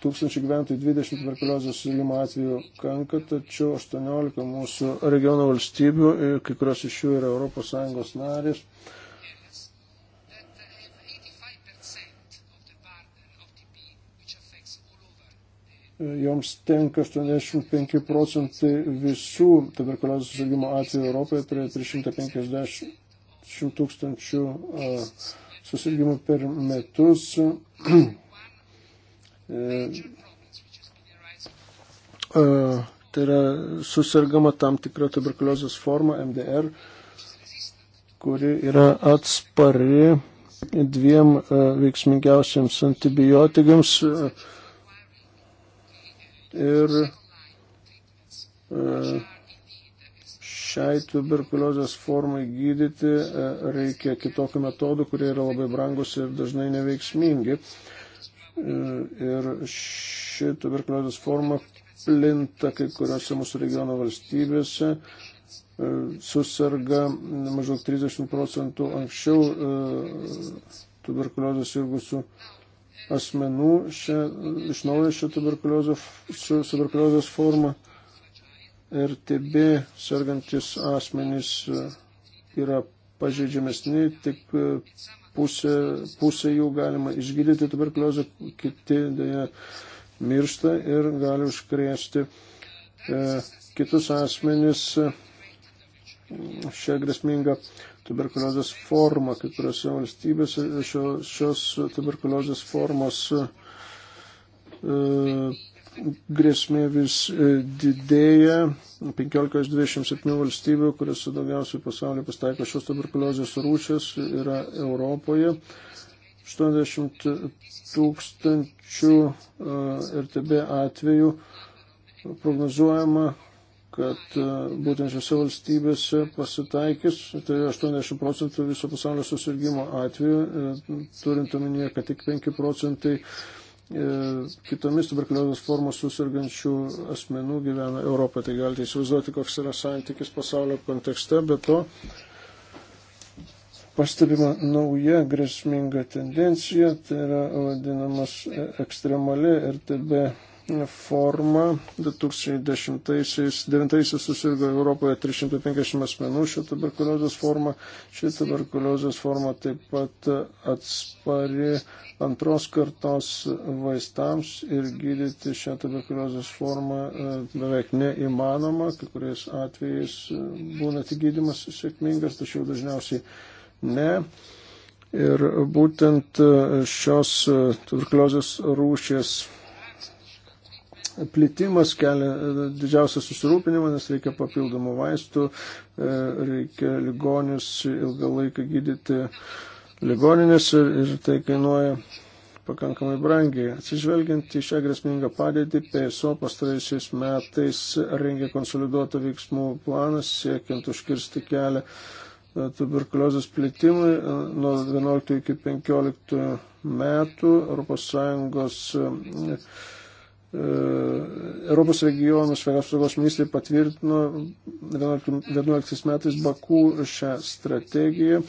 C: 1000 gyventojų 20 tuberkuliozės susirgymo atvejų kanka, tačiau 18 mūsų regiono valstybių, e, kai kurios iš jų yra ES narės, joms tenka 85 procentai visų tuberkuliozės susirgymo atvejų Europoje prie tai 350 tūkstančių susirgymų per metus. [CLEARS THROAT] E, tai yra susirgama tam tikra tuberkuliozės forma MDR, kuri yra atspari dviem veiksmingiausiams antibiotikams. Uh, ir e, šiai tuberkuliozės formai gydyti e, reikia kitokių metodų, kurie yra labai brangus ir dažnai neveiksmingi. E, ir ši tuberkuliozės forma plinta kai kuriuose mūsų regiono valstybėse, susirga maždaug 30 procentų anksčiau tuberkuliozės sirgusių asmenų šia, iš naujo šią tuberkuliozės, su tuberkuliozės formą. RTB sergantis asmenys e, yra pažeidžiamesni, tik e, pusė, pusė jų galima išgydyti tuberkuliozę, kiti dėja miršta ir gali užkrėsti e, kitus asmenis e, šią grėsmingą tuberkuliozės forma, kai kuriuose valstybėse šio, šios tuberkuliozės formos e, grėsmė vis e, didėja. 15-27 valstybių, kuriuose daugiausiai pasaulyje pastaiko šios tuberkuliozės rūšės, yra Europoje. 80 tūkstančių e, RTB tai atvejų prognozuojama kad e, būtent šiose valstybėse pasitaikys, tai 80 procentų viso pasaulio susirgymo atveju, e, turint omenyje, kad tik 5 procentai e, kitomis tuberkuliozės formos susirgančių asmenų gyvena Europoje. Tai galite įsivaizduoti, koks yra santykis pasaulio kontekste, bet to pastebima nauja grėsminga tendencija, tai yra vadinamas ekstremali RTB forma 2009 susirgo Europoje 350 asmenų šią tuberkuliozės formą. Ši tuberkuliozės forma taip pat atspari antros kartos vaistams ir gydyti šią tuberkuliozės formą e, beveik neįmanoma. Kai kuriais atvejais e, būna tik gydimas sėkmingas, tačiau dažniausiai ne. Ir būtent e, šios tuberkuliozės rūšės plitimas kelia e, didžiausią susirūpinimą, nes reikia papildomų vaistų, e, reikia ligonius ilgą laiką gydyti ligoninės ir, ir tai kainuoja pakankamai brangiai. Atsižvelgiant į šią grėsmingą padėtį, PSO pastaraisiais metais rengė konsoliduotą veiksmų planą, siekiant užkirsti kelią e, tuberkuliozės plitimui nuo 11 iki 15 metų ES E, Europos regionų sveikatos apsaugos ministrai patvirtino 2011 metais Bakų šią strategiją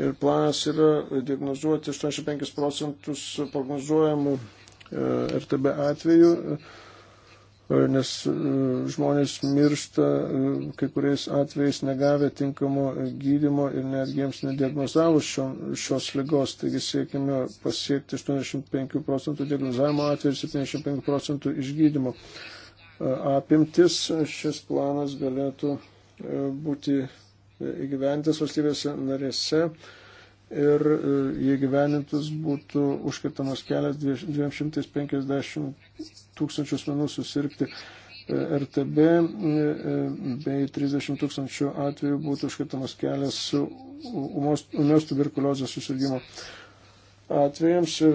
C: ir planas yra diagnozuoti 85 procentus prognozuojamų e, RTB atvejų. E, nes e, žmonės miršta e, kai kuriais atvejais negavę tinkamo gydimo ir netgi jiems nediagnozavus šio, šios lygos. Taigi siekime pasiekti 85 procentų diagnozavimo atveju ir 75 procentų išgydymo. Apimtis šis planas galėtų būti įgyventas valstybėse narėse ir e, jie gyvenintus būtų užkirtamas kelias 250 tūkstančių asmenų susirgti e, RTB e, bei 30 tūkstančių atvejų būtų užkirtamas kelias ūmios tuberkuliozės susirgymo atvejams ir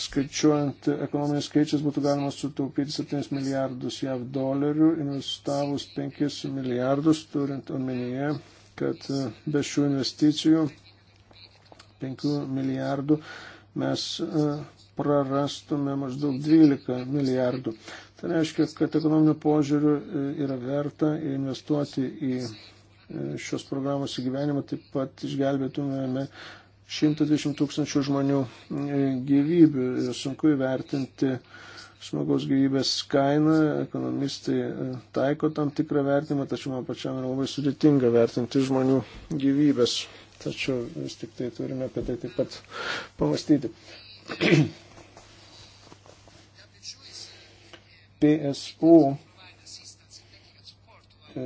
C: skaičiuojant ekonominiais skaičiais būtų galima sutaupyti 7 milijardus JAV dolerių, investavus 5 milijardus, turint omenyje, kad be šių investicijų 5 milijardų mes e, prarastume maždaug 12 milijardų. Tai reiškia, kad ekonominiu požiūriu e, yra verta investuoti į e, šios programos įgyvenimą, taip pat išgelbėtumėme 120 tūkstančių žmonių gyvybių. Sunku įvertinti žmogaus gyvybės kainą, ekonomistai taiko tam tikrą vertimą, tačiau man pačiam yra labai sudėtinga vertinti žmonių gyvybės Tačiau vis tik tai turime apie tai taip pat pamastyti. [CLEARS THROAT] PSU e,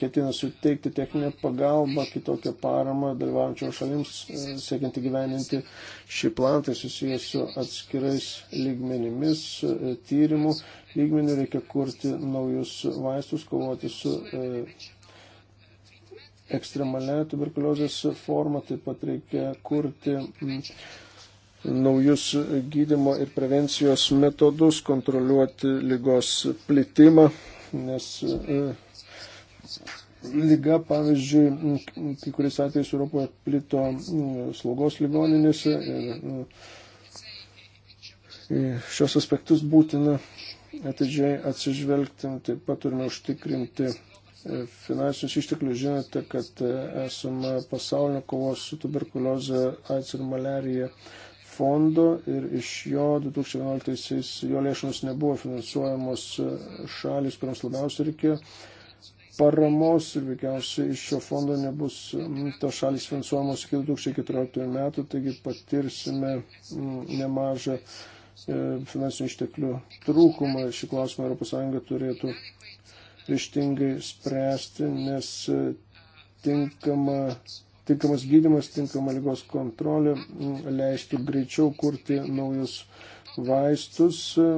C: ketina suteikti techninę pagalbą, kitokią paramą dalyvaujančio šalims, e, siekiant įgyveninti šį planą, tai susijęs su atskirais lygmenimis, e, tyrimų lygmenių reikia kurti naujus vaistus, kovoti su e, ekstremalia tuberkuliozės forma, taip pat reikia kurti mm, naujus gydimo ir prevencijos metodus, kontroliuoti lygos plitimą, nes mm, lyga, pavyzdžiui, mm, kai kuriais atvejais Europoje plito slaugos ligoninėse ir šios aspektus būtina atidžiai atsižvelgti, taip pat turime užtikrinti finansinius išteklius žinote, kad e, esame pasaulinio kovos su tuberkulioze, AIDS ir malerija fondo ir iš jo 2011-aisiais jo lėšomis nebuvo finansuojamos e, šalis, kuriams labiausiai reikėjo paramos ir veikiausiai iš šio fondo nebus tos šalis finansuojamos iki 2014 metų, taigi patirsime nemažą e, finansinių išteklių trūkumą. Šį klausimą ES turėtų ryštingai spręsti, nes e, tinkama, tinkamas gydimas, tinkama lygos kontrolė leistų greičiau kurti naujus vaistus e,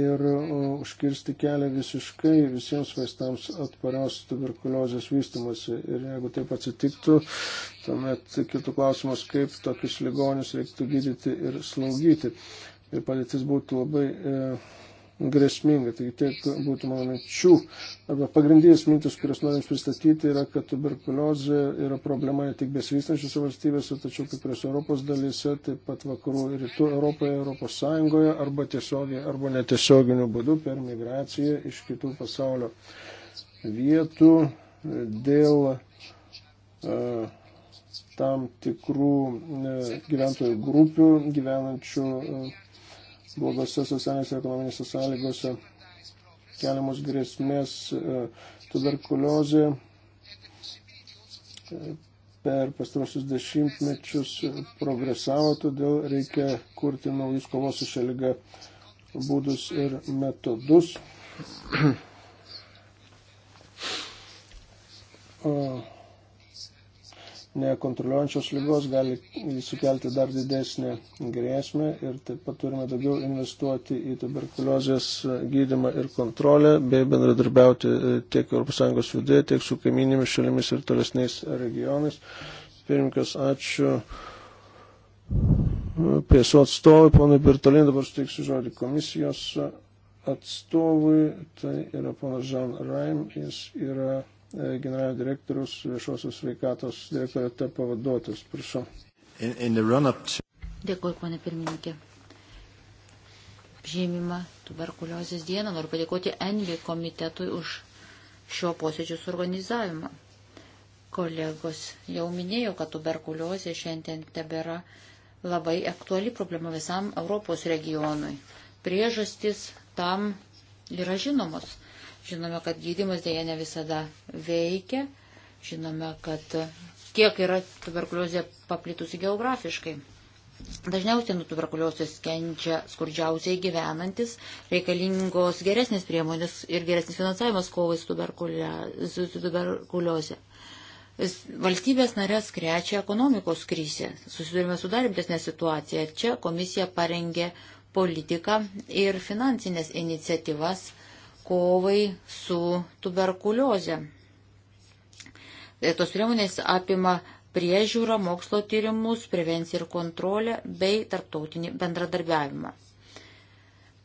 C: ir užkirsti kelią visiškai visiems vaistams atparios tuberkuliozės vystimasi. Ir jeigu taip atsitiktų, tuomet kitų klausimas, kaip tokius ligonius reiktų gydyti ir slaugyti. Ir padėtis būtų labai e, grėsminga. Taigi tiek būtų mano minčių. Arba pagrindinės mintis, kurias norim pristatyti, yra, kad tuberkuliozė yra problema ne tik besivystančiose valstybėse, tačiau kai kuriuose Europos dalyse, taip pat vakarų ir rytų Europoje, Europos Sąjungoje, arba tiesiogiai, arba netiesioginiu būdu per migraciją iš kitų pasaulio vietų dėl uh, tam tikrų uh, gyventojų grupių gyvenančių uh, blogose socialinėse ir ekonominėse sąlygose keliamos grėsmės e, tuberkuliozė e, per pastarosius dešimtmečius progresavo, todėl reikia kurti naujus kovos su šia lyga būdus ir metodus. [CLEARS THROAT] nekontroliuojančios lygos gali sukelti dar didesnę grėsmę ir taip pat turime daugiau investuoti į tuberkuliozės gydimą ir kontrolę bei bendradarbiauti e, tiek ES viduje, tiek su kaiminėmis šalimis ir tolesniais regionais. Pirmkas, ačiū. PSO atstovui, ponui Bertolin, dabar suteiksiu žodį komisijos atstovui, tai yra ponas Žan Raim, jis yra E, generalinio direktorius viešosios sveikatos direktorate pavaduotas. Prašau.
A: In, in to...
B: Dėkuoju, ponė pirmininkė. Žymima tuberkuliozės dieną noriu padėkoti Envi komitetui už šio posėdžio suorganizavimą. Kolegos, jau minėjau, kad tuberkuliozė šiandien tebėra labai aktuali problema visam Europos regionui. Priežastis tam yra žinomos Žinome, kad gydimas dėja ne visada veikia. Žinome, kad kiek yra tuberkuliozė paplitusi geografiškai. Dažniausiai nuo tuberkuliozės kenčia skurdžiausiai gyvenantis, reikalingos geresnės priemonės ir geresnis finansavimas kovai su, su tuberkuliozė. Valstybės narės krečia ekonomikos krizė. Susidurime su dar rimtesnė situacija. Čia komisija parengė politiką ir finansinės iniciatyvas kovai su tuberkulioze. Tos priemonės apima priežiūrą, mokslo tyrimus, prevenciją ir kontrolę bei tarptautinį bendradarbiavimą.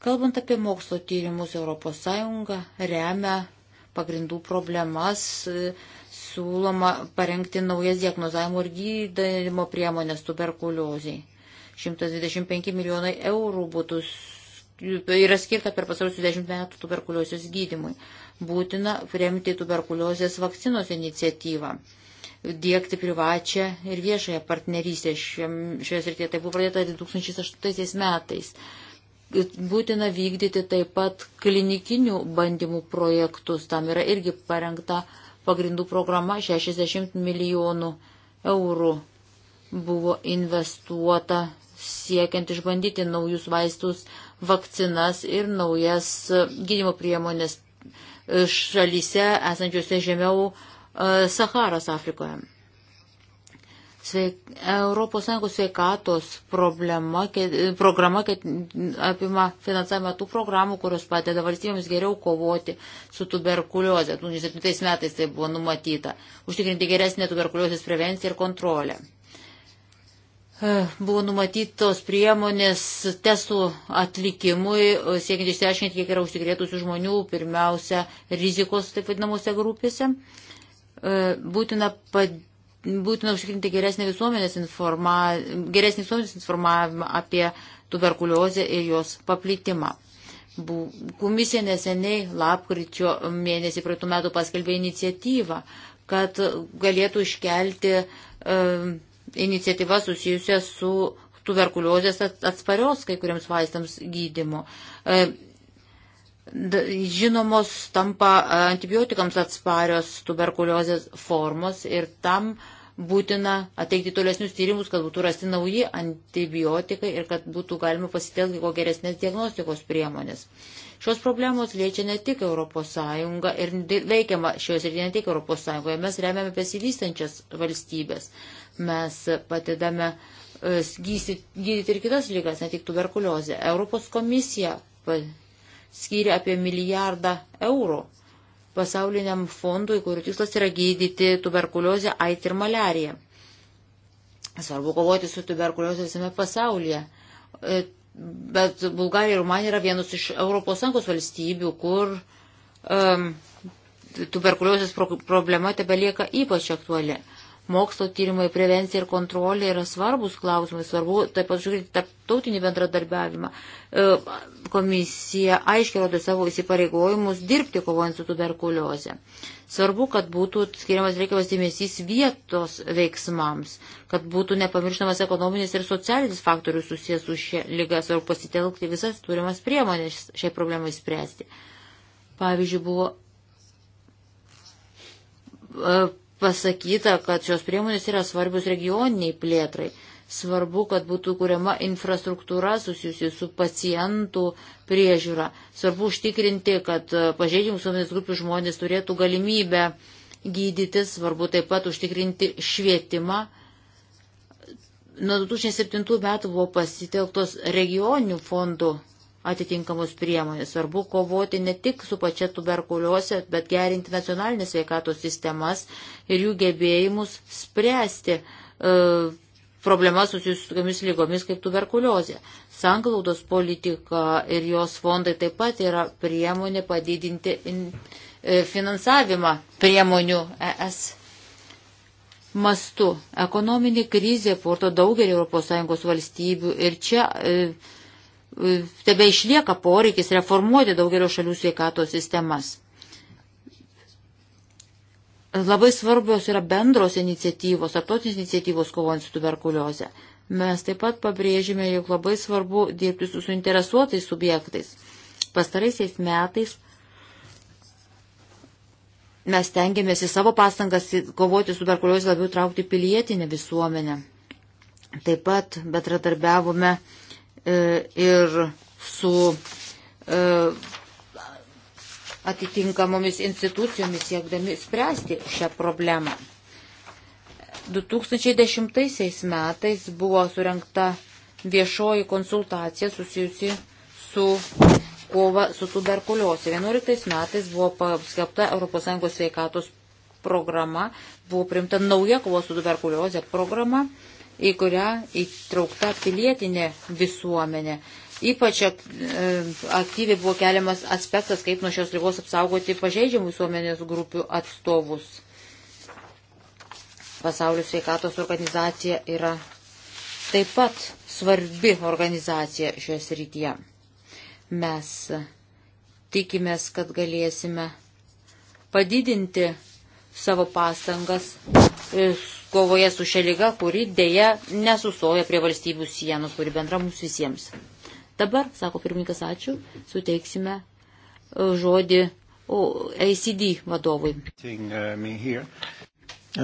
B: Kalbant apie mokslo tyrimus, ES remia pagrindų problemas, e, siūloma parengti naujas diagnozavimo ir gydavimo priemonės tuberkuliozijai. 125 milijonai eurų būtų yra skirta per pasarusius dešimt metų tuberkuliozės gydimui. Būtina remti tuberkuliozės vakcinos iniciatyvą, dėkti privačią ir viešąją partnerystę šioje srityje. Tai buvo pradėta 2008 metais. Būtina vykdyti taip pat klinikinių bandymų projektus. Tam yra irgi parengta pagrindų programa 60 milijonų eurų buvo investuota siekiant išbandyti naujus vaistus vakcinas ir naujas gydimo priemonės šalyse esančiuose žemiau e, Saharos Afrikoje. Sveik, Europos Sąjungos sveikatos problema, programa apima finansavimą tų programų, kurios padeda valstybėms geriau kovoti su tuberkuliozė. 2007 metais tai buvo numatyta. Užtikrinti geresnę tuberkuliozės prevenciją ir kontrolę. E, buvo numatytos priemonės testų atlikimui, e, siekiant išsiaiškinti, kiek yra užsikrėtusių žmonių, pirmiausia, rizikos taip vadinamuose grupėse. E, būtina, pad... būtina užtikrinti geresnį visuomenės, informa... geresnį visuomenės informavimą apie tuberkuliozę ir jos paplitimą. Komisija neseniai lapkričio mėnesį praeitų metų paskelbė iniciatyvą, kad galėtų iškelti um, iniciatyvas susijusias su tuberkuliozės atsparios kai kuriems vaistams gydimo. E, žinomos tampa e, antibiotikams atsparios tuberkuliozės formos ir tam būtina ateikti tolesnius tyrimus, kad būtų rasti nauji antibiotikai ir kad būtų galima pasitelkti ko geresnės diagnostikos priemonės. Šios problemos liečia ne tik ES ir veikiama šios ir ne tik ES, mes remiame besivystančias valstybės. Mes padedame e, gydyti ir kitas lygas, ne tik tuberkuliozę. Europos komisija skiria apie milijardą eurų pasauliniam fondui, kurių tikslas yra gydyti tuberkuliozę, ait ir malariją. Svarbu kovoti su tuberkuliozė visame pasaulyje. E, bet Bulgarija ir Rumanija yra vienos iš ES valstybių, kur um, tuberkuliozės problema tebelieka ypač aktuali mokslo tyrimai, prevencija ir kontrolė yra svarbus klausimai, svarbu taip pat žiūrėti tarptautinį bendradarbiavimą. E, komisija aiškiai rodo savo įsipareigojimus dirbti kovojant su tuberkuliozė. Svarbu, kad būtų skiriamas reikiamas dėmesys vietos veiksmams, kad būtų nepamirštamas ekonominis ir socialinis faktorius susijęs su šia lyga, svarbu pasitelkti visas turimas priemonės šiai problemai spręsti. Pavyzdžiui, buvo e, pasakyta, kad šios priemonės yra svarbios regioniniai plėtrai. Svarbu, kad būtų kuriama infrastruktūra susijusi su pacientų priežiūra. Svarbu užtikrinti, kad pažeidžiamų suomenės grupių žmonės turėtų galimybę gydytis. Svarbu taip pat užtikrinti švietimą. Nuo 2007 metų buvo pasitelktos regioninių fondų atitinkamos priemonės. Svarbu kovoti ne tik su pačia tuberkuliuose, bet gerinti nacionalinės veikatos sistemas ir jų gebėjimus spręsti e, problemas susijusius tokiamis lygomis kaip tuberkuliozė. Sanglaudos politika ir jos fondai taip pat yra priemonė padidinti in, e, finansavimą priemonių ES. Mastu ekonominė krizė purto daugelį ES valstybių ir čia e, tebe išlieka poreikis reformuoti daugelio šalių sveikatos sistemas. Labai svarbios yra bendros iniciatyvos, tarptautinės iniciatyvos kovojant su tuberkulioze. Mes taip pat pabrėžime, jog labai svarbu dirbti su suinteresuotais subjektais. Pastaraisiais metais mes tengiamės į savo pastangas kovoti su tuberkuliozė labiau traukti pilietinę visuomenę. Taip pat bendradarbiavome uh, E, ir su e, atitinkamomis institucijomis siekdami spręsti šią problemą. 2010 metais buvo surinkta viešoji konsultacija susijusi su kova su tuberkuliozė. 11 metais buvo paskelbta ES sveikatos programa, buvo primta nauja kovos su tuberkuliozė programa į kurią įtraukta pilietinė visuomenė. Ypač e, aktyviai buvo keliamas aspektas, kaip nuo šios lygos apsaugoti pažeidžiamų visuomenės grupių atstovus. Pasaulio sveikatos organizacija yra taip pat svarbi organizacija šioje srityje. Mes tikimės, kad galėsime padidinti savo pastangas e, kovoje su šia lyga, kuri dėja nesustoja prie valstybių sienos, kuri bendra mums visiems. Dabar, sako pirmininkas, ačiū, suteiksime e, žodį ACD vadovui.
C: Uh,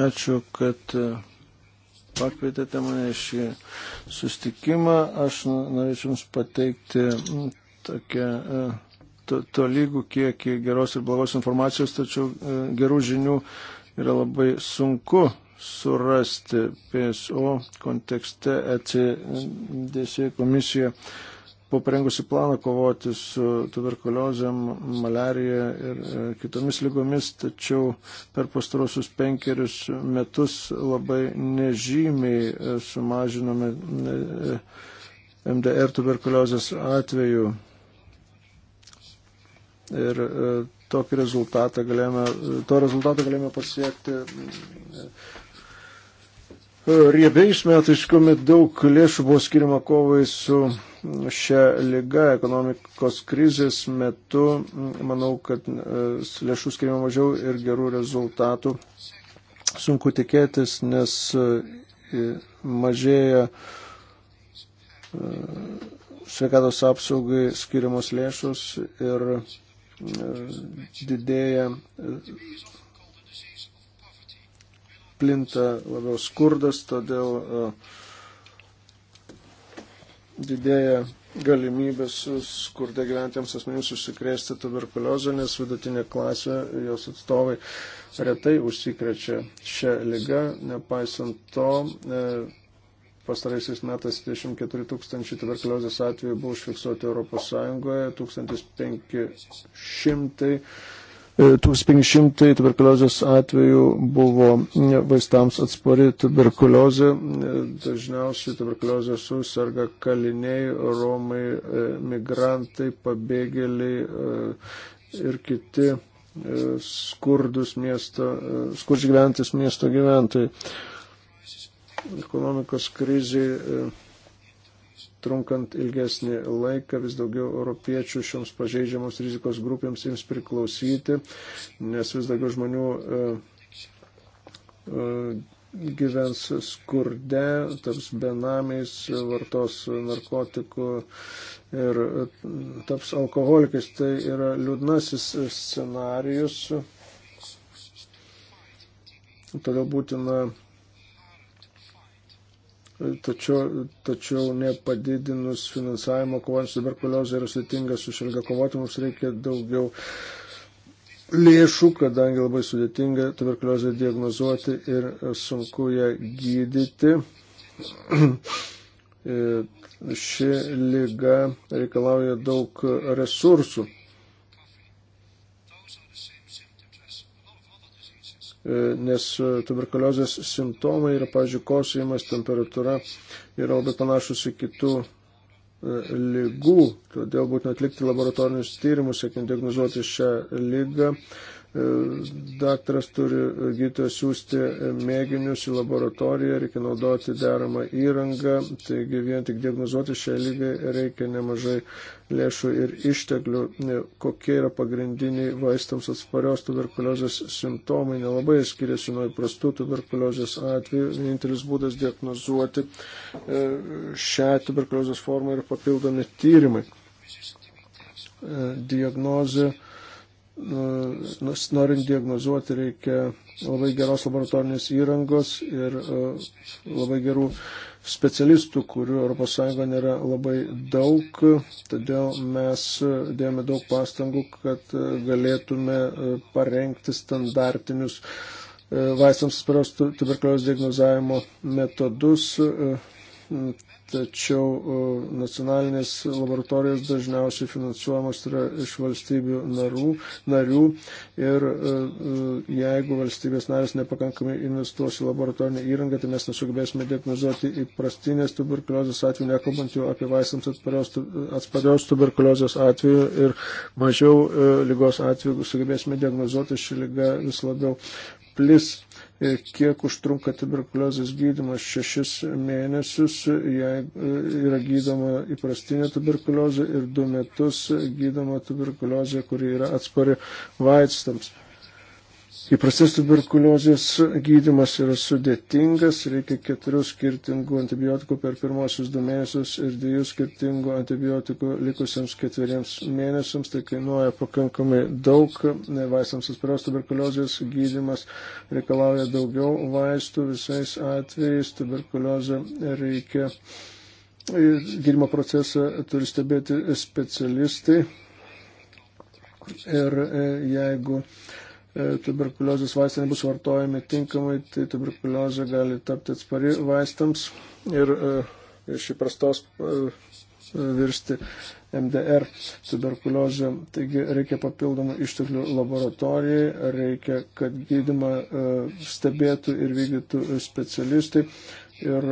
C: ačiū, kad e, pakvietėte mane į šį sustikimą. Aš norėčiau Jums pateikti tokią e, to, tolygų kiekį geros ir blogos informacijos, tačiau gerų žinių yra labai sunku surasti PSO kontekste ECDC komisija paprengusi planą kovoti su tuberkuliozėm, malarija ir e, kitomis lygomis, tačiau per pastarosius penkerius metus labai nežymiai e, sumažinome e, MDR tuberkuliozės atveju. Ir tokį rezultatą galėjome, to rezultatą galėjome pasiekti riebiais metais, kuomet daug lėšų buvo skiriama kovai su šią lygą ekonomikos krizės metu, manau, kad e, lėšų skiriama mažiau ir gerų rezultatų sunku tikėtis, nes e, mažėja e, sveikatos apsaugai skiriamos lėšos ir didėja plinta labiau skurdas, todėl e, didėja galimybės skurde gyventiems asmenims užsikrėsti tuberkuliozę, nes vidutinė klasė, jos atstovai retai užsikrečia šią ligą. Nepaisant to, e, pastaraisiais metais 24 tūkstančiai tuberkuliozės atvejų buvo užfiksuoti Europos Sąjungoje, 1500 1500 e, tuberkuliozės atvejų buvo vaistams atspari tuberkuliozė. E, dažniausiai tuberkuliozė susirga kaliniai, romai, e, migrantai, pabėgėliai ir kiti skurdus miesto, skurdžiai gyventis miesto gyventojai. Ekonomikos krizė trunkant ilgesnį laiką vis daugiau europiečių šioms pažeidžiamos rizikos grupėms jums priklausyti, nes vis daugiau žmonių e, e, gyvens skurde, taps benamiais, vartos narkotikų ir e, taps alkoholikais. Tai yra liūdnasis scenarius. Todėl būtina tačiau, tačiau nepadidinus finansavimo kovant su tuberkuliozė yra sudėtinga su šilga kovoti, mums reikia daugiau lėšų, kadangi labai sudėtinga tuberkuliozę diagnozuoti ir sunku ją gydyti. [CLEARS THROAT] E, ši lyga reikalauja daug resursų. E, nes e, tuberkuliozės simptomai yra, pažiūrėjau, kosėjimas, temperatūra yra labai panašus į kitų e, lygų, todėl būtent atlikti laboratorinius tyrimus, sėkmint diagnozuoti šią lygą, E, daktaras turi gydytojas siūsti mėginius į laboratoriją, reikia naudoti deramą įrangą, taigi vien tik diagnozuoti šią lygą reikia nemažai lėšų ir išteklių. E, kokie yra pagrindiniai vaistams atsparios tuberkuliozės simptomai, nelabai skiriasi nuo įprastų tuberkuliozės atvejų. Vienintelis būdas diagnozuoti e, šią tuberkuliozės formą yra papildomi tyrimai. Diagnozė norint diagnozuoti, reikia labai geros laboratorinės įrangos ir e, labai gerų specialistų, kurių ES nėra labai daug. Todėl mes dėjome daug pastangų, kad e, galėtume e, parengti standartinius vaistams sparaus tuberkulios diagnozavimo metodus tačiau nacionalinės laboratorijos dažniausiai finansuojamos yra iš valstybių narų, narių ir jeigu valstybės narės nepakankamai investuos į laboratorinę įrangą, tai mes nesugebėsime diagnozuoti įprastinės tuberkuliozės atveju, nekalbant jau apie vaistams atsparios tuberkuliozės atveju ir mažiau lygos atveju sugebėsime diagnozuoti šį lygą vis labiau plis kiek užtrunka tuberkuliozės gydimas, šešis mėnesius, jei e, yra gydoma įprastinė tuberkuliozė ir du metus gydoma tuberkuliozė, kuri yra atspari vaistams. Įprastas tuberkuliozės gydimas yra sudėtingas, reikia keturių skirtingų antibiotikų per pirmosius du mėnesius ir dviejų skirtingų antibiotikų likusiems ketveriems mėnesiams, tai kainuoja pakankamai daug, vaistams atspiros tuberkuliozės gydimas reikalauja daugiau vaistų, visais atvejais tuberkuliozę reikia, gydimo procesą turi stebėti specialistai ir e, jeigu E, tuberkuliozės vaistai nebus vartojami tinkamai, tai tuberkuliozė gali tapti atspari vaistams ir e, iš įprastos e, virsti MDR tuberkuliozę. Taigi reikia papildomų išteklių laboratorijai, reikia, kad gydimą stebėtų ir vykdytų specialistai ir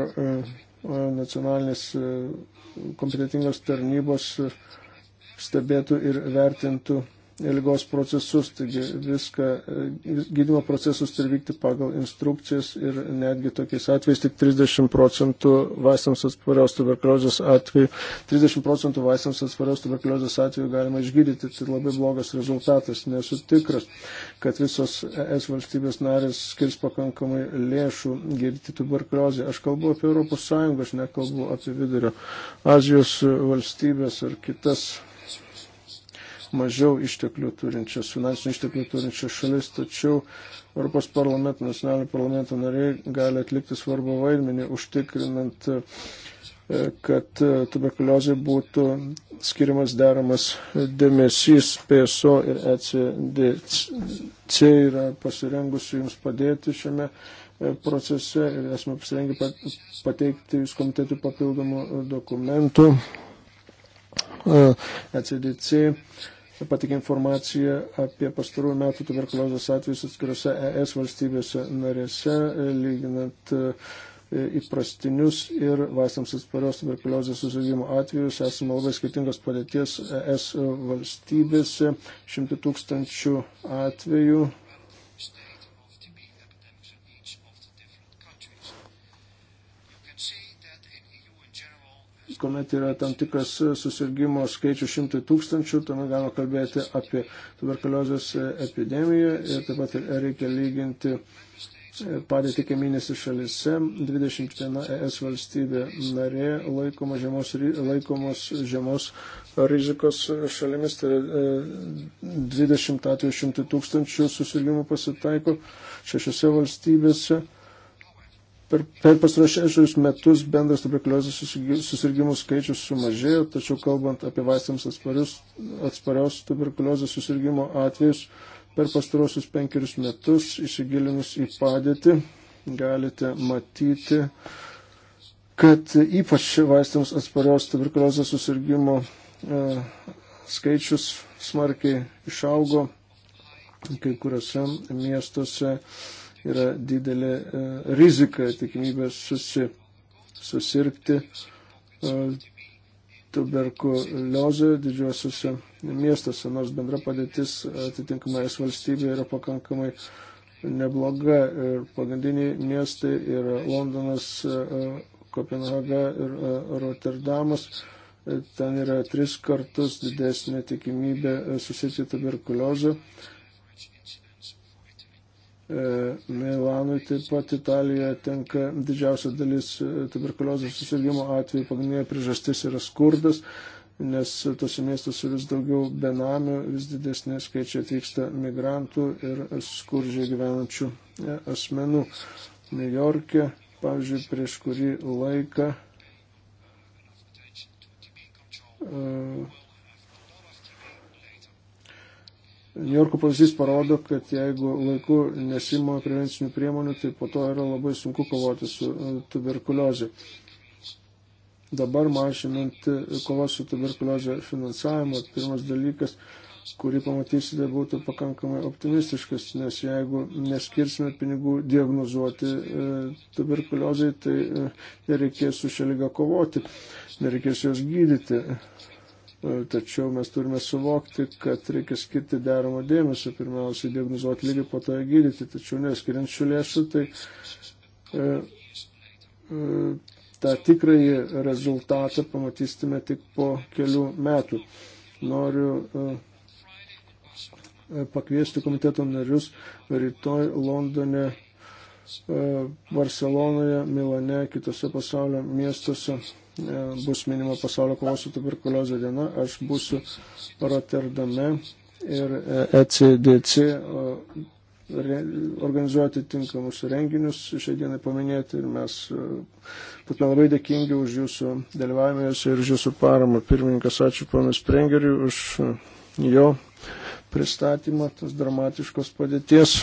C: nacionalinės kompetitingos tarnybos stebėtų ir vertintų lygos procesus, taigi viską, e, gydimo procesus turi vykti pagal instrukcijas ir netgi tokiais atvejais tik 30 procentų vaistams atsparios tuberkuliozės atveju, 30 procentų vaistams atsparios tuberkuliozės atveju galima išgydyti, tai labai blogas rezultatas, nesu tikras, kad visos es valstybės narės skirs pakankamai lėšų gydyti tuberkuliozę. Aš kalbu apie Europos Sąjungą, aš nekalbu apie vidurio Azijos valstybės ar kitas mažiau išteklių turinčias, finansinių išteklių turinčias šalis, tačiau Europos parlamento, nacionalinio parlamento nariai gali atlikti svarbu vaidmenį, užtikrinant, e, kad e, tuberkuliozė būtų skiriamas deramas dėmesys PSO ir ECDC yra pasirengusi jums padėti šiame e, procese ir esame pasirengę pateikti jūs komitetui papildomų dokumentų. ECDC patikė informaciją apie pastarųjų metų tuberkuliozės atvejus atskirose ES valstybėse narėse, lyginant e, įprastinius ir vaistams atsparios tuberkuliozės susirgymo atvejus. Esame labai skirtingos padėties ES valstybėse, šimtų tūkstančių atvejų kuomet yra tam tikras susirgymo skaičius šimtai tūkstančių, tuomet galima kalbėti apie tuberkuliozės epidemiją ir taip pat reikia lyginti padėti kaiminėse šalise. 21 ES valstybė narė laikoma žemos, laikomos žemos rizikos šalimis, tai 20 atveju 100 tūkstančių susirgymų pasitaiko šešiose valstybėse. Per, per pasirašęšius metus bendras tuberkuliozės susirgymų skaičius sumažėjo, tačiau kalbant apie vaistams atspariaus tuberkuliozės susirgymo atvejus, per pastarosius penkerius metus įsigilinus į padėtį galite matyti, kad ypač vaistams atspariaus tuberkuliozės susirgymo e, skaičius smarkiai išaugo kai kuriuose miestuose. E, yra didelė e, rizika, tikimybė susi, susirgti e, tuberkuliozę didžiuosiuose miestuose, nors bendra padėtis atitinkamai es valstybėje yra pakankamai nebloga ir pagrindiniai miestai yra Londonas, e, Kopenhaga ir Rotterdamas. Ten yra tris kartus didesnė tikimybė susirgti tuberkuliozę E, Milanui, taip pat Italijoje tenka didžiausia dalis e, tuberkuliozės susirgymo atveju, pagrindinė priežastis yra skurdas, nes tose miestuose vis daugiau benamių, vis didesnė skaičiai atvyksta migrantų ir skurdžiai gyvenančių e, asmenų. New York'e, pavyzdžiui, prieš kurį laiką. Uh, Jorko pavyzdys parodo, kad jeigu laiku nesimo prevencinių priemonių, tai po to yra labai sunku kovoti su e, tuberkuliozė. Dabar mažinant e, kovos su tuberkuliozė finansavimą, pirmas dalykas, kurį pamatysite, būtų pakankamai optimistiškas, nes jeigu neskirsime pinigų diagnozuoti e, tuberkuliozai, tai e, nereikės su šia lyga kovoti, nereikės jos gydyti E, tačiau mes turime suvokti, kad reikia skirti deramą dėmesį, pirmiausia, diagnozuoti lygį, po to ją gydyti. Tačiau neskiriant šių lėšų, tai e, e, tą tikrąjį rezultatą pamatysime tik po kelių metų. Noriu e, e pakviesti komiteto narius rytoj Londone, e, Barcelonoje, Milane, kitose pasaulio miestuose E, bus minima pasaulio kovos su tuberkuliozė diena. Aš būsiu Rotterdame ir ECDC e organizuoti tinkamus renginius šią dieną paminėti ir mes e, būtume labai dėkingi už jūsų dalyvavimą ir už jūsų paramą. Pirmininkas, ačiū ponas Prengeriui už jo pristatymą tos dramatiškos padėties.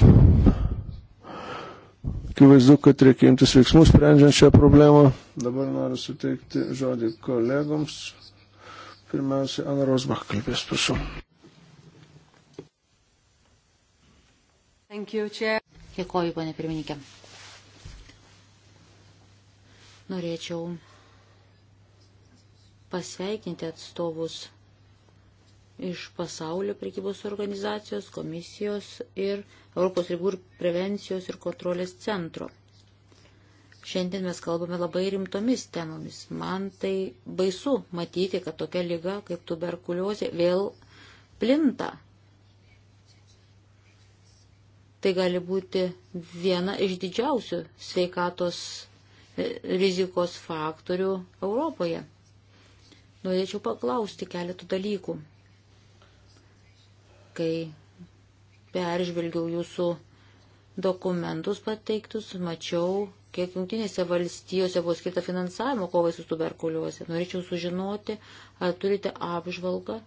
C: Akivaizdu, kad reikia imtis veiksmų sprendžiant šią problemą. Dabar noriu suteikti žodį kolegoms. Pirmiausia, Ana Rosbach kalbės, prašau.
B: Dėkoju, ponė pirmininkė. Norėčiau pasveikinti atstovus iš pasaulio prekybos organizacijos, komisijos ir Europos ribų ir prevencijos ir kontrolės centro. Šiandien mes kalbame labai rimtomis temomis. Man tai baisu matyti, kad tokia lyga kaip tuberkuliozė vėl plinta. Tai gali būti viena iš didžiausių sveikatos e, rizikos faktorių Europoje. Norėčiau paklausti keletų dalykų kai peržvelgiau jūsų dokumentus pateiktus, mačiau, kiek jungtinėse valstijose buvo skirta finansavimo kovai su tuberkuliuose. Norėčiau sužinoti, ar turite apžvalgą,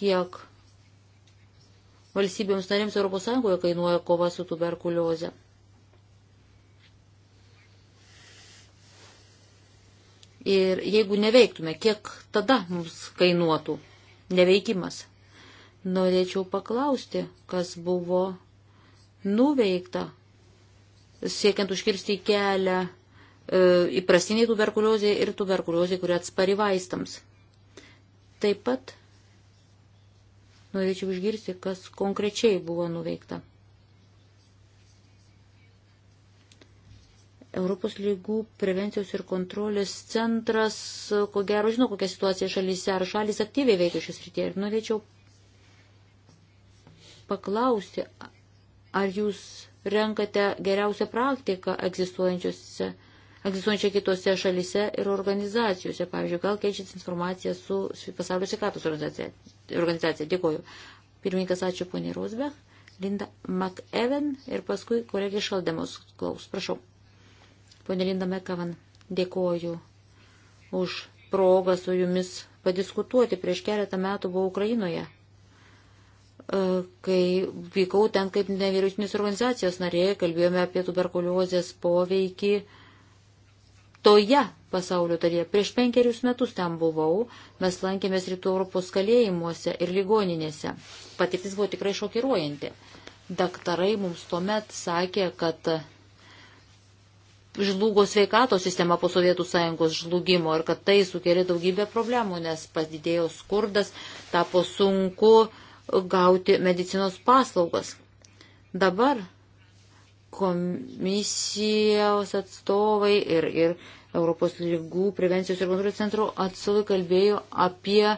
B: kiek valstybėms narėms ES kainuoja kova su tuberkuliuose. Ir jeigu neveiktume, kiek tada mums kainuotų neveikimas? Norėčiau paklausti, kas buvo nuveikta, siekiant užkirsti kelią e, įprastiniai tuberkuliozė ir tuberkuliozė, kuri atspari vaistams. Taip pat norėčiau išgirsti, kas konkrečiai buvo nuveikta. Europos lygų prevencijos ir kontrolės centras, ko gero, žino, kokia situacija šalyse, ar šalis aktyviai veikia šios rytėje. Ir norėčiau paklausti, ar jūs renkate geriausią praktiką egzistuojančiose egzistuojančia kitose šalise ir organizacijose. Pavyzdžiui, gal keičiasi informacija su pasaulio sveikatos organizacija. organizacija. Dėkuoju. Pirmininkas, ačiū poniai Rosbech, Linda McEwen ir paskui kolegė Šaldemos klaus. Prašau. Pone Linda McEwen, dėkuoju už progą su jumis padiskutuoti. Prieš keletą metų buvau Ukrainoje E, kai vykau ten kaip nevyriausinės organizacijos narė, kalbėjome apie tuberkuliozės poveikį toje pasaulio dalyje. Prieš penkerius metus ten buvau, mes lankėmės rytų Europos kalėjimuose ir ligoninėse. Patirtis buvo tikrai šokiruojanti. Daktarai mums tuomet sakė, kad žlugo sveikatos sistema po Sovietų sąjungos žlugimo ir kad tai sukėlė daugybę problemų, nes padidėjo skurdas, tapo sunku uh, gauti medicinos paslaugas. Dabar komisijos atstovai ir, ir Europos lygų prevencijos ir kontrolės centro atstovai kalbėjo apie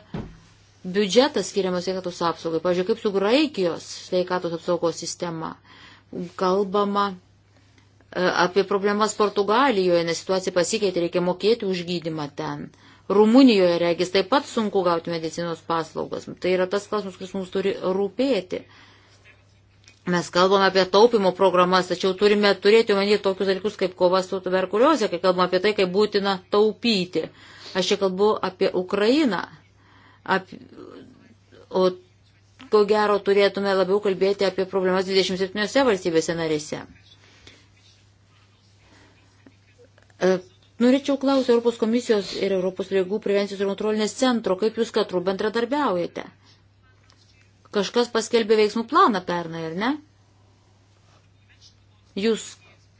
B: biudžetą skiriamą sveikatos apsaugai. Pavyzdžiui, kaip su Graikijos sveikatos apsaugos sistema kalbama e, apie problemas Portugalijoje, nes situacija pasikeitė, reikia mokėti už gydimą ten. Uh, Rumunijoje regis taip pat sunku gauti medicinos paslaugas. Tai yra tas klausimas, kuris mums turi rūpėti. Mes kalbame apie taupimo programas, tačiau turime turėti omenyje tokius dalykus kaip kova su tuberkuliozė, kai kalbame apie tai, kaip būtina taupyti. Aš čia kalbu apie Ukrainą. Ap... O ko gero turėtume labiau kalbėti apie problemas 27 valstybėse narėse. E, Norėčiau klausti Europos komisijos ir Europos lygų prevencijos ir kontrolinės centro, kaip jūs katrų bendradarbiaujate. Kažkas paskelbė veiksmų planą pernai, ar ne? Jūs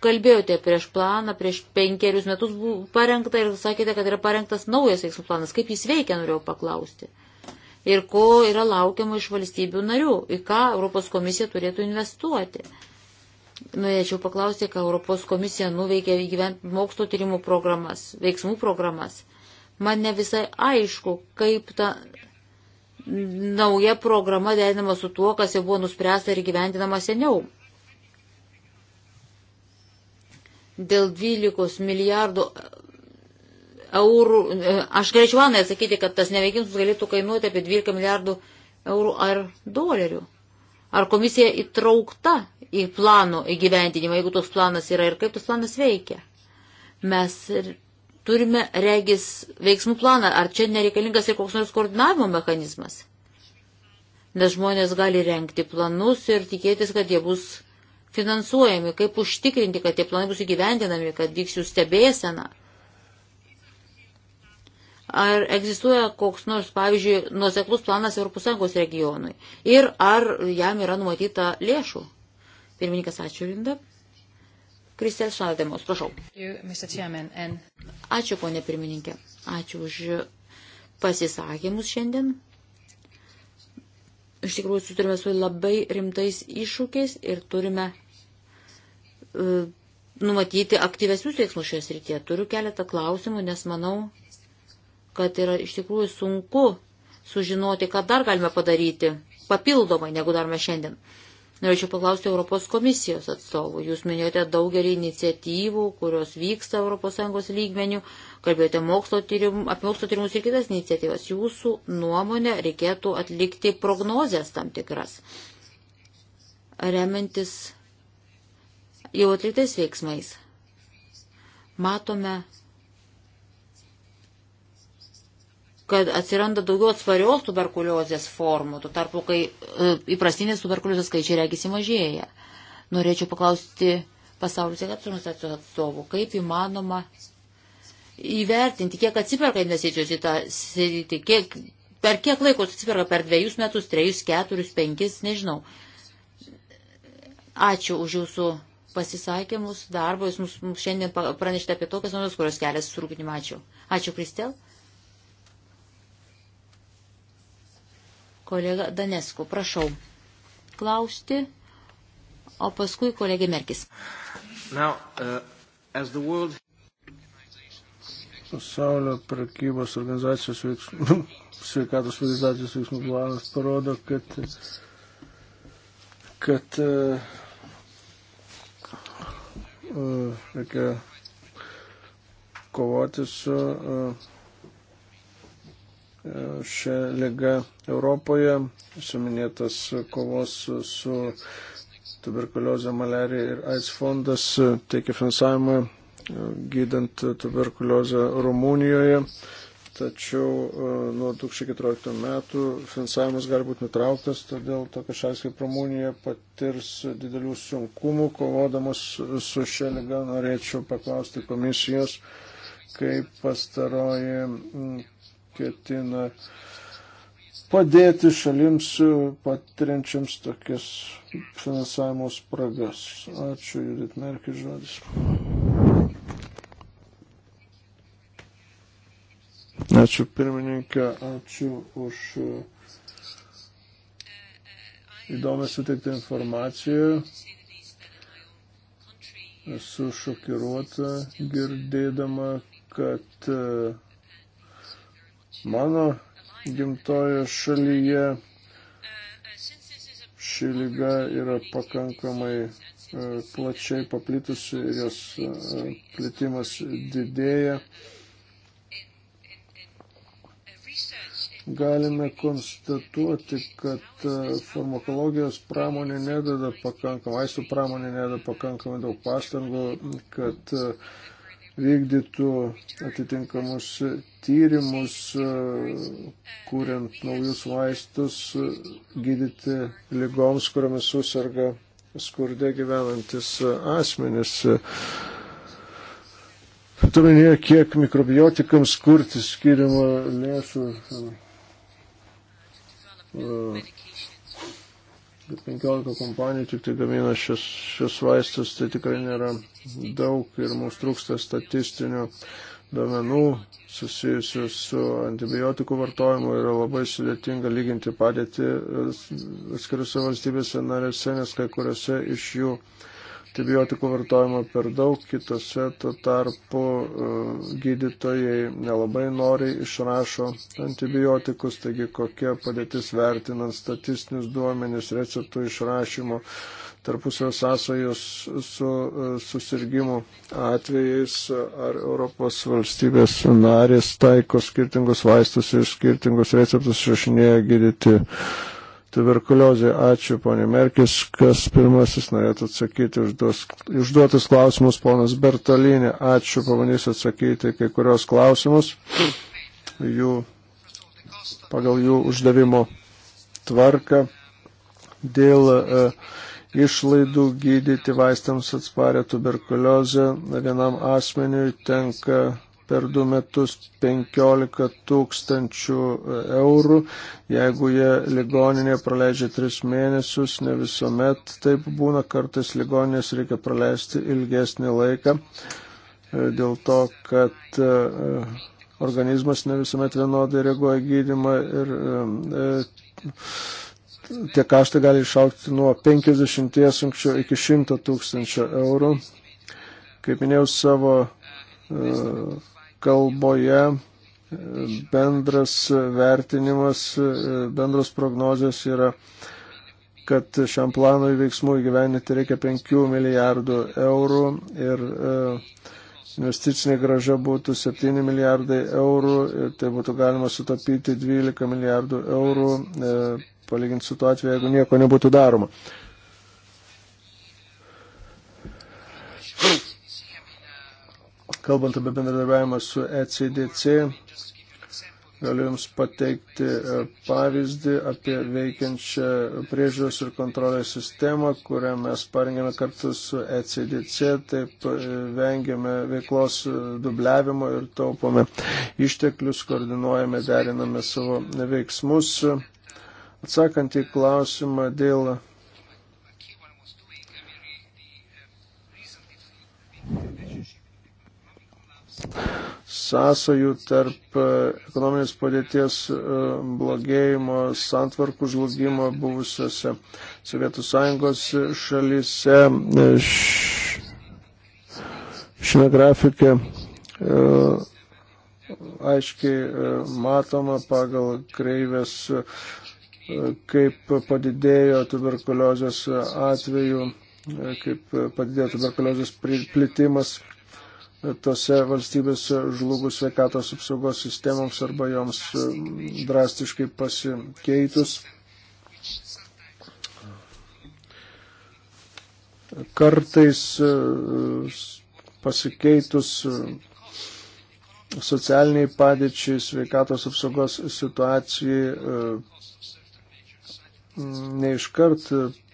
B: kalbėjote prieš planą, prieš penkerius metus buvo parengta ir sakėte, kad yra parengtas naujas veiksmų planas. Kaip jis veikia, norėjau paklausti. Ir ko yra laukiama iš valstybių narių, į ką Europos komisija turėtų investuoti. Norėčiau paklausti, ką Europos komisija nuveikė įgyvent mokslo tyrimų programas, veiksmų programas. Man ne visai aišku, kaip ta nauja programa derinama su tuo, kas jau buvo nuspręsta ir gyvendinama seniau. Dėl 12 milijardų eurų, e, aš galėčiau Anai atsakyti, kad tas neveikimus galėtų kainuoti apie 12 milijardų eurų ar dolerių. Ar komisija įtraukta į plano įgyvendinimą, jeigu toks planas yra ir kaip tas planas veikia. Mes turime regis veiksmų planą, ar čia nereikalingas ir koks nors koordinavimo mechanizmas. Nes žmonės gali renkti planus ir tikėtis, kad jie bus finansuojami, kaip užtikrinti, kad tie planai bus įgyvendinami, kad vyks jų stebėsena. Ar egzistuoja koks nors, pavyzdžiui, nuoseklus planas ES regionui ir ar jam yra numatyta lėšų? Pirmininkas, ačiū Linda. Kristel Šaldemos, prašau. Ačiū, ponė pirmininkė. Ačiū už pasisakymus šiandien. Iš tikrųjų, suturime su labai rimtais iššūkiais ir turime uh, numatyti aktyvesnius veiksmus šioje srityje. Turiu keletą klausimų, nes manau, kad yra iš tikrųjų sunku sužinoti, ką dar galime padaryti papildomai, negu darome šiandien. Uh, Norėčiau paklausti Europos komisijos atstovų. Jūs minėjote daugelį iniciatyvų, kurios vyksta ES lygmenių, kalbėjote mokslo tyrim, apie mokslo tyrimus ir kitas iniciatyvas. Jūsų nuomonė reikėtų atlikti prognozes tam tikras, remiantis jau atliktais veiksmais. Matome kad atsiranda daugiau atsparios tuberkuliozės formų, tuo tarpu, kai e, įprastinės tuberkuliozės skaičiai regisi mažėja. Norėčiau paklausti pasaulio sveikatos organizacijos atstovų, kaip įmanoma įvertinti, kiek atsiperka investicijos į tą sritį, kiek, per kiek laiko atsiperka, per dviejus metus, trejus, keturius, penkis, nežinau. Ačiū už jūsų pasisakymus, darbą, jūs mums šiandien pranešite apie tokias naujas, kurios kelias surūpinimą. Ačiū. Ačiū, Kristel. Kolega Danesku, prašau klausti, o paskui kolegė Merkis.
C: Now, uh, world... Pasaulio prekybos organizacijos veiksmų, [LAUGHS] sveikatos organizacijos veiksmų planas parodo, kad, kad uh, uh, reikia kovoti su uh, šią ligą Europoje. Suminėtas kovos su tuberkuliozė, malerija ir AIDS fondas teikia finansavimą gydant tuberkuliozę Rumunijoje. Tačiau e, nuo 2014 metų finansavimas gali būti nutrauktas, todėl tokia šalis kaip Rumunija patirs didelių sunkumų kovodamas su šia liga. Norėčiau paklausti komisijos, kaip pastaroji ketina padėti šalims patiriančiams tokias finansavimo spragas. Ačiū, Judit Merkis žodis. Ačiū pirmininkė, ačiū už įdomią suteiktą informaciją. Esu šokiruota girdėdama, kad uh, Mano gimtojo šalyje ši lyga yra pakankamai e, plačiai paplitusi ir jos e, plitimas didėja. Galime konstatuoti, kad e, farmakologijos pramonė nedada pakankamai, vaistų pramonė nedada pakankamai daug pastangų, kad uh, vykdytų atitinkamus tyrimus, e, kuriant naujus vaistus, gydyti lygoms, kuriamis susirga skurdė gyvenantis asmenis. Turinėje, kiek mikrobiotikams kurti skiriama lėšų e, bet 15 kompanijų tik tai gamina šios, šios vaistus, tai tikrai nėra daug ir mums trūksta statistinių duomenų susijusių su antibiotikų vartojimu yra labai sudėtinga lyginti padėtį e, atskirose valstybėse narėse, nes kai kuriuose iš jų uh, antibiotikų vartojimo per daug, kitose tuo tarpu e, gydytojai nelabai noriai išrašo antibiotikus, taigi kokia padėtis vertinant statistinius duomenis, receptų išrašymo, tarpusio sąsajos su e, susirgymu atvejais, ar Europos valstybės narės taiko skirtingus vaistus ir skirtingus receptus išrašinėja gydyti tuberkuliozė. Ačiū, ponė Merkis, kas pirmasis norėtų atsakyti užduos, užduotus klausimus, ponas Bertalinė. Ačiū, pabandysiu atsakyti kai kurios klausimus jų, pagal jų uždavimo tvarką dėl e, išlaidų gydyti vaistams atsparę tuberkuliozę vienam asmeniui tenka per du metus 15 tūkstančių eurų. Jeigu jie ligoninėje praleidžia 3 mėnesius, ne visuomet taip būna, kartais ligoninės reikia praleisti ilgesnį laiką e, dėl to, kad e, organizmas ne visuomet vienodai reaguoja gydimą ir e, tie kaštai gali išaukti nuo 50 anksčiau iki 100 tūkstančio eurų. Kaip minėjau savo uh, kalboje bendras vertinimas, bendros prognozijos yra, kad šiam planui veiksmų įgyveninti reikia 5 milijardų eurų ir e, investicinė graža būtų 7 milijardai eurų ir tai būtų galima sutapyti 12 milijardų eurų, e, palyginti su tuo atveju, jeigu nieko nebūtų daroma. Kalbant apie bendradarbiavimą su ECDC, galiu Jums pateikti e, pavyzdį apie veikiančią priežiūros ir kontrolės sistemą, kurią mes parengėme kartu su ECDC, taip e, vengiame veiklos e, dubliavimo ir taupome išteklius, koordinuojame, deriname savo veiksmus. Atsakant į klausimą dėl sąsajų tarp e, ekonominės padėties e, blogėjimo, santvarkų žlugimo buvusiose Sovietų Sąjungos šalyse. E, šiame grafike aiškiai matoma pagal kreivės, kaip padidėjo tuberkuliozės atveju, kaip padidėjo tuberkuliozės plitimas tose valstybėse žlugus sveikatos apsaugos sistemoms arba joms mm, drastiškai pasikeitus. Kartais mm, pasikeitus mm, socialiniai padėčiai, sveikatos apsaugos situacijai neiškart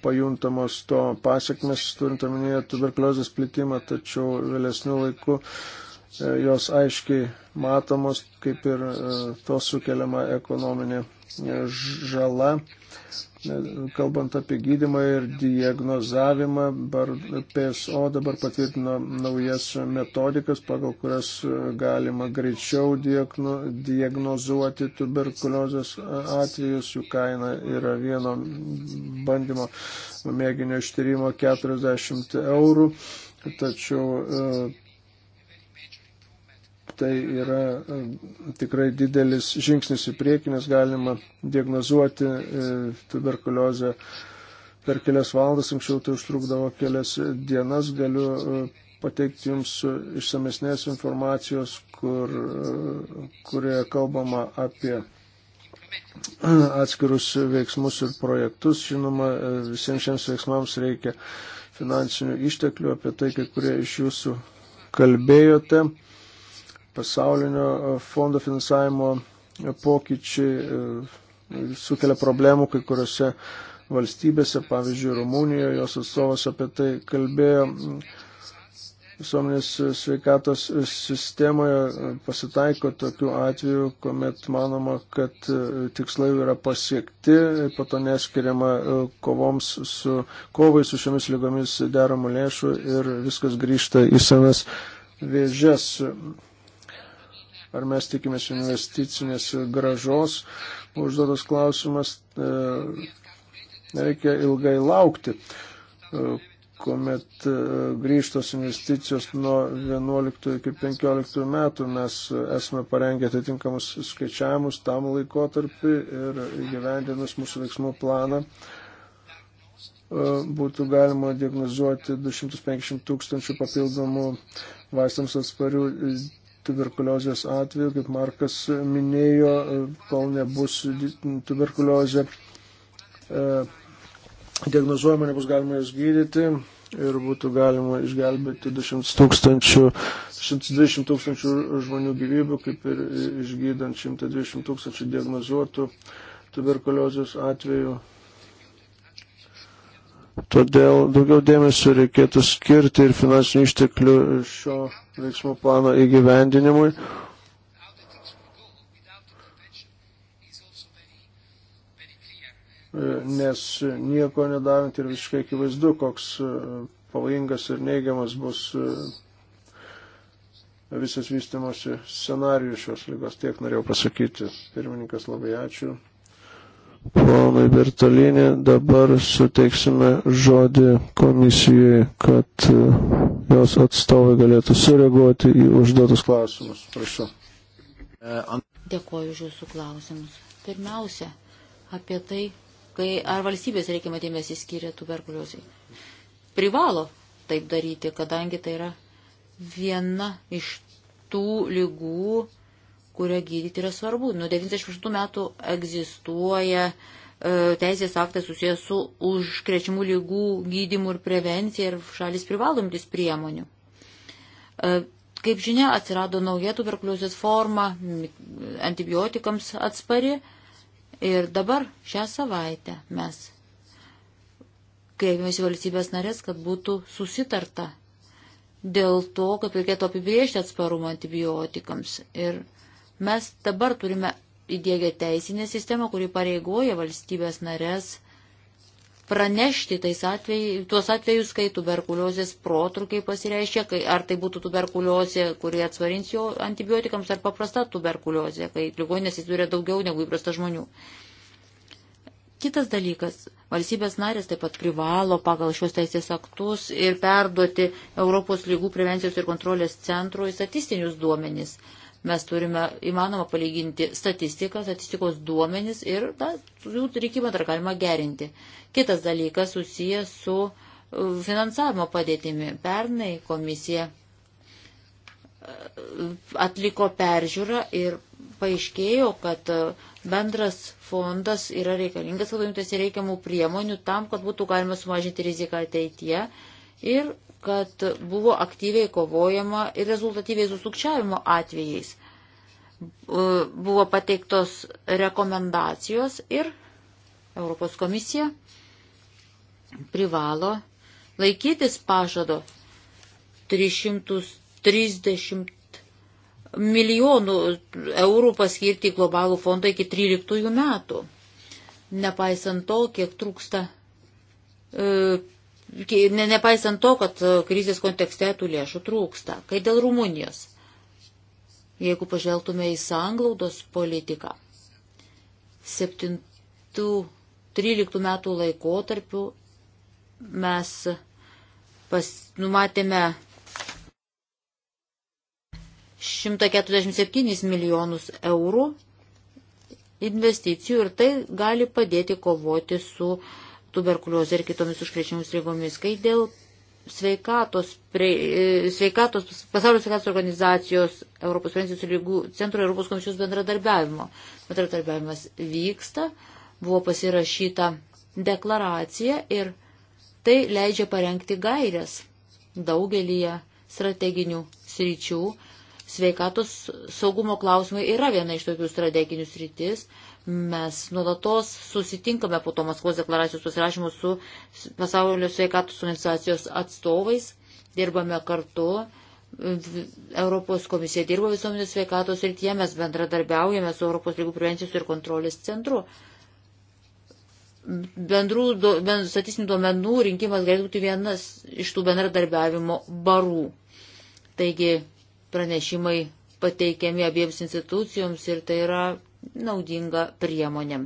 C: pajuntamos to pasiekmes, turint omenyje tuberkuliozės plitimą, tačiau vėlesnių laikų e, jos aiškiai matomos, kaip ir e, to sukeliama ekonominė e, žala kalbant apie gydimą ir diagnozavimą, bar, PSO dabar patvirtino naujas metodikas, pagal kurias e, galima greičiau diagno, diagnozuoti tuberkuliozės e, atvejus, jų kaina yra vieno bandymo mėginio ištyrimo 40 eurų tačiau e, tai yra e, tikrai didelis žingsnis į priekį, nes galima diagnozuoti e, tuberkuliozę per kelias valandas, anksčiau tai užtrukdavo kelias dienas, galiu e, pateikti Jums išsamesnės informacijos, kur, kurioje kalbama apie atskirus veiksmus ir projektus. Žinoma, visiems šiems veiksmams reikia finansinių išteklių, apie tai kai kurie iš Jūsų kalbėjote pasaulinio e, fondo finansavimo e, pokyčiai e, sukelia problemų kai kuriuose valstybėse, pavyzdžiui, Rumunijoje, jos atstovas apie tai kalbėjo. Visuomenės sveikatos sistemoje pasitaiko tokių atvejų, kuomet manoma, kad tikslai yra pasiekti, po to neskiriama kovoms su kovai su šiomis lygomis deramų lėšų ir viskas grįžta į savęs vėžes ar mes tikimės investicinės gražos, užduotas klausimas, e, reikia ilgai laukti, e, kuomet e, grįžtos investicijos nuo 11 iki 15 metų. Mes esame parengę atitinkamus skaičiavimus tam laikotarpį ir gyvendinus mūsų veiksmų planą būtų galima diagnozuoti 250 tūkstančių papildomų vaistams atsparių tuberkuliozės atveju, kaip Markas minėjo, kol nebus tuberkuliozė e, diagnozuojama, nebus galima jos gydyti ir būtų galima išgelbėti 200 tūkstančių, 120 tūkstančių žmonių gyvybių, kaip ir išgydant 120 tūkstančių diagnozuotų tuberkuliozės atveju Todėl daugiau dėmesio reikėtų skirti ir finansinių išteklių šio veiksmų plano įgyvendinimui. Nes nieko nedarant ir visiškai akivaizdu, koks pavojingas ir neigiamas bus visas vystimosi scenarijus šios lygos. Tiek norėjau pasakyti. Pirmininkas, labai ačiū ponui Bertolinį, dabar suteiksime žodį komisijai, kad e, jos atstovai galėtų sureaguoti į užduotus klausimus. Prašau.
B: Dėkuoju už jūsų klausimus. Pirmiausia, apie tai, kai ar valstybės reikiamą dėmesį skiria tuberkuliozai. Privalo taip daryti, kadangi tai yra viena iš tų lygų, kurią gydyti yra svarbu. Nuo 98 metų egzistuoja e, teisės aktas susijęs su užkrečiamų lygų gydimu ir prevencija ir šalis privalomtis priemonių. E, kaip žinia, atsirado nauja tuberkuliozės forma, antibiotikams atspari ir dabar šią savaitę mes kreipėmės į valstybės narės, kad būtų susitarta dėl to, kad reikėtų apibriežti atsparumą antibiotikams. Ir Mes dabar turime įdėgę teisinę sistemą, kuri pareigoja valstybės narės pranešti tais atvejai, tuos atvejus, kai tuberkuliozės protrukiai pasireiškia, kai, ar tai būtų tuberkuliozė, kuri atsvarins jo antibiotikams, ar paprasta tuberkuliozė, kai ligonės įsiduria daugiau negu įprasta žmonių. Kitas dalykas, valstybės narės taip pat privalo pagal šios teisės aktus ir perduoti Europos lygų prevencijos ir kontrolės centrui statistinius duomenys Mes turime įmanoma palyginti statistiką, statistikos duomenis ir na, jų reikimą dar galima gerinti. Kitas dalykas susijęs su e, finansavimo padėtimi. Pernai komisija e, atliko peržiūrą ir paaiškėjo, kad e, bendras fondas yra reikalingas, kad imtasi reikiamų priemonių tam, kad būtų galima sumažinti riziką ateityje ir kad buvo aktyviai kovojama ir rezultatyviai su sukčiavimo atvejais. E, buvo pateiktos rekomendacijos ir Europos komisija privalo laikytis pažado 330 milijonų eurų paskirti globalų fondą iki 13 metų. Nepaisant to, kiek trūksta e, nepaisant to, kad e, krizės kontekste tų lėšų trūksta. Kai dėl Rumunijos, jeigu pažvelgtume į sanglaudos politiką, 7-13 metų laikotarpiu mes pas, numatėme 147 milijonus eurų investicijų ir tai gali padėti kovoti su uh, tuberkuliozė ir kitomis užkrečiamus lygomis. Kai dėl sveikatos, prie, e, sveikatos, pasaulio sveikatos organizacijos, Europos prevencijos lygų centro Europos komisijos bendradarbiavimo, bendradarbiavimas vyksta, buvo pasirašyta deklaracija ir tai leidžia parengti gairias daugelyje strateginių sričių. Sveikatos saugumo klausimai yra viena iš tokių strateginių sritis. Mes nuolatos susitinkame po to Maskvos deklaracijos pasirašymų su pasaulio sveikatos organizacijos atstovais, dirbame kartu. Europos komisija dirba visuomenės sveikatos rytyje, mes bendradarbiaujame su Europos lygų prevencijos ir kontrolės centru bendrų do, ben, statistinių duomenų rinkimas galėtų būti vienas iš tų bendradarbiavimo barų. Taigi pranešimai pateikiami abiems institucijoms ir tai yra naudinga priemonė.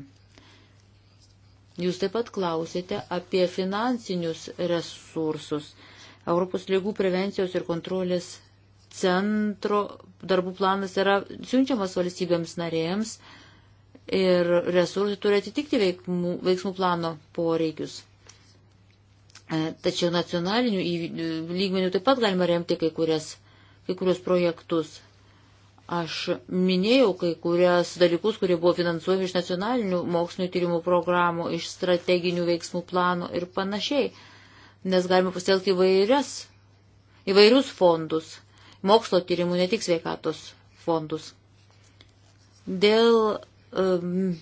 B: Jūs taip pat klausėte apie finansinius resursus. Europos lygų prevencijos ir kontrolės centro darbų planas yra siunčiamas valstybėms narėms ir resursai turi atitikti veikmų, veiksmų plano poreikius. E, tačiau nacionalinių lygmenių taip pat galima remti kai, kurias, kai kurios projektus. Aš minėjau kai kurias dalykus, kurie buvo finansuojami iš nacionalinių mokslinio tyrimų programų, iš strateginių veiksmų plano ir panašiai, nes galime pasitelkti įvairias, įvairius fondus, mokslo tyrimų, ne tik sveikatos fondus. Dėl um,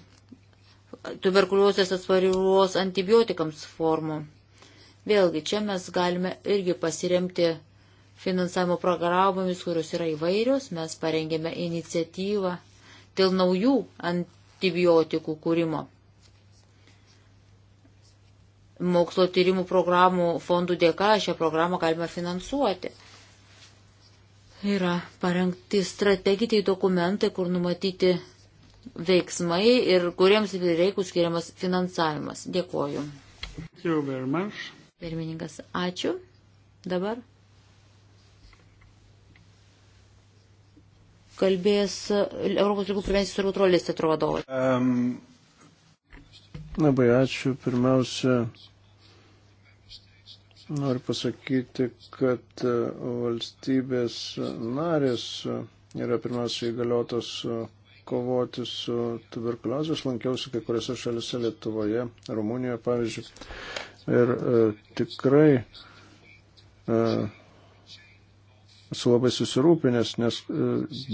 B: tuberkuliozės atsparios antibiotikams formų. Vėlgi, čia mes galime irgi pasiremti finansavimo programomis, kurios yra įvairios. Mes parengėme iniciatyvą dėl naujų antibiotikų kūrimo. Mokslo tyrimų programų fondų dėka šią programą galima finansuoti. Yra parengti strateginiai dokumentai, kur numatyti veiksmai ir kuriems reikus skiriamas finansavimas. Dėkoju. Pirmininkas, ačiū. Dabar kalbės e, Europos lygų prevencijos ir kontrolės centro vadovas. Um,
C: labai ačiū. Pirmiausia, noriu pasakyti, kad e, valstybės narės e, yra pirmiausia įgaliotos kovoti su tuberkuliozė. Aš lankiausi kai kuriuose šalise Lietuvoje, Rumunijoje pavyzdžiui. Ir e, tikrai e, esu labai susirūpinęs, nes e,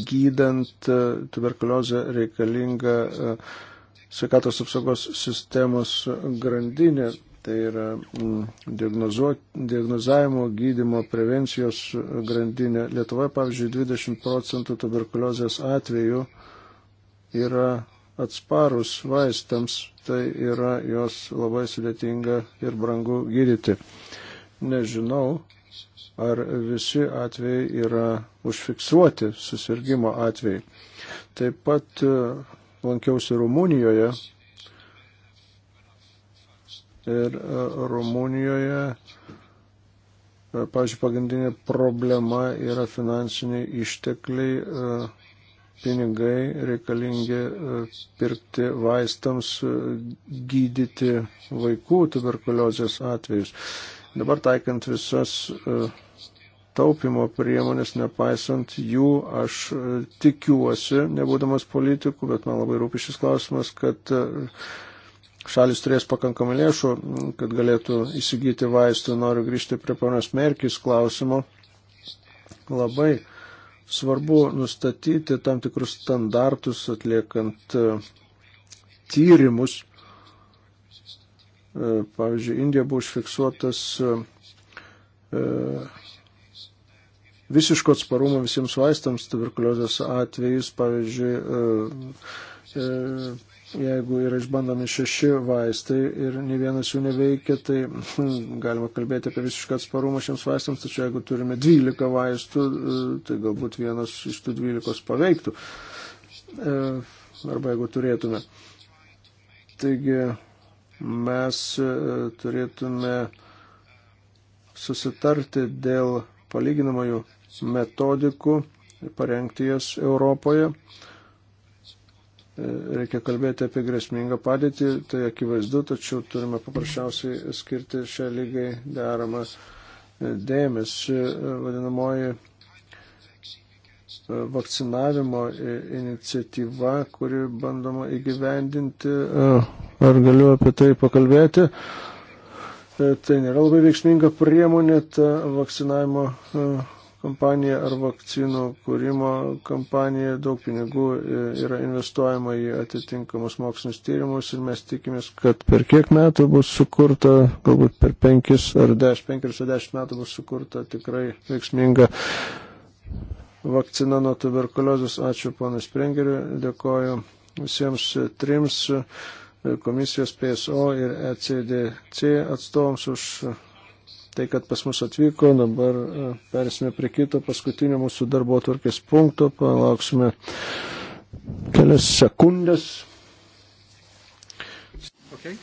C: gydant e, tuberkuliozę reikalinga e, sveikatos apsaugos sistemos grandinė. Tai yra diagnozavimo, gydimo, prevencijos grandinė. Lietuvoje, pavyzdžiui, 20 procentų tuberkuliozės atvejų yra atsparus vaistams, tai yra jos labai sudėtinga ir brangu gydyti. Nežinau, ar visi atvejai yra užfiksuoti susirgymo atvejai. Taip pat e, lankiausi Rumunijoje ir e, Rumunijoje, e, pažiūrėjau, pagrindinė problema yra finansiniai ištekliai, pinigai reikalingi pirkti vaistams gydyti vaikų tuberkuliozės atvejus. Dabar taikant visas taupimo priemonės, nepaisant jų, aš e, tikiuosi, nebūdamas politikų, bet man labai rūpi šis klausimas, kad e, šalis turės pakankamai lėšų, kad galėtų įsigyti vaistų. Noriu grįžti prie panos Merkis klausimo. Labai svarbu nustatyti tam tikrus standartus atliekant e, tyrimus. Pavyzdžiui, Indija buvo užfiksuotas visiško atsparumo visiems vaistams tuberkuliozės atvejus, pavyzdžiui, e, e, jeigu yra išbandomi šeši vaistai ir ne vienas jų neveikia, tai hmm, galima kalbėti apie visišką atsparumą šiems vaistams, tačiau jeigu turime 12 vaistų, e, tai galbūt vienas iš tų 12 paveiktų. Arba jeigu turėtume. Taigi mes turėtume susitarti dėl palyginamojų metodikų, parengti jas Europoje. Reikia kalbėti apie grėsmingą padėtį, tai akivaizdu, tačiau turime paprasčiausiai skirti šią lygai deramą dėmesį. Vadinamoji vakcinavimo iniciatyva, kuri bandoma įgyvendinti. Ar galiu apie tai pakalbėti? Tai nėra labai veiksminga priemonė, ta vakcinavimo kampanija ar vakcinų kūrimo kampanija, daug pinigų e, yra investuojama į atitinkamus mokslinius tyrimus ir mes tikimės, kad per kiek metų bus sukurta, galbūt per penkis ar dešimt, penkis ar dešimt metų bus sukurta tikrai veiksminga vakcina nuo tuberkuliozės. Ačiū ponas Sprengeriu, dėkoju visiems trims komisijos PSO ir ECDC atstovams už tai, kad pas mus atvyko. Dabar e, persime prie kito paskutinio mūsų darbo tvarkės punkto. Palauksime kelias sekundės. Okay.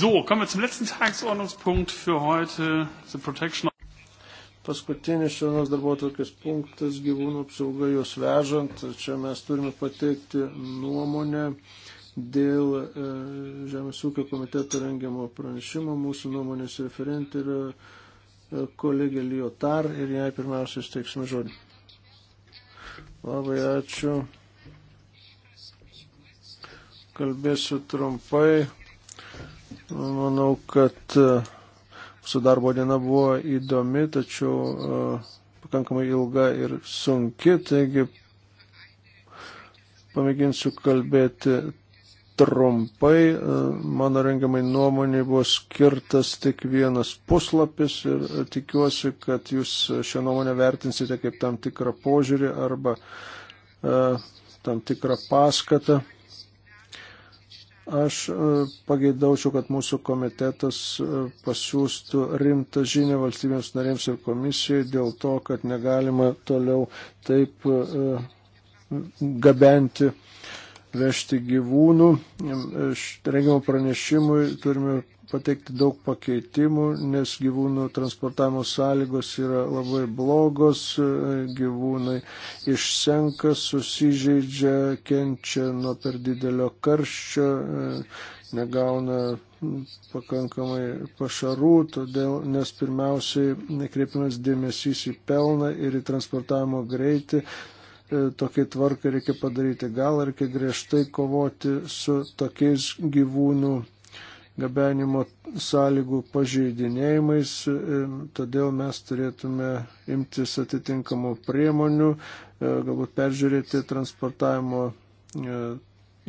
B: So, kommen wir zum letzten Tagesordnungspunkt für
C: heute, the protection Paskutinis šiandienos darbotvarkės punktas - gyvūnų apsauga juos vežant. Čia mes turime pateikti nuomonę dėl e, Žemės ūkio komiteto rengiamo pranešimo. Mūsų nuomonės referentė yra e, kolegė Liotar ir jai pirmiausia steiksime žodį. Labai ačiū. Kalbėsiu trumpai Manau, kad e, mūsų darbo diena buvo įdomi, tačiau e, pakankamai ilga ir sunki, taigi pamėginsiu kalbėti trumpai. E, mano rengiamai nuomonė buvo skirtas tik vienas puslapis ir tikiuosi, kad jūs šią nuomonę vertinsite kaip tam tikrą požiūrį arba tam tikrą paskatą. Aš e, pageidaučiau, kad mūsų komitetas e, pasiūstų rimtą žinę valstybėms narėms ir komisijai dėl to, kad negalima toliau taip e, gabenti uh, vežti gyvūnų. Rengiamo pranešimui turime pateikti daug pakeitimų, nes gyvūnų transportavimo sąlygos yra labai blogos, gyvūnai išsenka, susižeidžia, kenčia nuo per didelio karščio, negauna pakankamai pašarų, todėl nes pirmiausiai nekreipiamas dėmesys į pelną ir į transportavimo greitį, E, tokiai tvarkai reikia padaryti. Gal reikia griežtai kovoti su tokiais gyvūnų gabenimo sąlygų pažeidinėjimais, e, todėl mes turėtume imtis atitinkamų priemonių, e, galbūt peržiūrėti transportavimo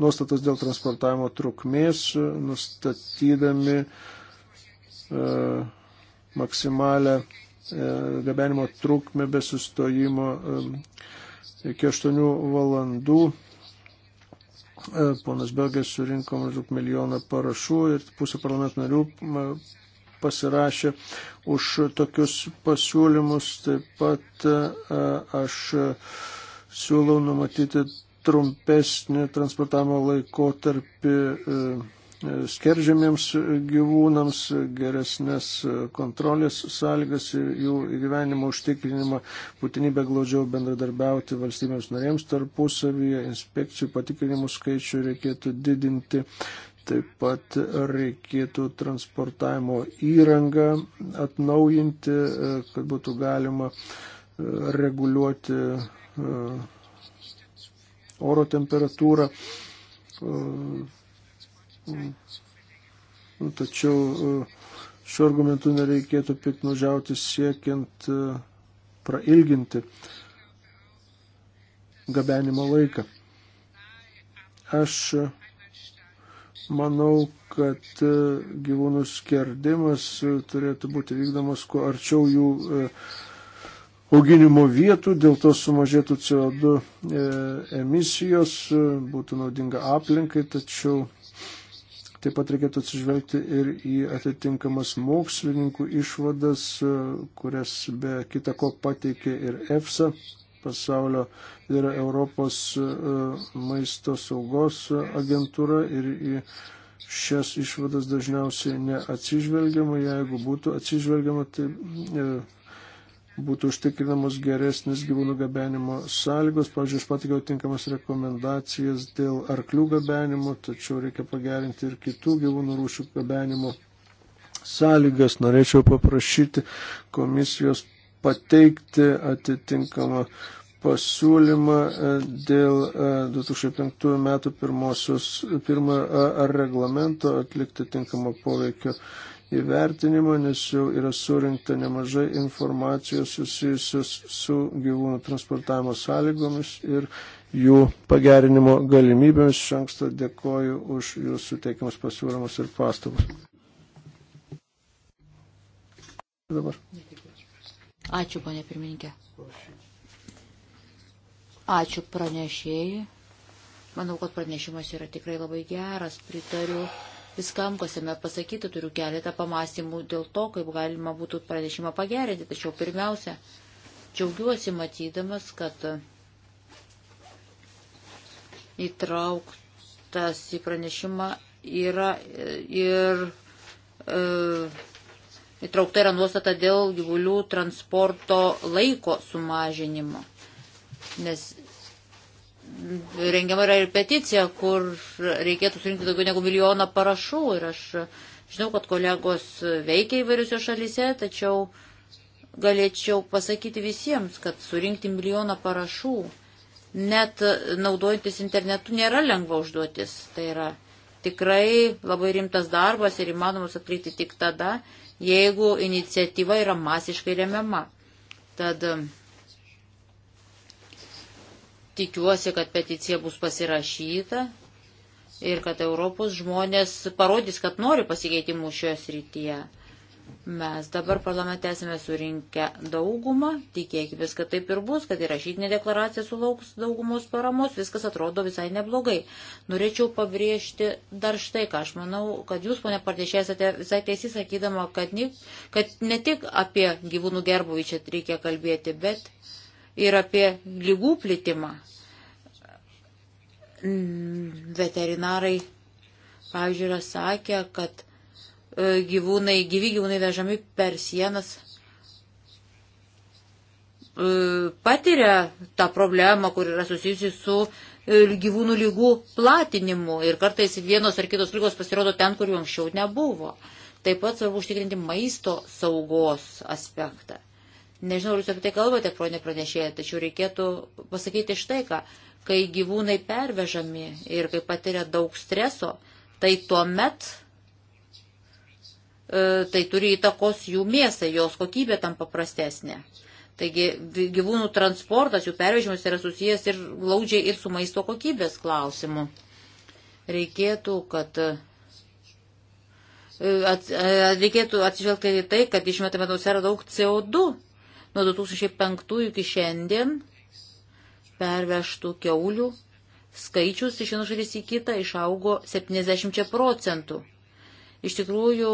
C: nuostatas dėl transportavimo trukmės, nustatydami maksimalę gabenimo trukmę be sustojimo iki 8 valandų. E, ponas Belgės surinko maždaug milijoną parašų ir pusė parlamento narių e, pasirašė už tokius pasiūlymus. Taip pat e, aš siūlau numatyti trumpesnį transportavimo laikotarpį skerdžiamiems gyvūnams, geresnės kontrolės sąlygas ir jų gyvenimo užtikrinimą, būtinybę glaudžiau bendradarbiauti valstybėms narėms tarpusavyje, inspekcijų patikrinimų skaičių reikėtų didinti. Taip pat reikėtų transportavimo įrangą atnaujinti, kad būtų galima e, reguliuoti e, oro temperatūrą, e, Mm. Nu, tačiau e, šiuo argumentu nereikėtų piknaudžiauti siekiant e, prailginti gabenimo laiką. Aš e, manau, kad gyvūnų skerdimas turėtų būti vykdomas kuo arčiau jų auginimo vietų, dėl to sumažėtų CO2 emisijos, būtų naudinga aplinkai, tačiau Taip pat reikėtų atsižvelgti ir į atitinkamas mokslininkų išvadas, e, kurias be kita ko pateikė ir EFSA, pasaulio ir Europos e, maisto saugos agentūra ir į šias išvadas dažniausiai neatsižvelgiama. Jeigu būtų atsižvelgiama, tai e, būtų užtikrinamos geresnis gyvūnų gabenimo sąlygos. Pavyzdžiui, aš patikiau tinkamas rekomendacijas dėl arklių gabenimo, tačiau reikia pagerinti ir kitų gyvūnų rūšių gabenimo sąlygas. Norėčiau paprašyti komisijos pateikti atitinkamą pasiūlymą e, dėl 2005 e, metų pirmosios, pirmojo ar reglamento atlikti tinkamą poveikio įvertinimo, nes jau yra surinkta nemažai informacijos susijusios su gyvūnų transportavimo sąlygomis ir jų pagerinimo galimybėmis. Iš anksto dėkoju už jūsų teikiamas pasiūlymus ir pastabas. Dabar.
B: Ačiū, ponė pirmininkė. Ačiū pranešėjai. Manau, kad pranešimas yra tikrai labai geras, pritariu Viskam, kas jame pasakyti, turiu keletą pamastymų dėl to, kaip galima būtų pranešimą pagerinti. Tačiau pirmiausia, džiaugiuosi matydamas, kad įtrauktas į pranešimą yra ir e, įtraukta yra nuostata dėl gyvulių transporto laiko sumažinimo. Nes rengiama yra ir peticija, kur reikėtų surinkti daugiau negu milijoną parašų. Ir aš žinau, kad kolegos veikia įvairiuose šalyse, tačiau galėčiau pasakyti visiems, kad surinkti milijoną parašų, net naudojantis internetu, nėra lengva užduotis. Tai yra tikrai labai rimtas darbas ir įmanomas atlikti tik tada, jeigu iniciatyva yra masiškai remiama. Tad Tikiuosi, kad peticija bus pasirašyta ir kad Europos žmonės parodys, kad nori pasikeitimų šioje srityje. Mes dabar parlamente esame surinkę daugumą, tikėkime, kad taip ir bus, kad ir rašytinė deklaracija sulauks daugumos paramos, viskas atrodo visai neblogai. Norėčiau pabrėžti dar štai, ką aš manau, kad jūs, ponė Partešė, esate visai teisys sakydama, kad, ni, kad ne tik apie gyvūnų gerbuvį čia reikia kalbėti, bet ir apie lygų plitimą. Veterinarai, pavyzdžiui, yra sakę, kad e, gyvūnai, gyvi gyvūnai vežami per sienas e, patiria tą problemą, kur yra susijusi su e, gyvūnų lygų platinimu ir kartais vienos ar kitos lygos pasirodo ten, kur jų anksčiau nebuvo. Taip pat svarbu užtikrinti maisto saugos aspektą. Nežinau, ar jūs apie tai kalbate, kronė pranešėja, tačiau reikėtų pasakyti štai ką. Kai gyvūnai pervežami ir kai patiria daug streso, tai tuomet e, tai turi įtakos jų mėsai, jos kokybė tam paprastesnė. Taigi gyvūnų transportas, jų pervežimas yra susijęs ir glaudžiai ir su maisto kokybės klausimu. Reikėtų, kad e, at, e, reikėtų atsižvelgti į tai, kad išmetame atmosferą daug CO2 nuo 2005 iki šiandien perveštų keulių skaičius iš vienos šalies į kitą išaugo 70 procentų. Iš tikrųjų,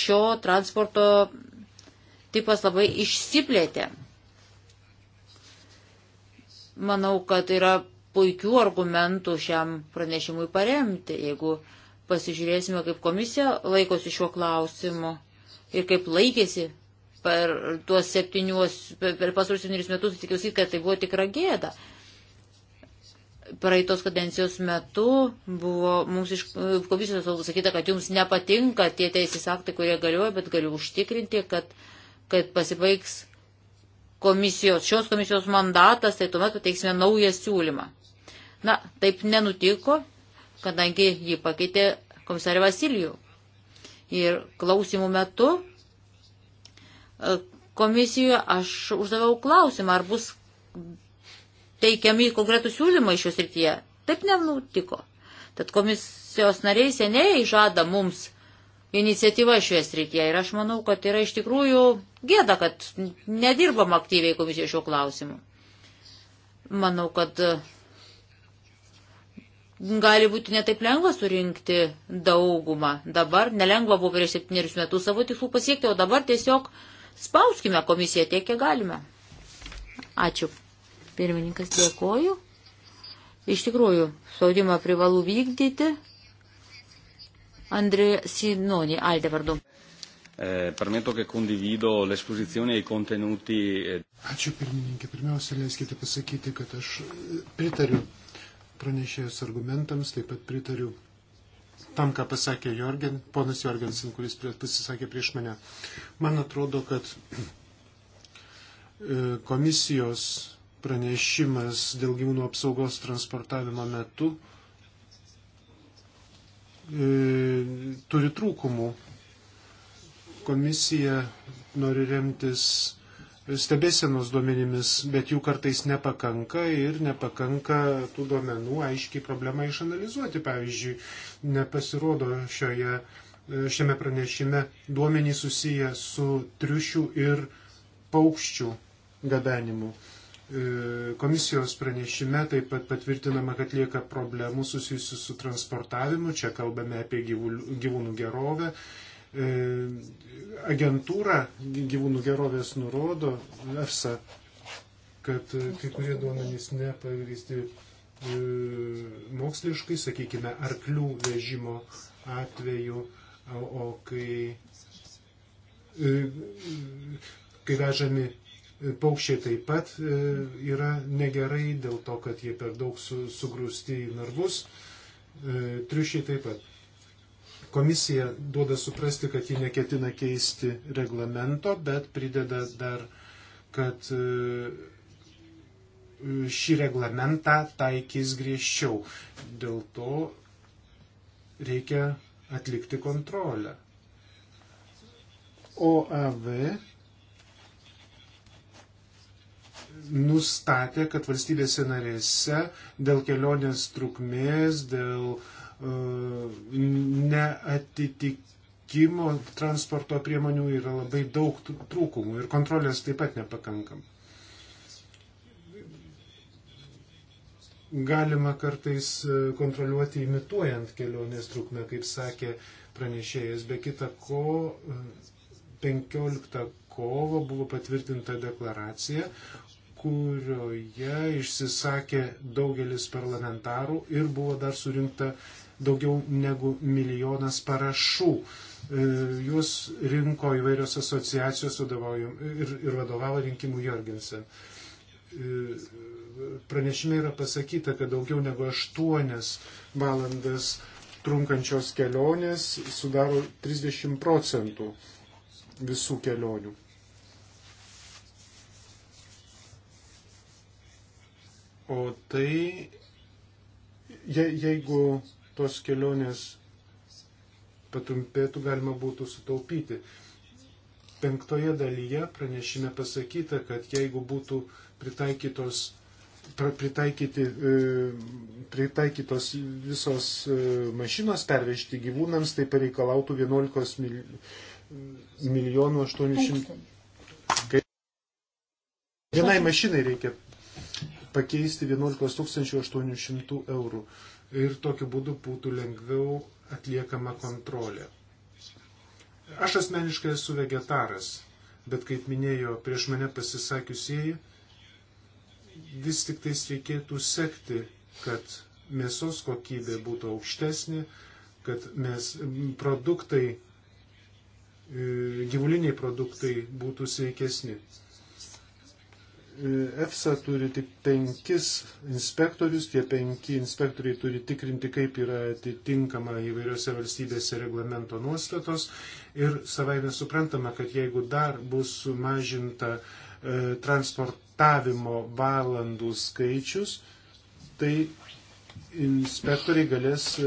B: šio transporto tipas labai išsiplėtė. Manau, kad yra puikių argumentų šiam pranešimui paremti, jeigu pasižiūrėsime, kaip komisija laikosi šiuo klausimu ir kaip laikėsi per tuos septynius, per pasarus septynius metus, tikiu sakyti, kad tai buvo tikra gėda. Praeitos kadencijos metu buvo mums iš komisijos sakyta, kad jums nepatinka tie teisės aktai, kurie galioja, bet galiu užtikrinti, kad, kad pasibaigs komisijos, šios komisijos mandatas, tai tuomet pateiksime naują siūlymą. Na, taip nenutiko, kadangi jį pakeitė komisarė Vasilijų. Ir klausimų metu komisijoje aš uždaviau klausimą, ar bus teikiami konkretų siūlymą iš šios rytyje. Taip nenutiko. Tad komisijos nariai seniai žada mums iniciatyva šioje srityje ir aš manau, kad yra iš tikrųjų gėda, kad nedirbam aktyviai komisijoje šiuo klausimu. Manau, kad e, gali būti netaip lengva surinkti daugumą. Dabar nelengva buvo prieš septynerius metus savo tikslų pasiekti, o dabar tiesiog uh, Spauskime komisiją tiek, kiek galime. Ačiū. Pirmininkas dėkoju. Iš tikrųjų, spaudimą privalu vykdyti. Andrė Sinoni, Alde vardu. Eh, permetto che condivido l'esposizione ai e contenuti. E- Ačiū pirmininkė. Pirmiausia, leiskite pasakyti, kad aš
A: pritariu pranešėjos argumentams, taip pat pritariu tam, ką pasakė Jorgen, ponas Jorgensen, kuris pasisakė prieš mane. Man atrodo, kad e, komisijos pranešimas dėl gyvūnų apsaugos transportavimo metu e, turi trūkumų. Komisija nori remtis stebėsenos duomenimis, bet jų kartais nepakanka ir nepakanka tų duomenų aiškiai problemą išanalizuoti. Pavyzdžiui, nepasirodo šioje, šiame pranešime duomenys susiję su triušių ir paukščių gabenimu. E, komisijos pranešime taip pat patvirtinama, kad lieka problemų susijusių su transportavimu, čia kalbame apie gyvūnų gerovę E, agentūra gyvūnų gerovės nurodo, EFSA, kad kai kurie duomenys nepagrysti e, moksliškai, sakykime, arklių vežimo atveju, o kai, e, kai vežami paukščiai taip pat yra negerai dėl to, kad jie per daug su, sugrūsti į narvus, triušiai taip pat. Komisija duoda suprasti, kad ji neketina keisti reglamento, bet prideda dar, kad e, šį reglamentą taikys griežčiau. Dėl to reikia atlikti kontrolę. OAV nustatė, kad valstybėse narėse dėl kelionės trukmės, dėl neatitikimo transporto priemonių yra labai daug trūkumų ir kontrolės taip pat nepakankam. Galima kartais kontroliuoti imituojant kelionės trukmę, kaip sakė pranešėjas. Be kita ko, 15 kovo buvo patvirtinta deklaracija, kurioje išsisakė daugelis parlamentarų ir buvo dar surinkta daugiau negu milijonas parašų. E, Jūs rinko įvairios asociacijos ir, ir vadovavo rinkimų Jorgensen. E, pranešime yra pasakyta, kad daugiau negu 8 valandas trunkančios kelionės sudaro 30 procentų visų kelionių. O tai, je, jeigu tos kelionės patrumpėtų galima būtų sutaupyti. Penktoje dalyje pranešime pasakyta, kad jeigu būtų pritaikytos, pritaikyti, e, pritaikytos visos e, mašinos pervežti gyvūnams, tai pareikalautų 11 milijonų 800. Kaip vienai mašinai reikia pakeisti 11 800 eurų ir tokiu būdu būtų lengviau atliekama kontrolė. Aš asmeniškai esu vegetaras, bet kaip minėjo prieš mane pasisakiusieji, vis tik tais reikėtų sekti, kad mėsos kokybė būtų aukštesnė, kad mes produktai, e, gyvuliniai produktai būtų sveikesni. E, EFSA turi tik penkis inspektorius, tie penki inspektoriai turi tikrinti, kaip yra atitinkama įvairiose valstybėse reglamento nuostatos ir savai nesuprantama, kad jeigu dar bus sumažinta e, transportavimo valandų skaičius, tai inspektoriai galės e,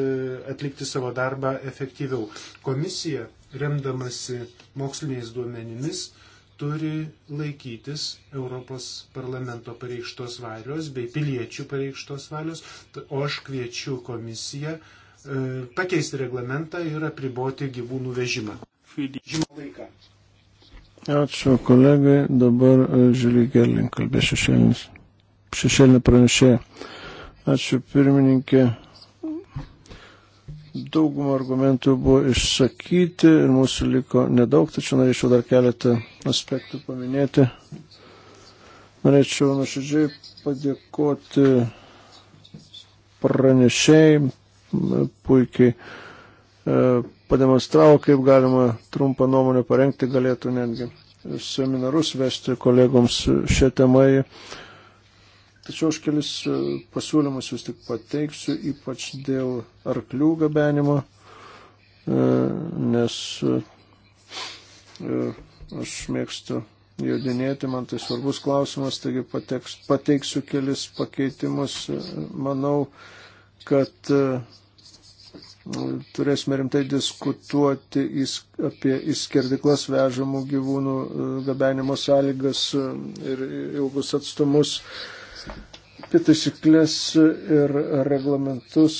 A: atlikti savo darbą efektyviau. Komisija, remdamasi moksliniais duomenimis, turi laikytis Europos parlamento pareikštos valios bei piliečių pareikštos valios, o aš kviečiu komisiją e, pakeisti reglamentą ir apriboti gyvūnų vežimą. Žymą laiką. Ačiū
C: kolegai, dabar e, Žiūrį Gerlin kalbė šešėlinis. Šešėlinė pranešėja. Ačiū pirmininkė. Daugumą argumentų buvo išsakyti ir mūsų liko nedaug, tačiau norėčiau dar keletą aspektų paminėti. Norėčiau nuoširdžiai padėkoti pranešėjai, puikiai e, pademonstravo, kaip galima trumpą nuomonę parengti, galėtų netgi seminarus vesti kolegoms šią temą. Jie Tačiau aš kelis e, pasiūlymus vis tik pateiksiu, ypač dėl arklių gabenimo, e, nes e, aš mėgstu jodinėti, man tai svarbus klausimas, taigi pateks, pateiksiu kelis pakeitimus. Manau, kad turėsime rimtai diskutuoti apie įskerdiklas vežamų gyvūnų gabenimo sąlygas ir ilgus atstumus apie taisyklės ir reglamentus,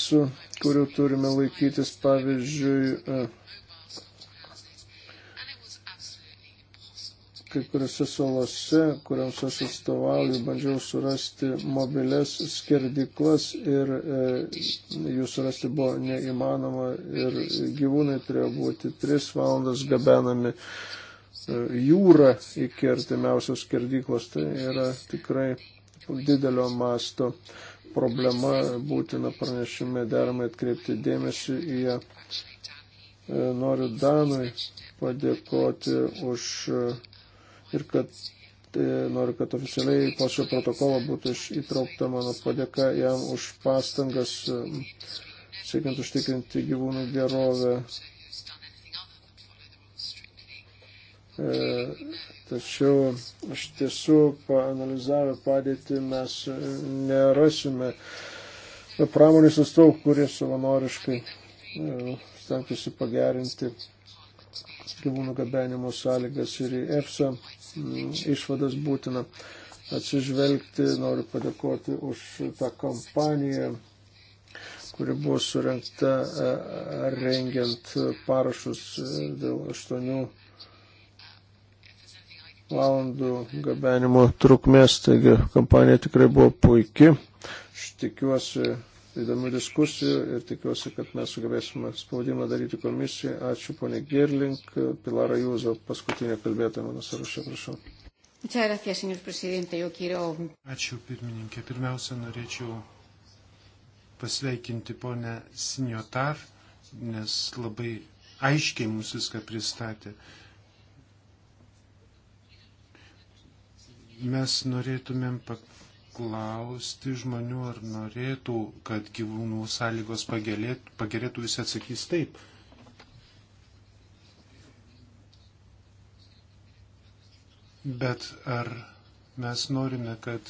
C: kurių turime laikytis, pavyzdžiui, kai kuriuose salose, kuriams aš atstovauju, bandžiau surasti mobiles skerdiklas ir e, jų surasti buvo neįmanoma ir gyvūnai turėjo būti tris valandas gabenami e, jūrą iki artimiausios skerdiklos. Tai yra tikrai didelio masto problema, būtina pranešime deramai atkreipti dėmesį į ją. E, noriu Danui padėkoti už e, ir kad e, noriu, kad oficialiai po šio protokolo būtų įtraukta mano padėka jam už pastangas siekiant užtikrinti gyvūnų gerovę. E, Tačiau iš tiesų, paanalizavę padėtį, mes nerasime pramonės atstovų, kurie savanoriškai e, stengtųsi pagerinti gyvūnų gabenimo sąlygas ir į EFSA išvadas būtina atsižvelgti. Noriu padėkoti už tą kampaniją kuri buvo surinkta e, rengiant parašus e, dėl aštuonių valandų gabenimo trukmės, taigi kampanija tikrai buvo puiki. Aš tikiuosi įdomių diskusijų ir tikiuosi, kad mes sugebėsime spaudimą daryti komisijai. Ačiū ponė Gerling, Pilara Jūzo, paskutinė kalbėtoja mano sąraše,
A: prašau. Ačiū pirmininkė. Pirmiausia, norėčiau pasveikinti ponę Sinjotar, nes labai aiškiai mums viską pristatė. Mes norėtumėm paklausti žmonių, ar norėtų, kad gyvūnų sąlygos pagerėtų, pagerėtų visi atsakys taip. Bet ar mes norime, kad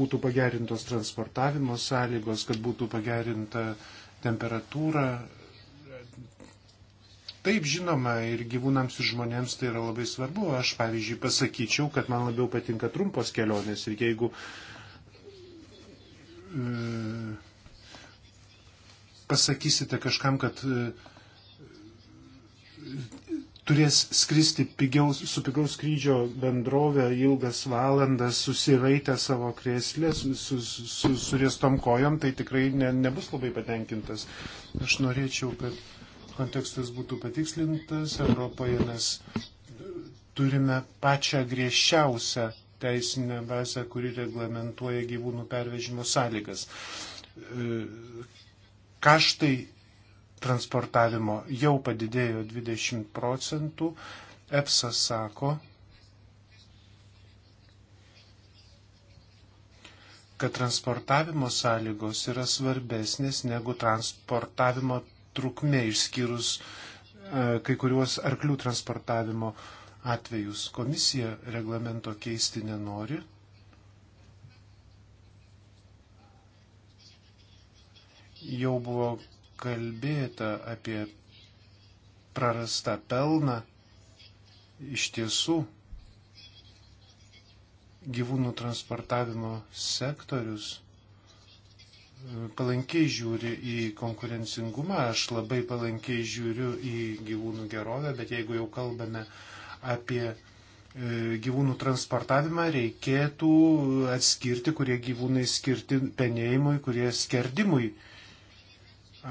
A: būtų pagerintos transportavimo sąlygos, kad būtų pagerinta temperatūra, Taip žinoma, ir gyvūnams ir žmonėms tai yra labai svarbu. Aš, pavyzdžiui, pasakyčiau, kad man labiau patinka trumpos kelionės ir jeigu e, pasakysite kažkam, kad e, turės skristi pigiaus, su pigaus skrydžio bendrovė ilgas valandas, susiraitę savo krėslę, su, su, su, suriestom kojom, tai tikrai ne, nebus labai patenkintas. Aš norėčiau, kad kontekstas būtų patikslintas. Europoje mes turime pačią griežčiausią teisinę bazę, kuri reglamentuoja gyvūnų pervežimo sąlygas. E, kaštai transportavimo jau padidėjo 20 procentų. EPSA sako, kad transportavimo sąlygos yra svarbesnės negu transportavimo trukmė išskyrus e, kai kuriuos arklių transportavimo atvejus. Komisija reglamento keisti nenori. Jau buvo kalbėta apie prarastą pelną. Iš tiesų, gyvūnų transportavimo sektorius palankiai žiūri į konkurencingumą, aš labai palankiai žiūriu į gyvūnų gerovę, bet jeigu jau kalbame apie e, gyvūnų transportavimą, reikėtų atskirti, kurie gyvūnai skirti penėjimui, kurie skerdimui.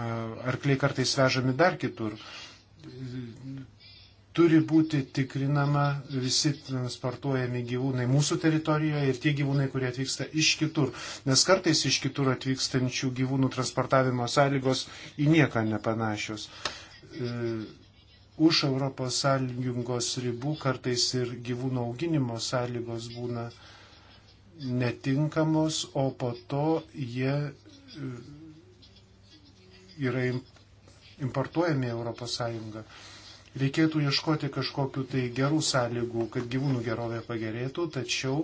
A: Arkliai kartais vežami dar kitur turi būti tikrinama visi transportuojami gyvūnai mūsų teritorijoje ir tie gyvūnai, kurie atvyksta iš kitur. Nes kartais iš kitur atvykstančių gyvūnų transportavimo sąlygos į nieką nepanašios. E, už Europos sąjungos ribų kartais ir gyvūnų auginimo sąlygos būna netinkamos, o po to jie e, yra importuojami Europos Sąjungą. Reikėtų ieškoti kažkokiu tai gerų sąlygų, kad gyvūnų gerovė pagerėtų, tačiau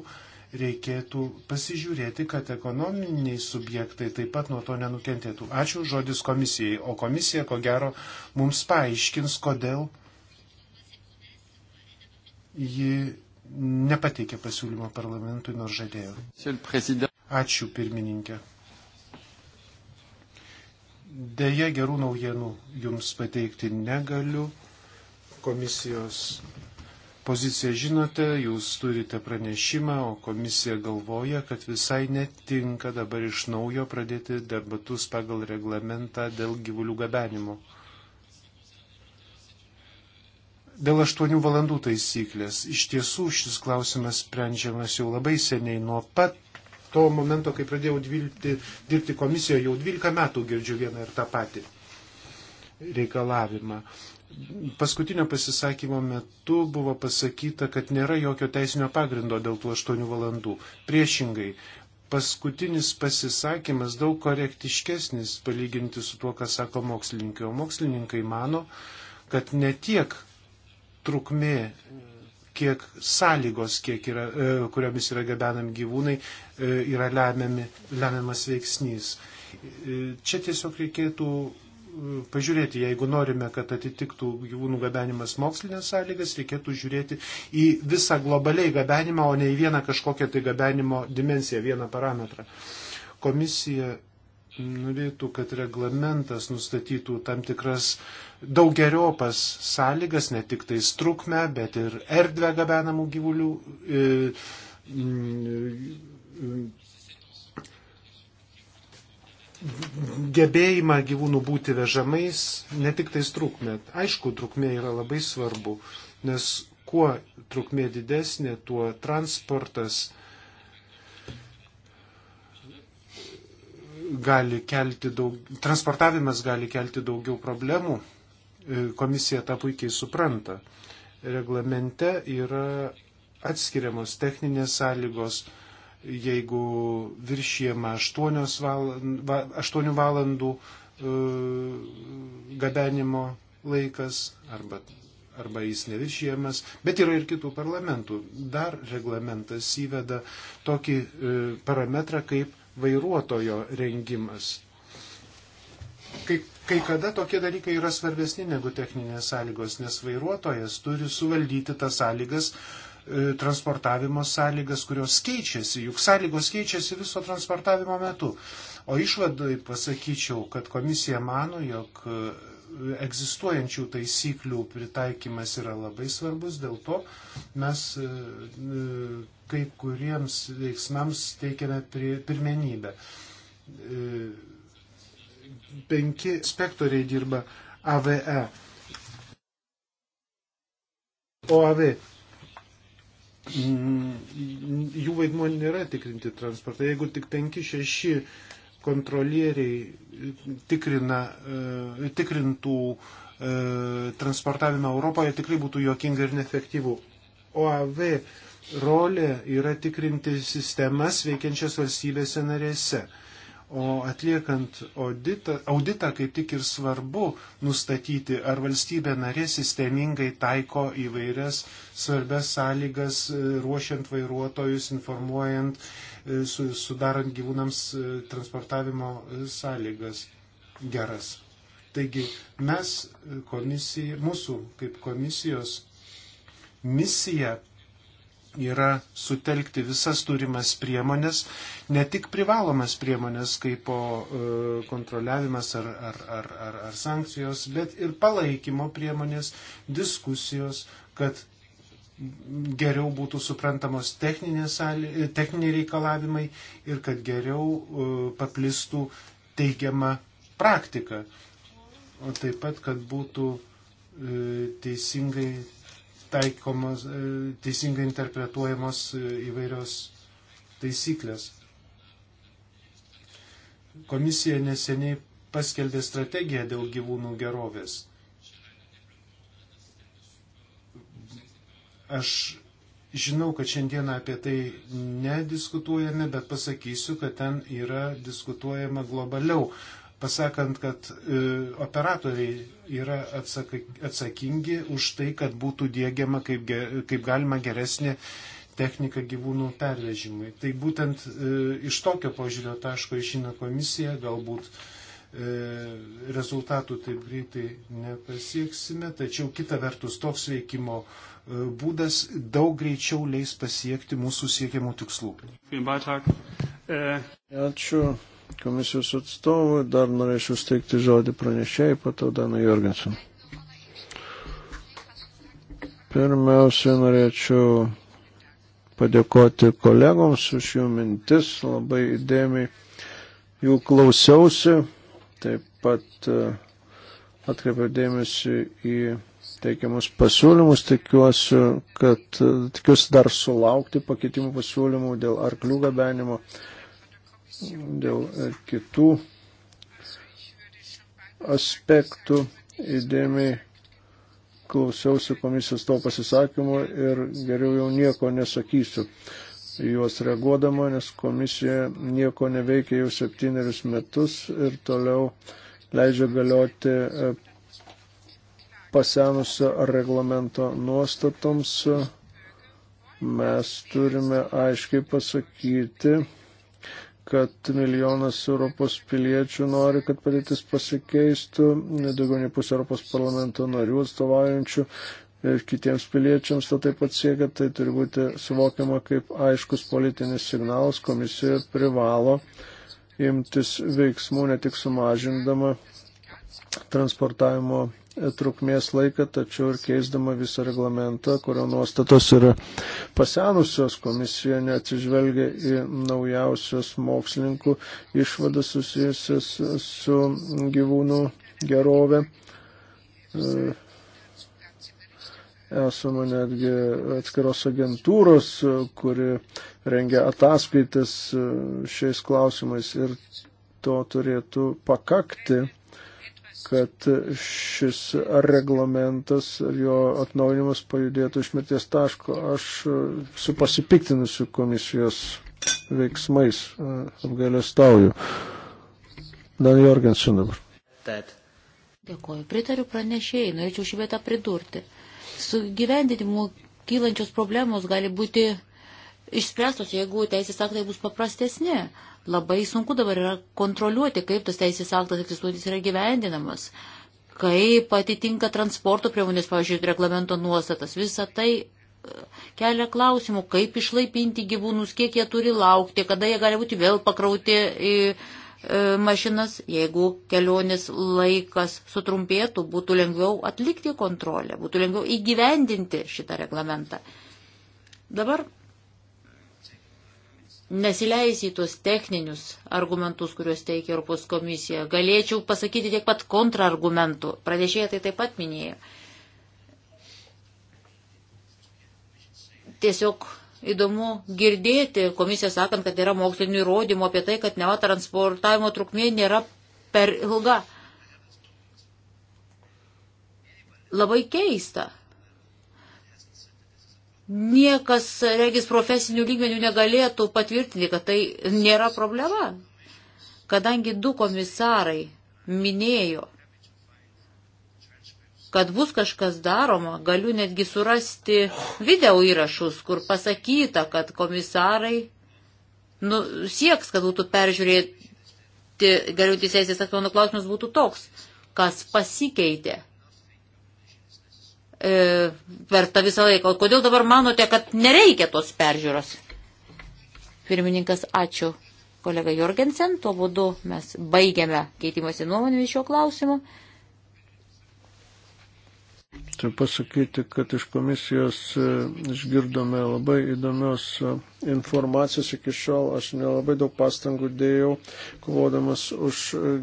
A: reikėtų pasižiūrėti, kad ekonominiai subjektai taip pat nuo to nenukentėtų. Ačiū žodis komisijai, o komisija ko gero mums paaiškins, kodėl ji nepateikė pasiūlymo parlamentui, nors žadėjo. Ačiū pirmininkė. Deja, gerų naujienų jums pateikti negaliu komisijos poziciją žinote, jūs turite pranešimą, o komisija galvoja, kad visai netinka dabar iš naujo pradėti debatus pagal reglamentą dėl gyvulių gabenimo. Dėl aštuonių valandų taisyklės. Iš tiesų šis klausimas sprendžiamas jau labai seniai, nuo pat to momento, kai pradėjau dvilti, dirbti komisijoje, jau 12 metų girdžiu vieną ir tą patį reikalavimą. Paskutinio pasisakymo metu buvo pasakyta, kad nėra jokio teisinio pagrindo dėl tų aštuonių valandų. Priešingai, paskutinis pasisakymas daug korektiškesnis palyginti su tuo, ką sako mokslininkai. O mokslininkai mano, kad ne tiek trukmė, kiek sąlygos, kiek yra, e, kuriomis yra gabenami gyvūnai, e, yra lemiami, lemiamas veiksnys. E, čia tiesiog reikėtų pažiūrėti, jeigu norime, kad atitiktų gyvūnų gabenimas mokslinės sąlygas, reikėtų žiūrėti į visą globaliai gabenimą, o ne į vieną kažkokią tai gabenimo dimensiją, vieną parametrą. Komisija norėtų, kad reglamentas nustatytų tam tikras daug geriopas sąlygas, ne tik tai trukmę, bet ir erdvę gabenamų gyvulių. E, gebėjimą gyvūnų būti vežamais, ne tik tais trukmė. Aišku, trukmė yra labai svarbu, nes kuo trukmė didesnė, tuo transportas gali kelti daug, transportavimas gali kelti daugiau problemų. Komisija tą puikiai supranta. Reglamente yra atskiriamos techninės sąlygos, jeigu viršijama 8 valandų, 8 e, valandų gabenimo laikas arba, arba jis neviršijamas, bet yra ir kitų parlamentų. Dar reglamentas įveda tokį e, parametrą kaip vairuotojo rengimas. Kai, kai kada tokie dalykai yra svarbesni negu techninės sąlygos, nes vairuotojas turi suvaldyti tas sąlygas, uh, E, transportavimo sąlygas, kurios keičiasi, juk sąlygos keičiasi viso transportavimo metu. O išvadai pasakyčiau, kad komisija mano, jog e, egzistuojančių taisyklių pritaikymas yra labai svarbus, dėl to mes e, kai kuriems veiksmams teikiame pirmenybę. Penki inspektoriai dirba AVE. OAV Mm, jų vaidmuo nėra tikrinti transportą. Jeigu tik 5-6 kontrolieriai e, tikrina, e, tikrintų e, transportavimą Europoje, tikrai būtų juokinga ir neefektyvu. OAV rolė yra tikrinti sistemas veikiančias valstybėse narėse. O atliekant auditą, auditą kaip tik ir svarbu nustatyti, ar valstybė narė sistemingai taiko įvairias svarbias sąlygas, e, ruošiant vairuotojus, informuojant, e, sudarant gyvūnams e, transportavimo sąlygas geras. Taigi mes komisija, mūsų kaip komisijos misija yra sutelkti visas turimas priemonės, ne tik privalomas priemonės, kaip po e, kontroliavimas ar, ar, ar, ar, ar sankcijos, bet ir palaikymo priemonės, diskusijos, kad geriau būtų suprantamos e, techniniai reikalavimai ir kad geriau e, paplistų teigiama praktika. O taip pat, kad būtų teisingai taikomos, e, teisingai interpretuojamos e, įvairios taisyklės. Komisija neseniai paskelbė strategiją dėl gyvūnų gerovės. Aš žinau, kad šiandieną apie tai nediskutuojame, bet pasakysiu, kad ten yra diskutuojama globaliau pasakant, kad e, operatoriai yra atsakingi už tai, kad būtų dėgiama kaip, kaip galima geresnė technika gyvūnų pervežimui. Tai būtent e, iš tokio požiūrio taško išina komisija, galbūt e, rezultatų taip greitai nepasieksime, tačiau kita vertus toks veikimo būdas daug greičiau leis pasiekti mūsų siekiamų tikslų.
C: Ačiū komisijos atstovui. Dar norėčiau steigti žodį pranešėjai, patau Danai Jorgensen. Pirmiausia, norėčiau padėkoti kolegoms už jų mintis, labai įdėmiai jų klausiausi, taip pat e, atkreipiau dėmesį į teikiamus pasiūlymus, tikiuosi, kad tikiuosi dar sulaukti pakeitimų pasiūlymų dėl arklių gabenimo dėl e, kitų aspektų įdėmiai klausiausi komisijos to pasisakymu ir geriau jau nieko nesakysiu juos reaguodama, nes komisija nieko neveikia jau septynerius metus ir toliau leidžia galioti e, pasenusio reglamento nuostatoms. Mes turime aiškiai pasakyti, kad milijonas Europos piliečių nori, kad padėtis pasikeistų, daugiau nei pusė Europos parlamento narių atstovaujančių ir e, kitiems piliečiams to taip pat siekia, tai turi būti suvokiama kaip aiškus politinis signalas, komisija privalo imtis veiksmų ne tik sumažindama transportavimo trukmės laiką, tačiau ir keisdama visą reglamentą, kurio nuostatos yra pasenusios, komisija neatsižvelgia į naujausios mokslininkų išvadas susijusias su gyvūnų gerovė. E, Esame netgi atskiros agentūros, kuri rengia ataskaitas e, šiais klausimais ir to turėtų pakakti kad šis reglamentas ir jo atnaujinimas pajudėtų iš mirties taško. Aš su pasipiktinusiu komisijos veiksmais e, apgailę stauju. Dan Jorgensen dabar.
B: Tad. Dėkuoju. Pritariu pranešėjai, norėčiau šį vietą pridurti. Su gyvendinimu kylančios problemos gali būti išspręstos, jeigu teisės aktai bus paprastesni. Labai sunku dabar yra kontroliuoti, kaip tas teisės aktas egzistuojantis yra gyvendinamas, kaip atitinka transporto priemonės, pavyzdžiui, reglamento nuostatas. Visa tai uh, kelia klausimų, kaip išlaipinti gyvūnus, kiek jie turi laukti, kada jie gali būti vėl pakrauti į e, mašinas, jeigu kelionės laikas sutrumpėtų, būtų lengviau atlikti kontrolę, būtų lengviau įgyvendinti šitą reglamentą. Dabar nesileis į tuos techninius argumentus, kuriuos teikia Europos komisija. Galėčiau pasakyti tiek pat kontrargumentų. Pradėšėje tai taip pat minėjo. Tiesiog įdomu girdėti komisiją sakant, kad yra mokslinių įrodymų apie tai, kad neva transportavimo trukmė nėra per ilga. Labai keista niekas, regis, profesinių lygmenių negalėtų patvirtinti, kad tai nėra problema. Kadangi du komisarai minėjo, kad bus kažkas daroma, galiu netgi surasti video įrašus, kur pasakyta, kad komisarai nu, sieks, kad būtų peržiūrėti galiu teisės akmenų klausimas būtų toks, kas pasikeitė e, per tą visą laiką. Kodėl dabar manote, kad nereikia tos peržiūros? Pirmininkas, ačiū kolega Jorgensen. Tuo būdu mes baigiame keitimosi nuomonėmis šiuo klausimu.
C: Tai pasakyti, kad iš komisijos e, išgirdome labai įdomios e, informacijos iki šiol. Aš nelabai daug pastangų dėjau, kovodamas už e,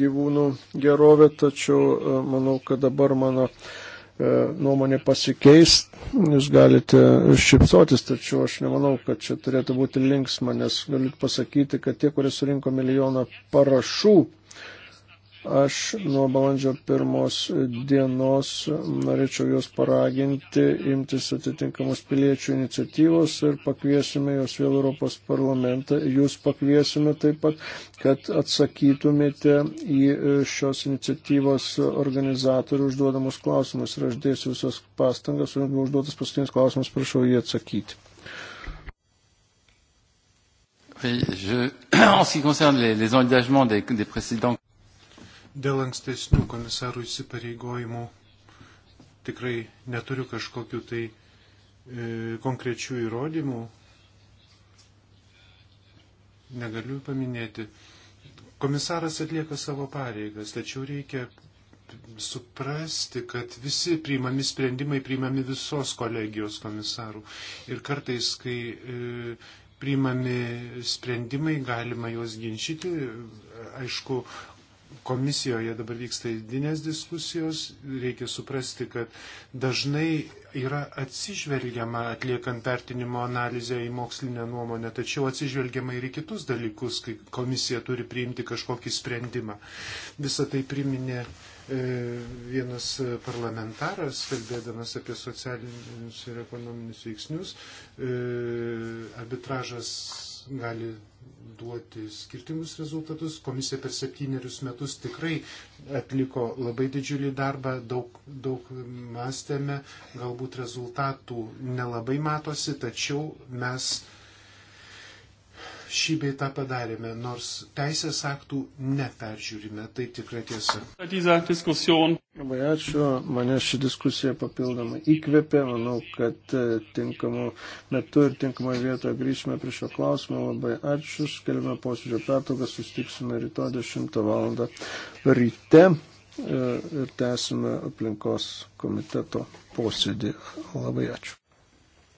C: gyvūnų gerovę, tačiau manau, kad dabar mano E, nuomonė pasikeis, jūs galite šipsotis, tačiau aš nemanau, kad čia turėtų būti linksma, nes galit pasakyti, kad tie, kurie surinko milijoną parašų, Aš nuo balandžio pirmos dienos norėčiau juos paraginti imtis atitinkamos piliečių iniciatyvos ir pakviesime juos vėl Europos parlamentą. Jūs pakviesime taip pat, kad atsakytumėte į šios iniciatyvos organizatorių užduodamus klausimus. Ir aš dėsiu visas pastangas, o jums užduotas paskutinis klausimas, prašau jį
B: atsakyti. Oui, je, en ce qui concerne les, les engagements des, des précédents
A: Dėl ankstesnių komisarų įsipareigojimų tikrai neturiu kažkokių tai e, konkrečių įrodymų. Negaliu paminėti. Komisaras atlieka savo pareigas, tačiau reikia suprasti, kad visi priimami sprendimai priimami visos kolegijos komisarų. Ir kartais, kai e, priimami sprendimai, galima juos ginčyti. Aišku, komisijoje dabar vyksta įdinės diskusijos, reikia suprasti, kad dažnai yra atsižvelgiama atliekant vertinimo analizę į mokslinę nuomonę, tačiau atsižvelgiama ir į kitus dalykus, kai komisija turi priimti kažkokį sprendimą. Visą tai priminė e, vienas parlamentaras, kalbėdamas apie socialinius ir ekonominius veiksnius, e, arbitražas gali duoti skirtingus rezultatus. Komisija per septynerius metus tikrai atliko labai didžiulį darbą, daug, daug mąstėme, galbūt rezultatų nelabai matosi, tačiau mes šį beitą padarėme, nors teisės aktų neperžiūrime, tai tikra tiesa.
C: Labai ačiū, mane ši diskusija papildomai įkvėpė, manau, kad e, tinkamu metu ir tinkamoje vietoje grįžime prie šio klausimo. Labai ačiū, skelbime posėdžio pertrauką, sustiksime rytoj 10 val. ryte e, ir tęsime aplinkos komiteto posėdį. Labai ačiū.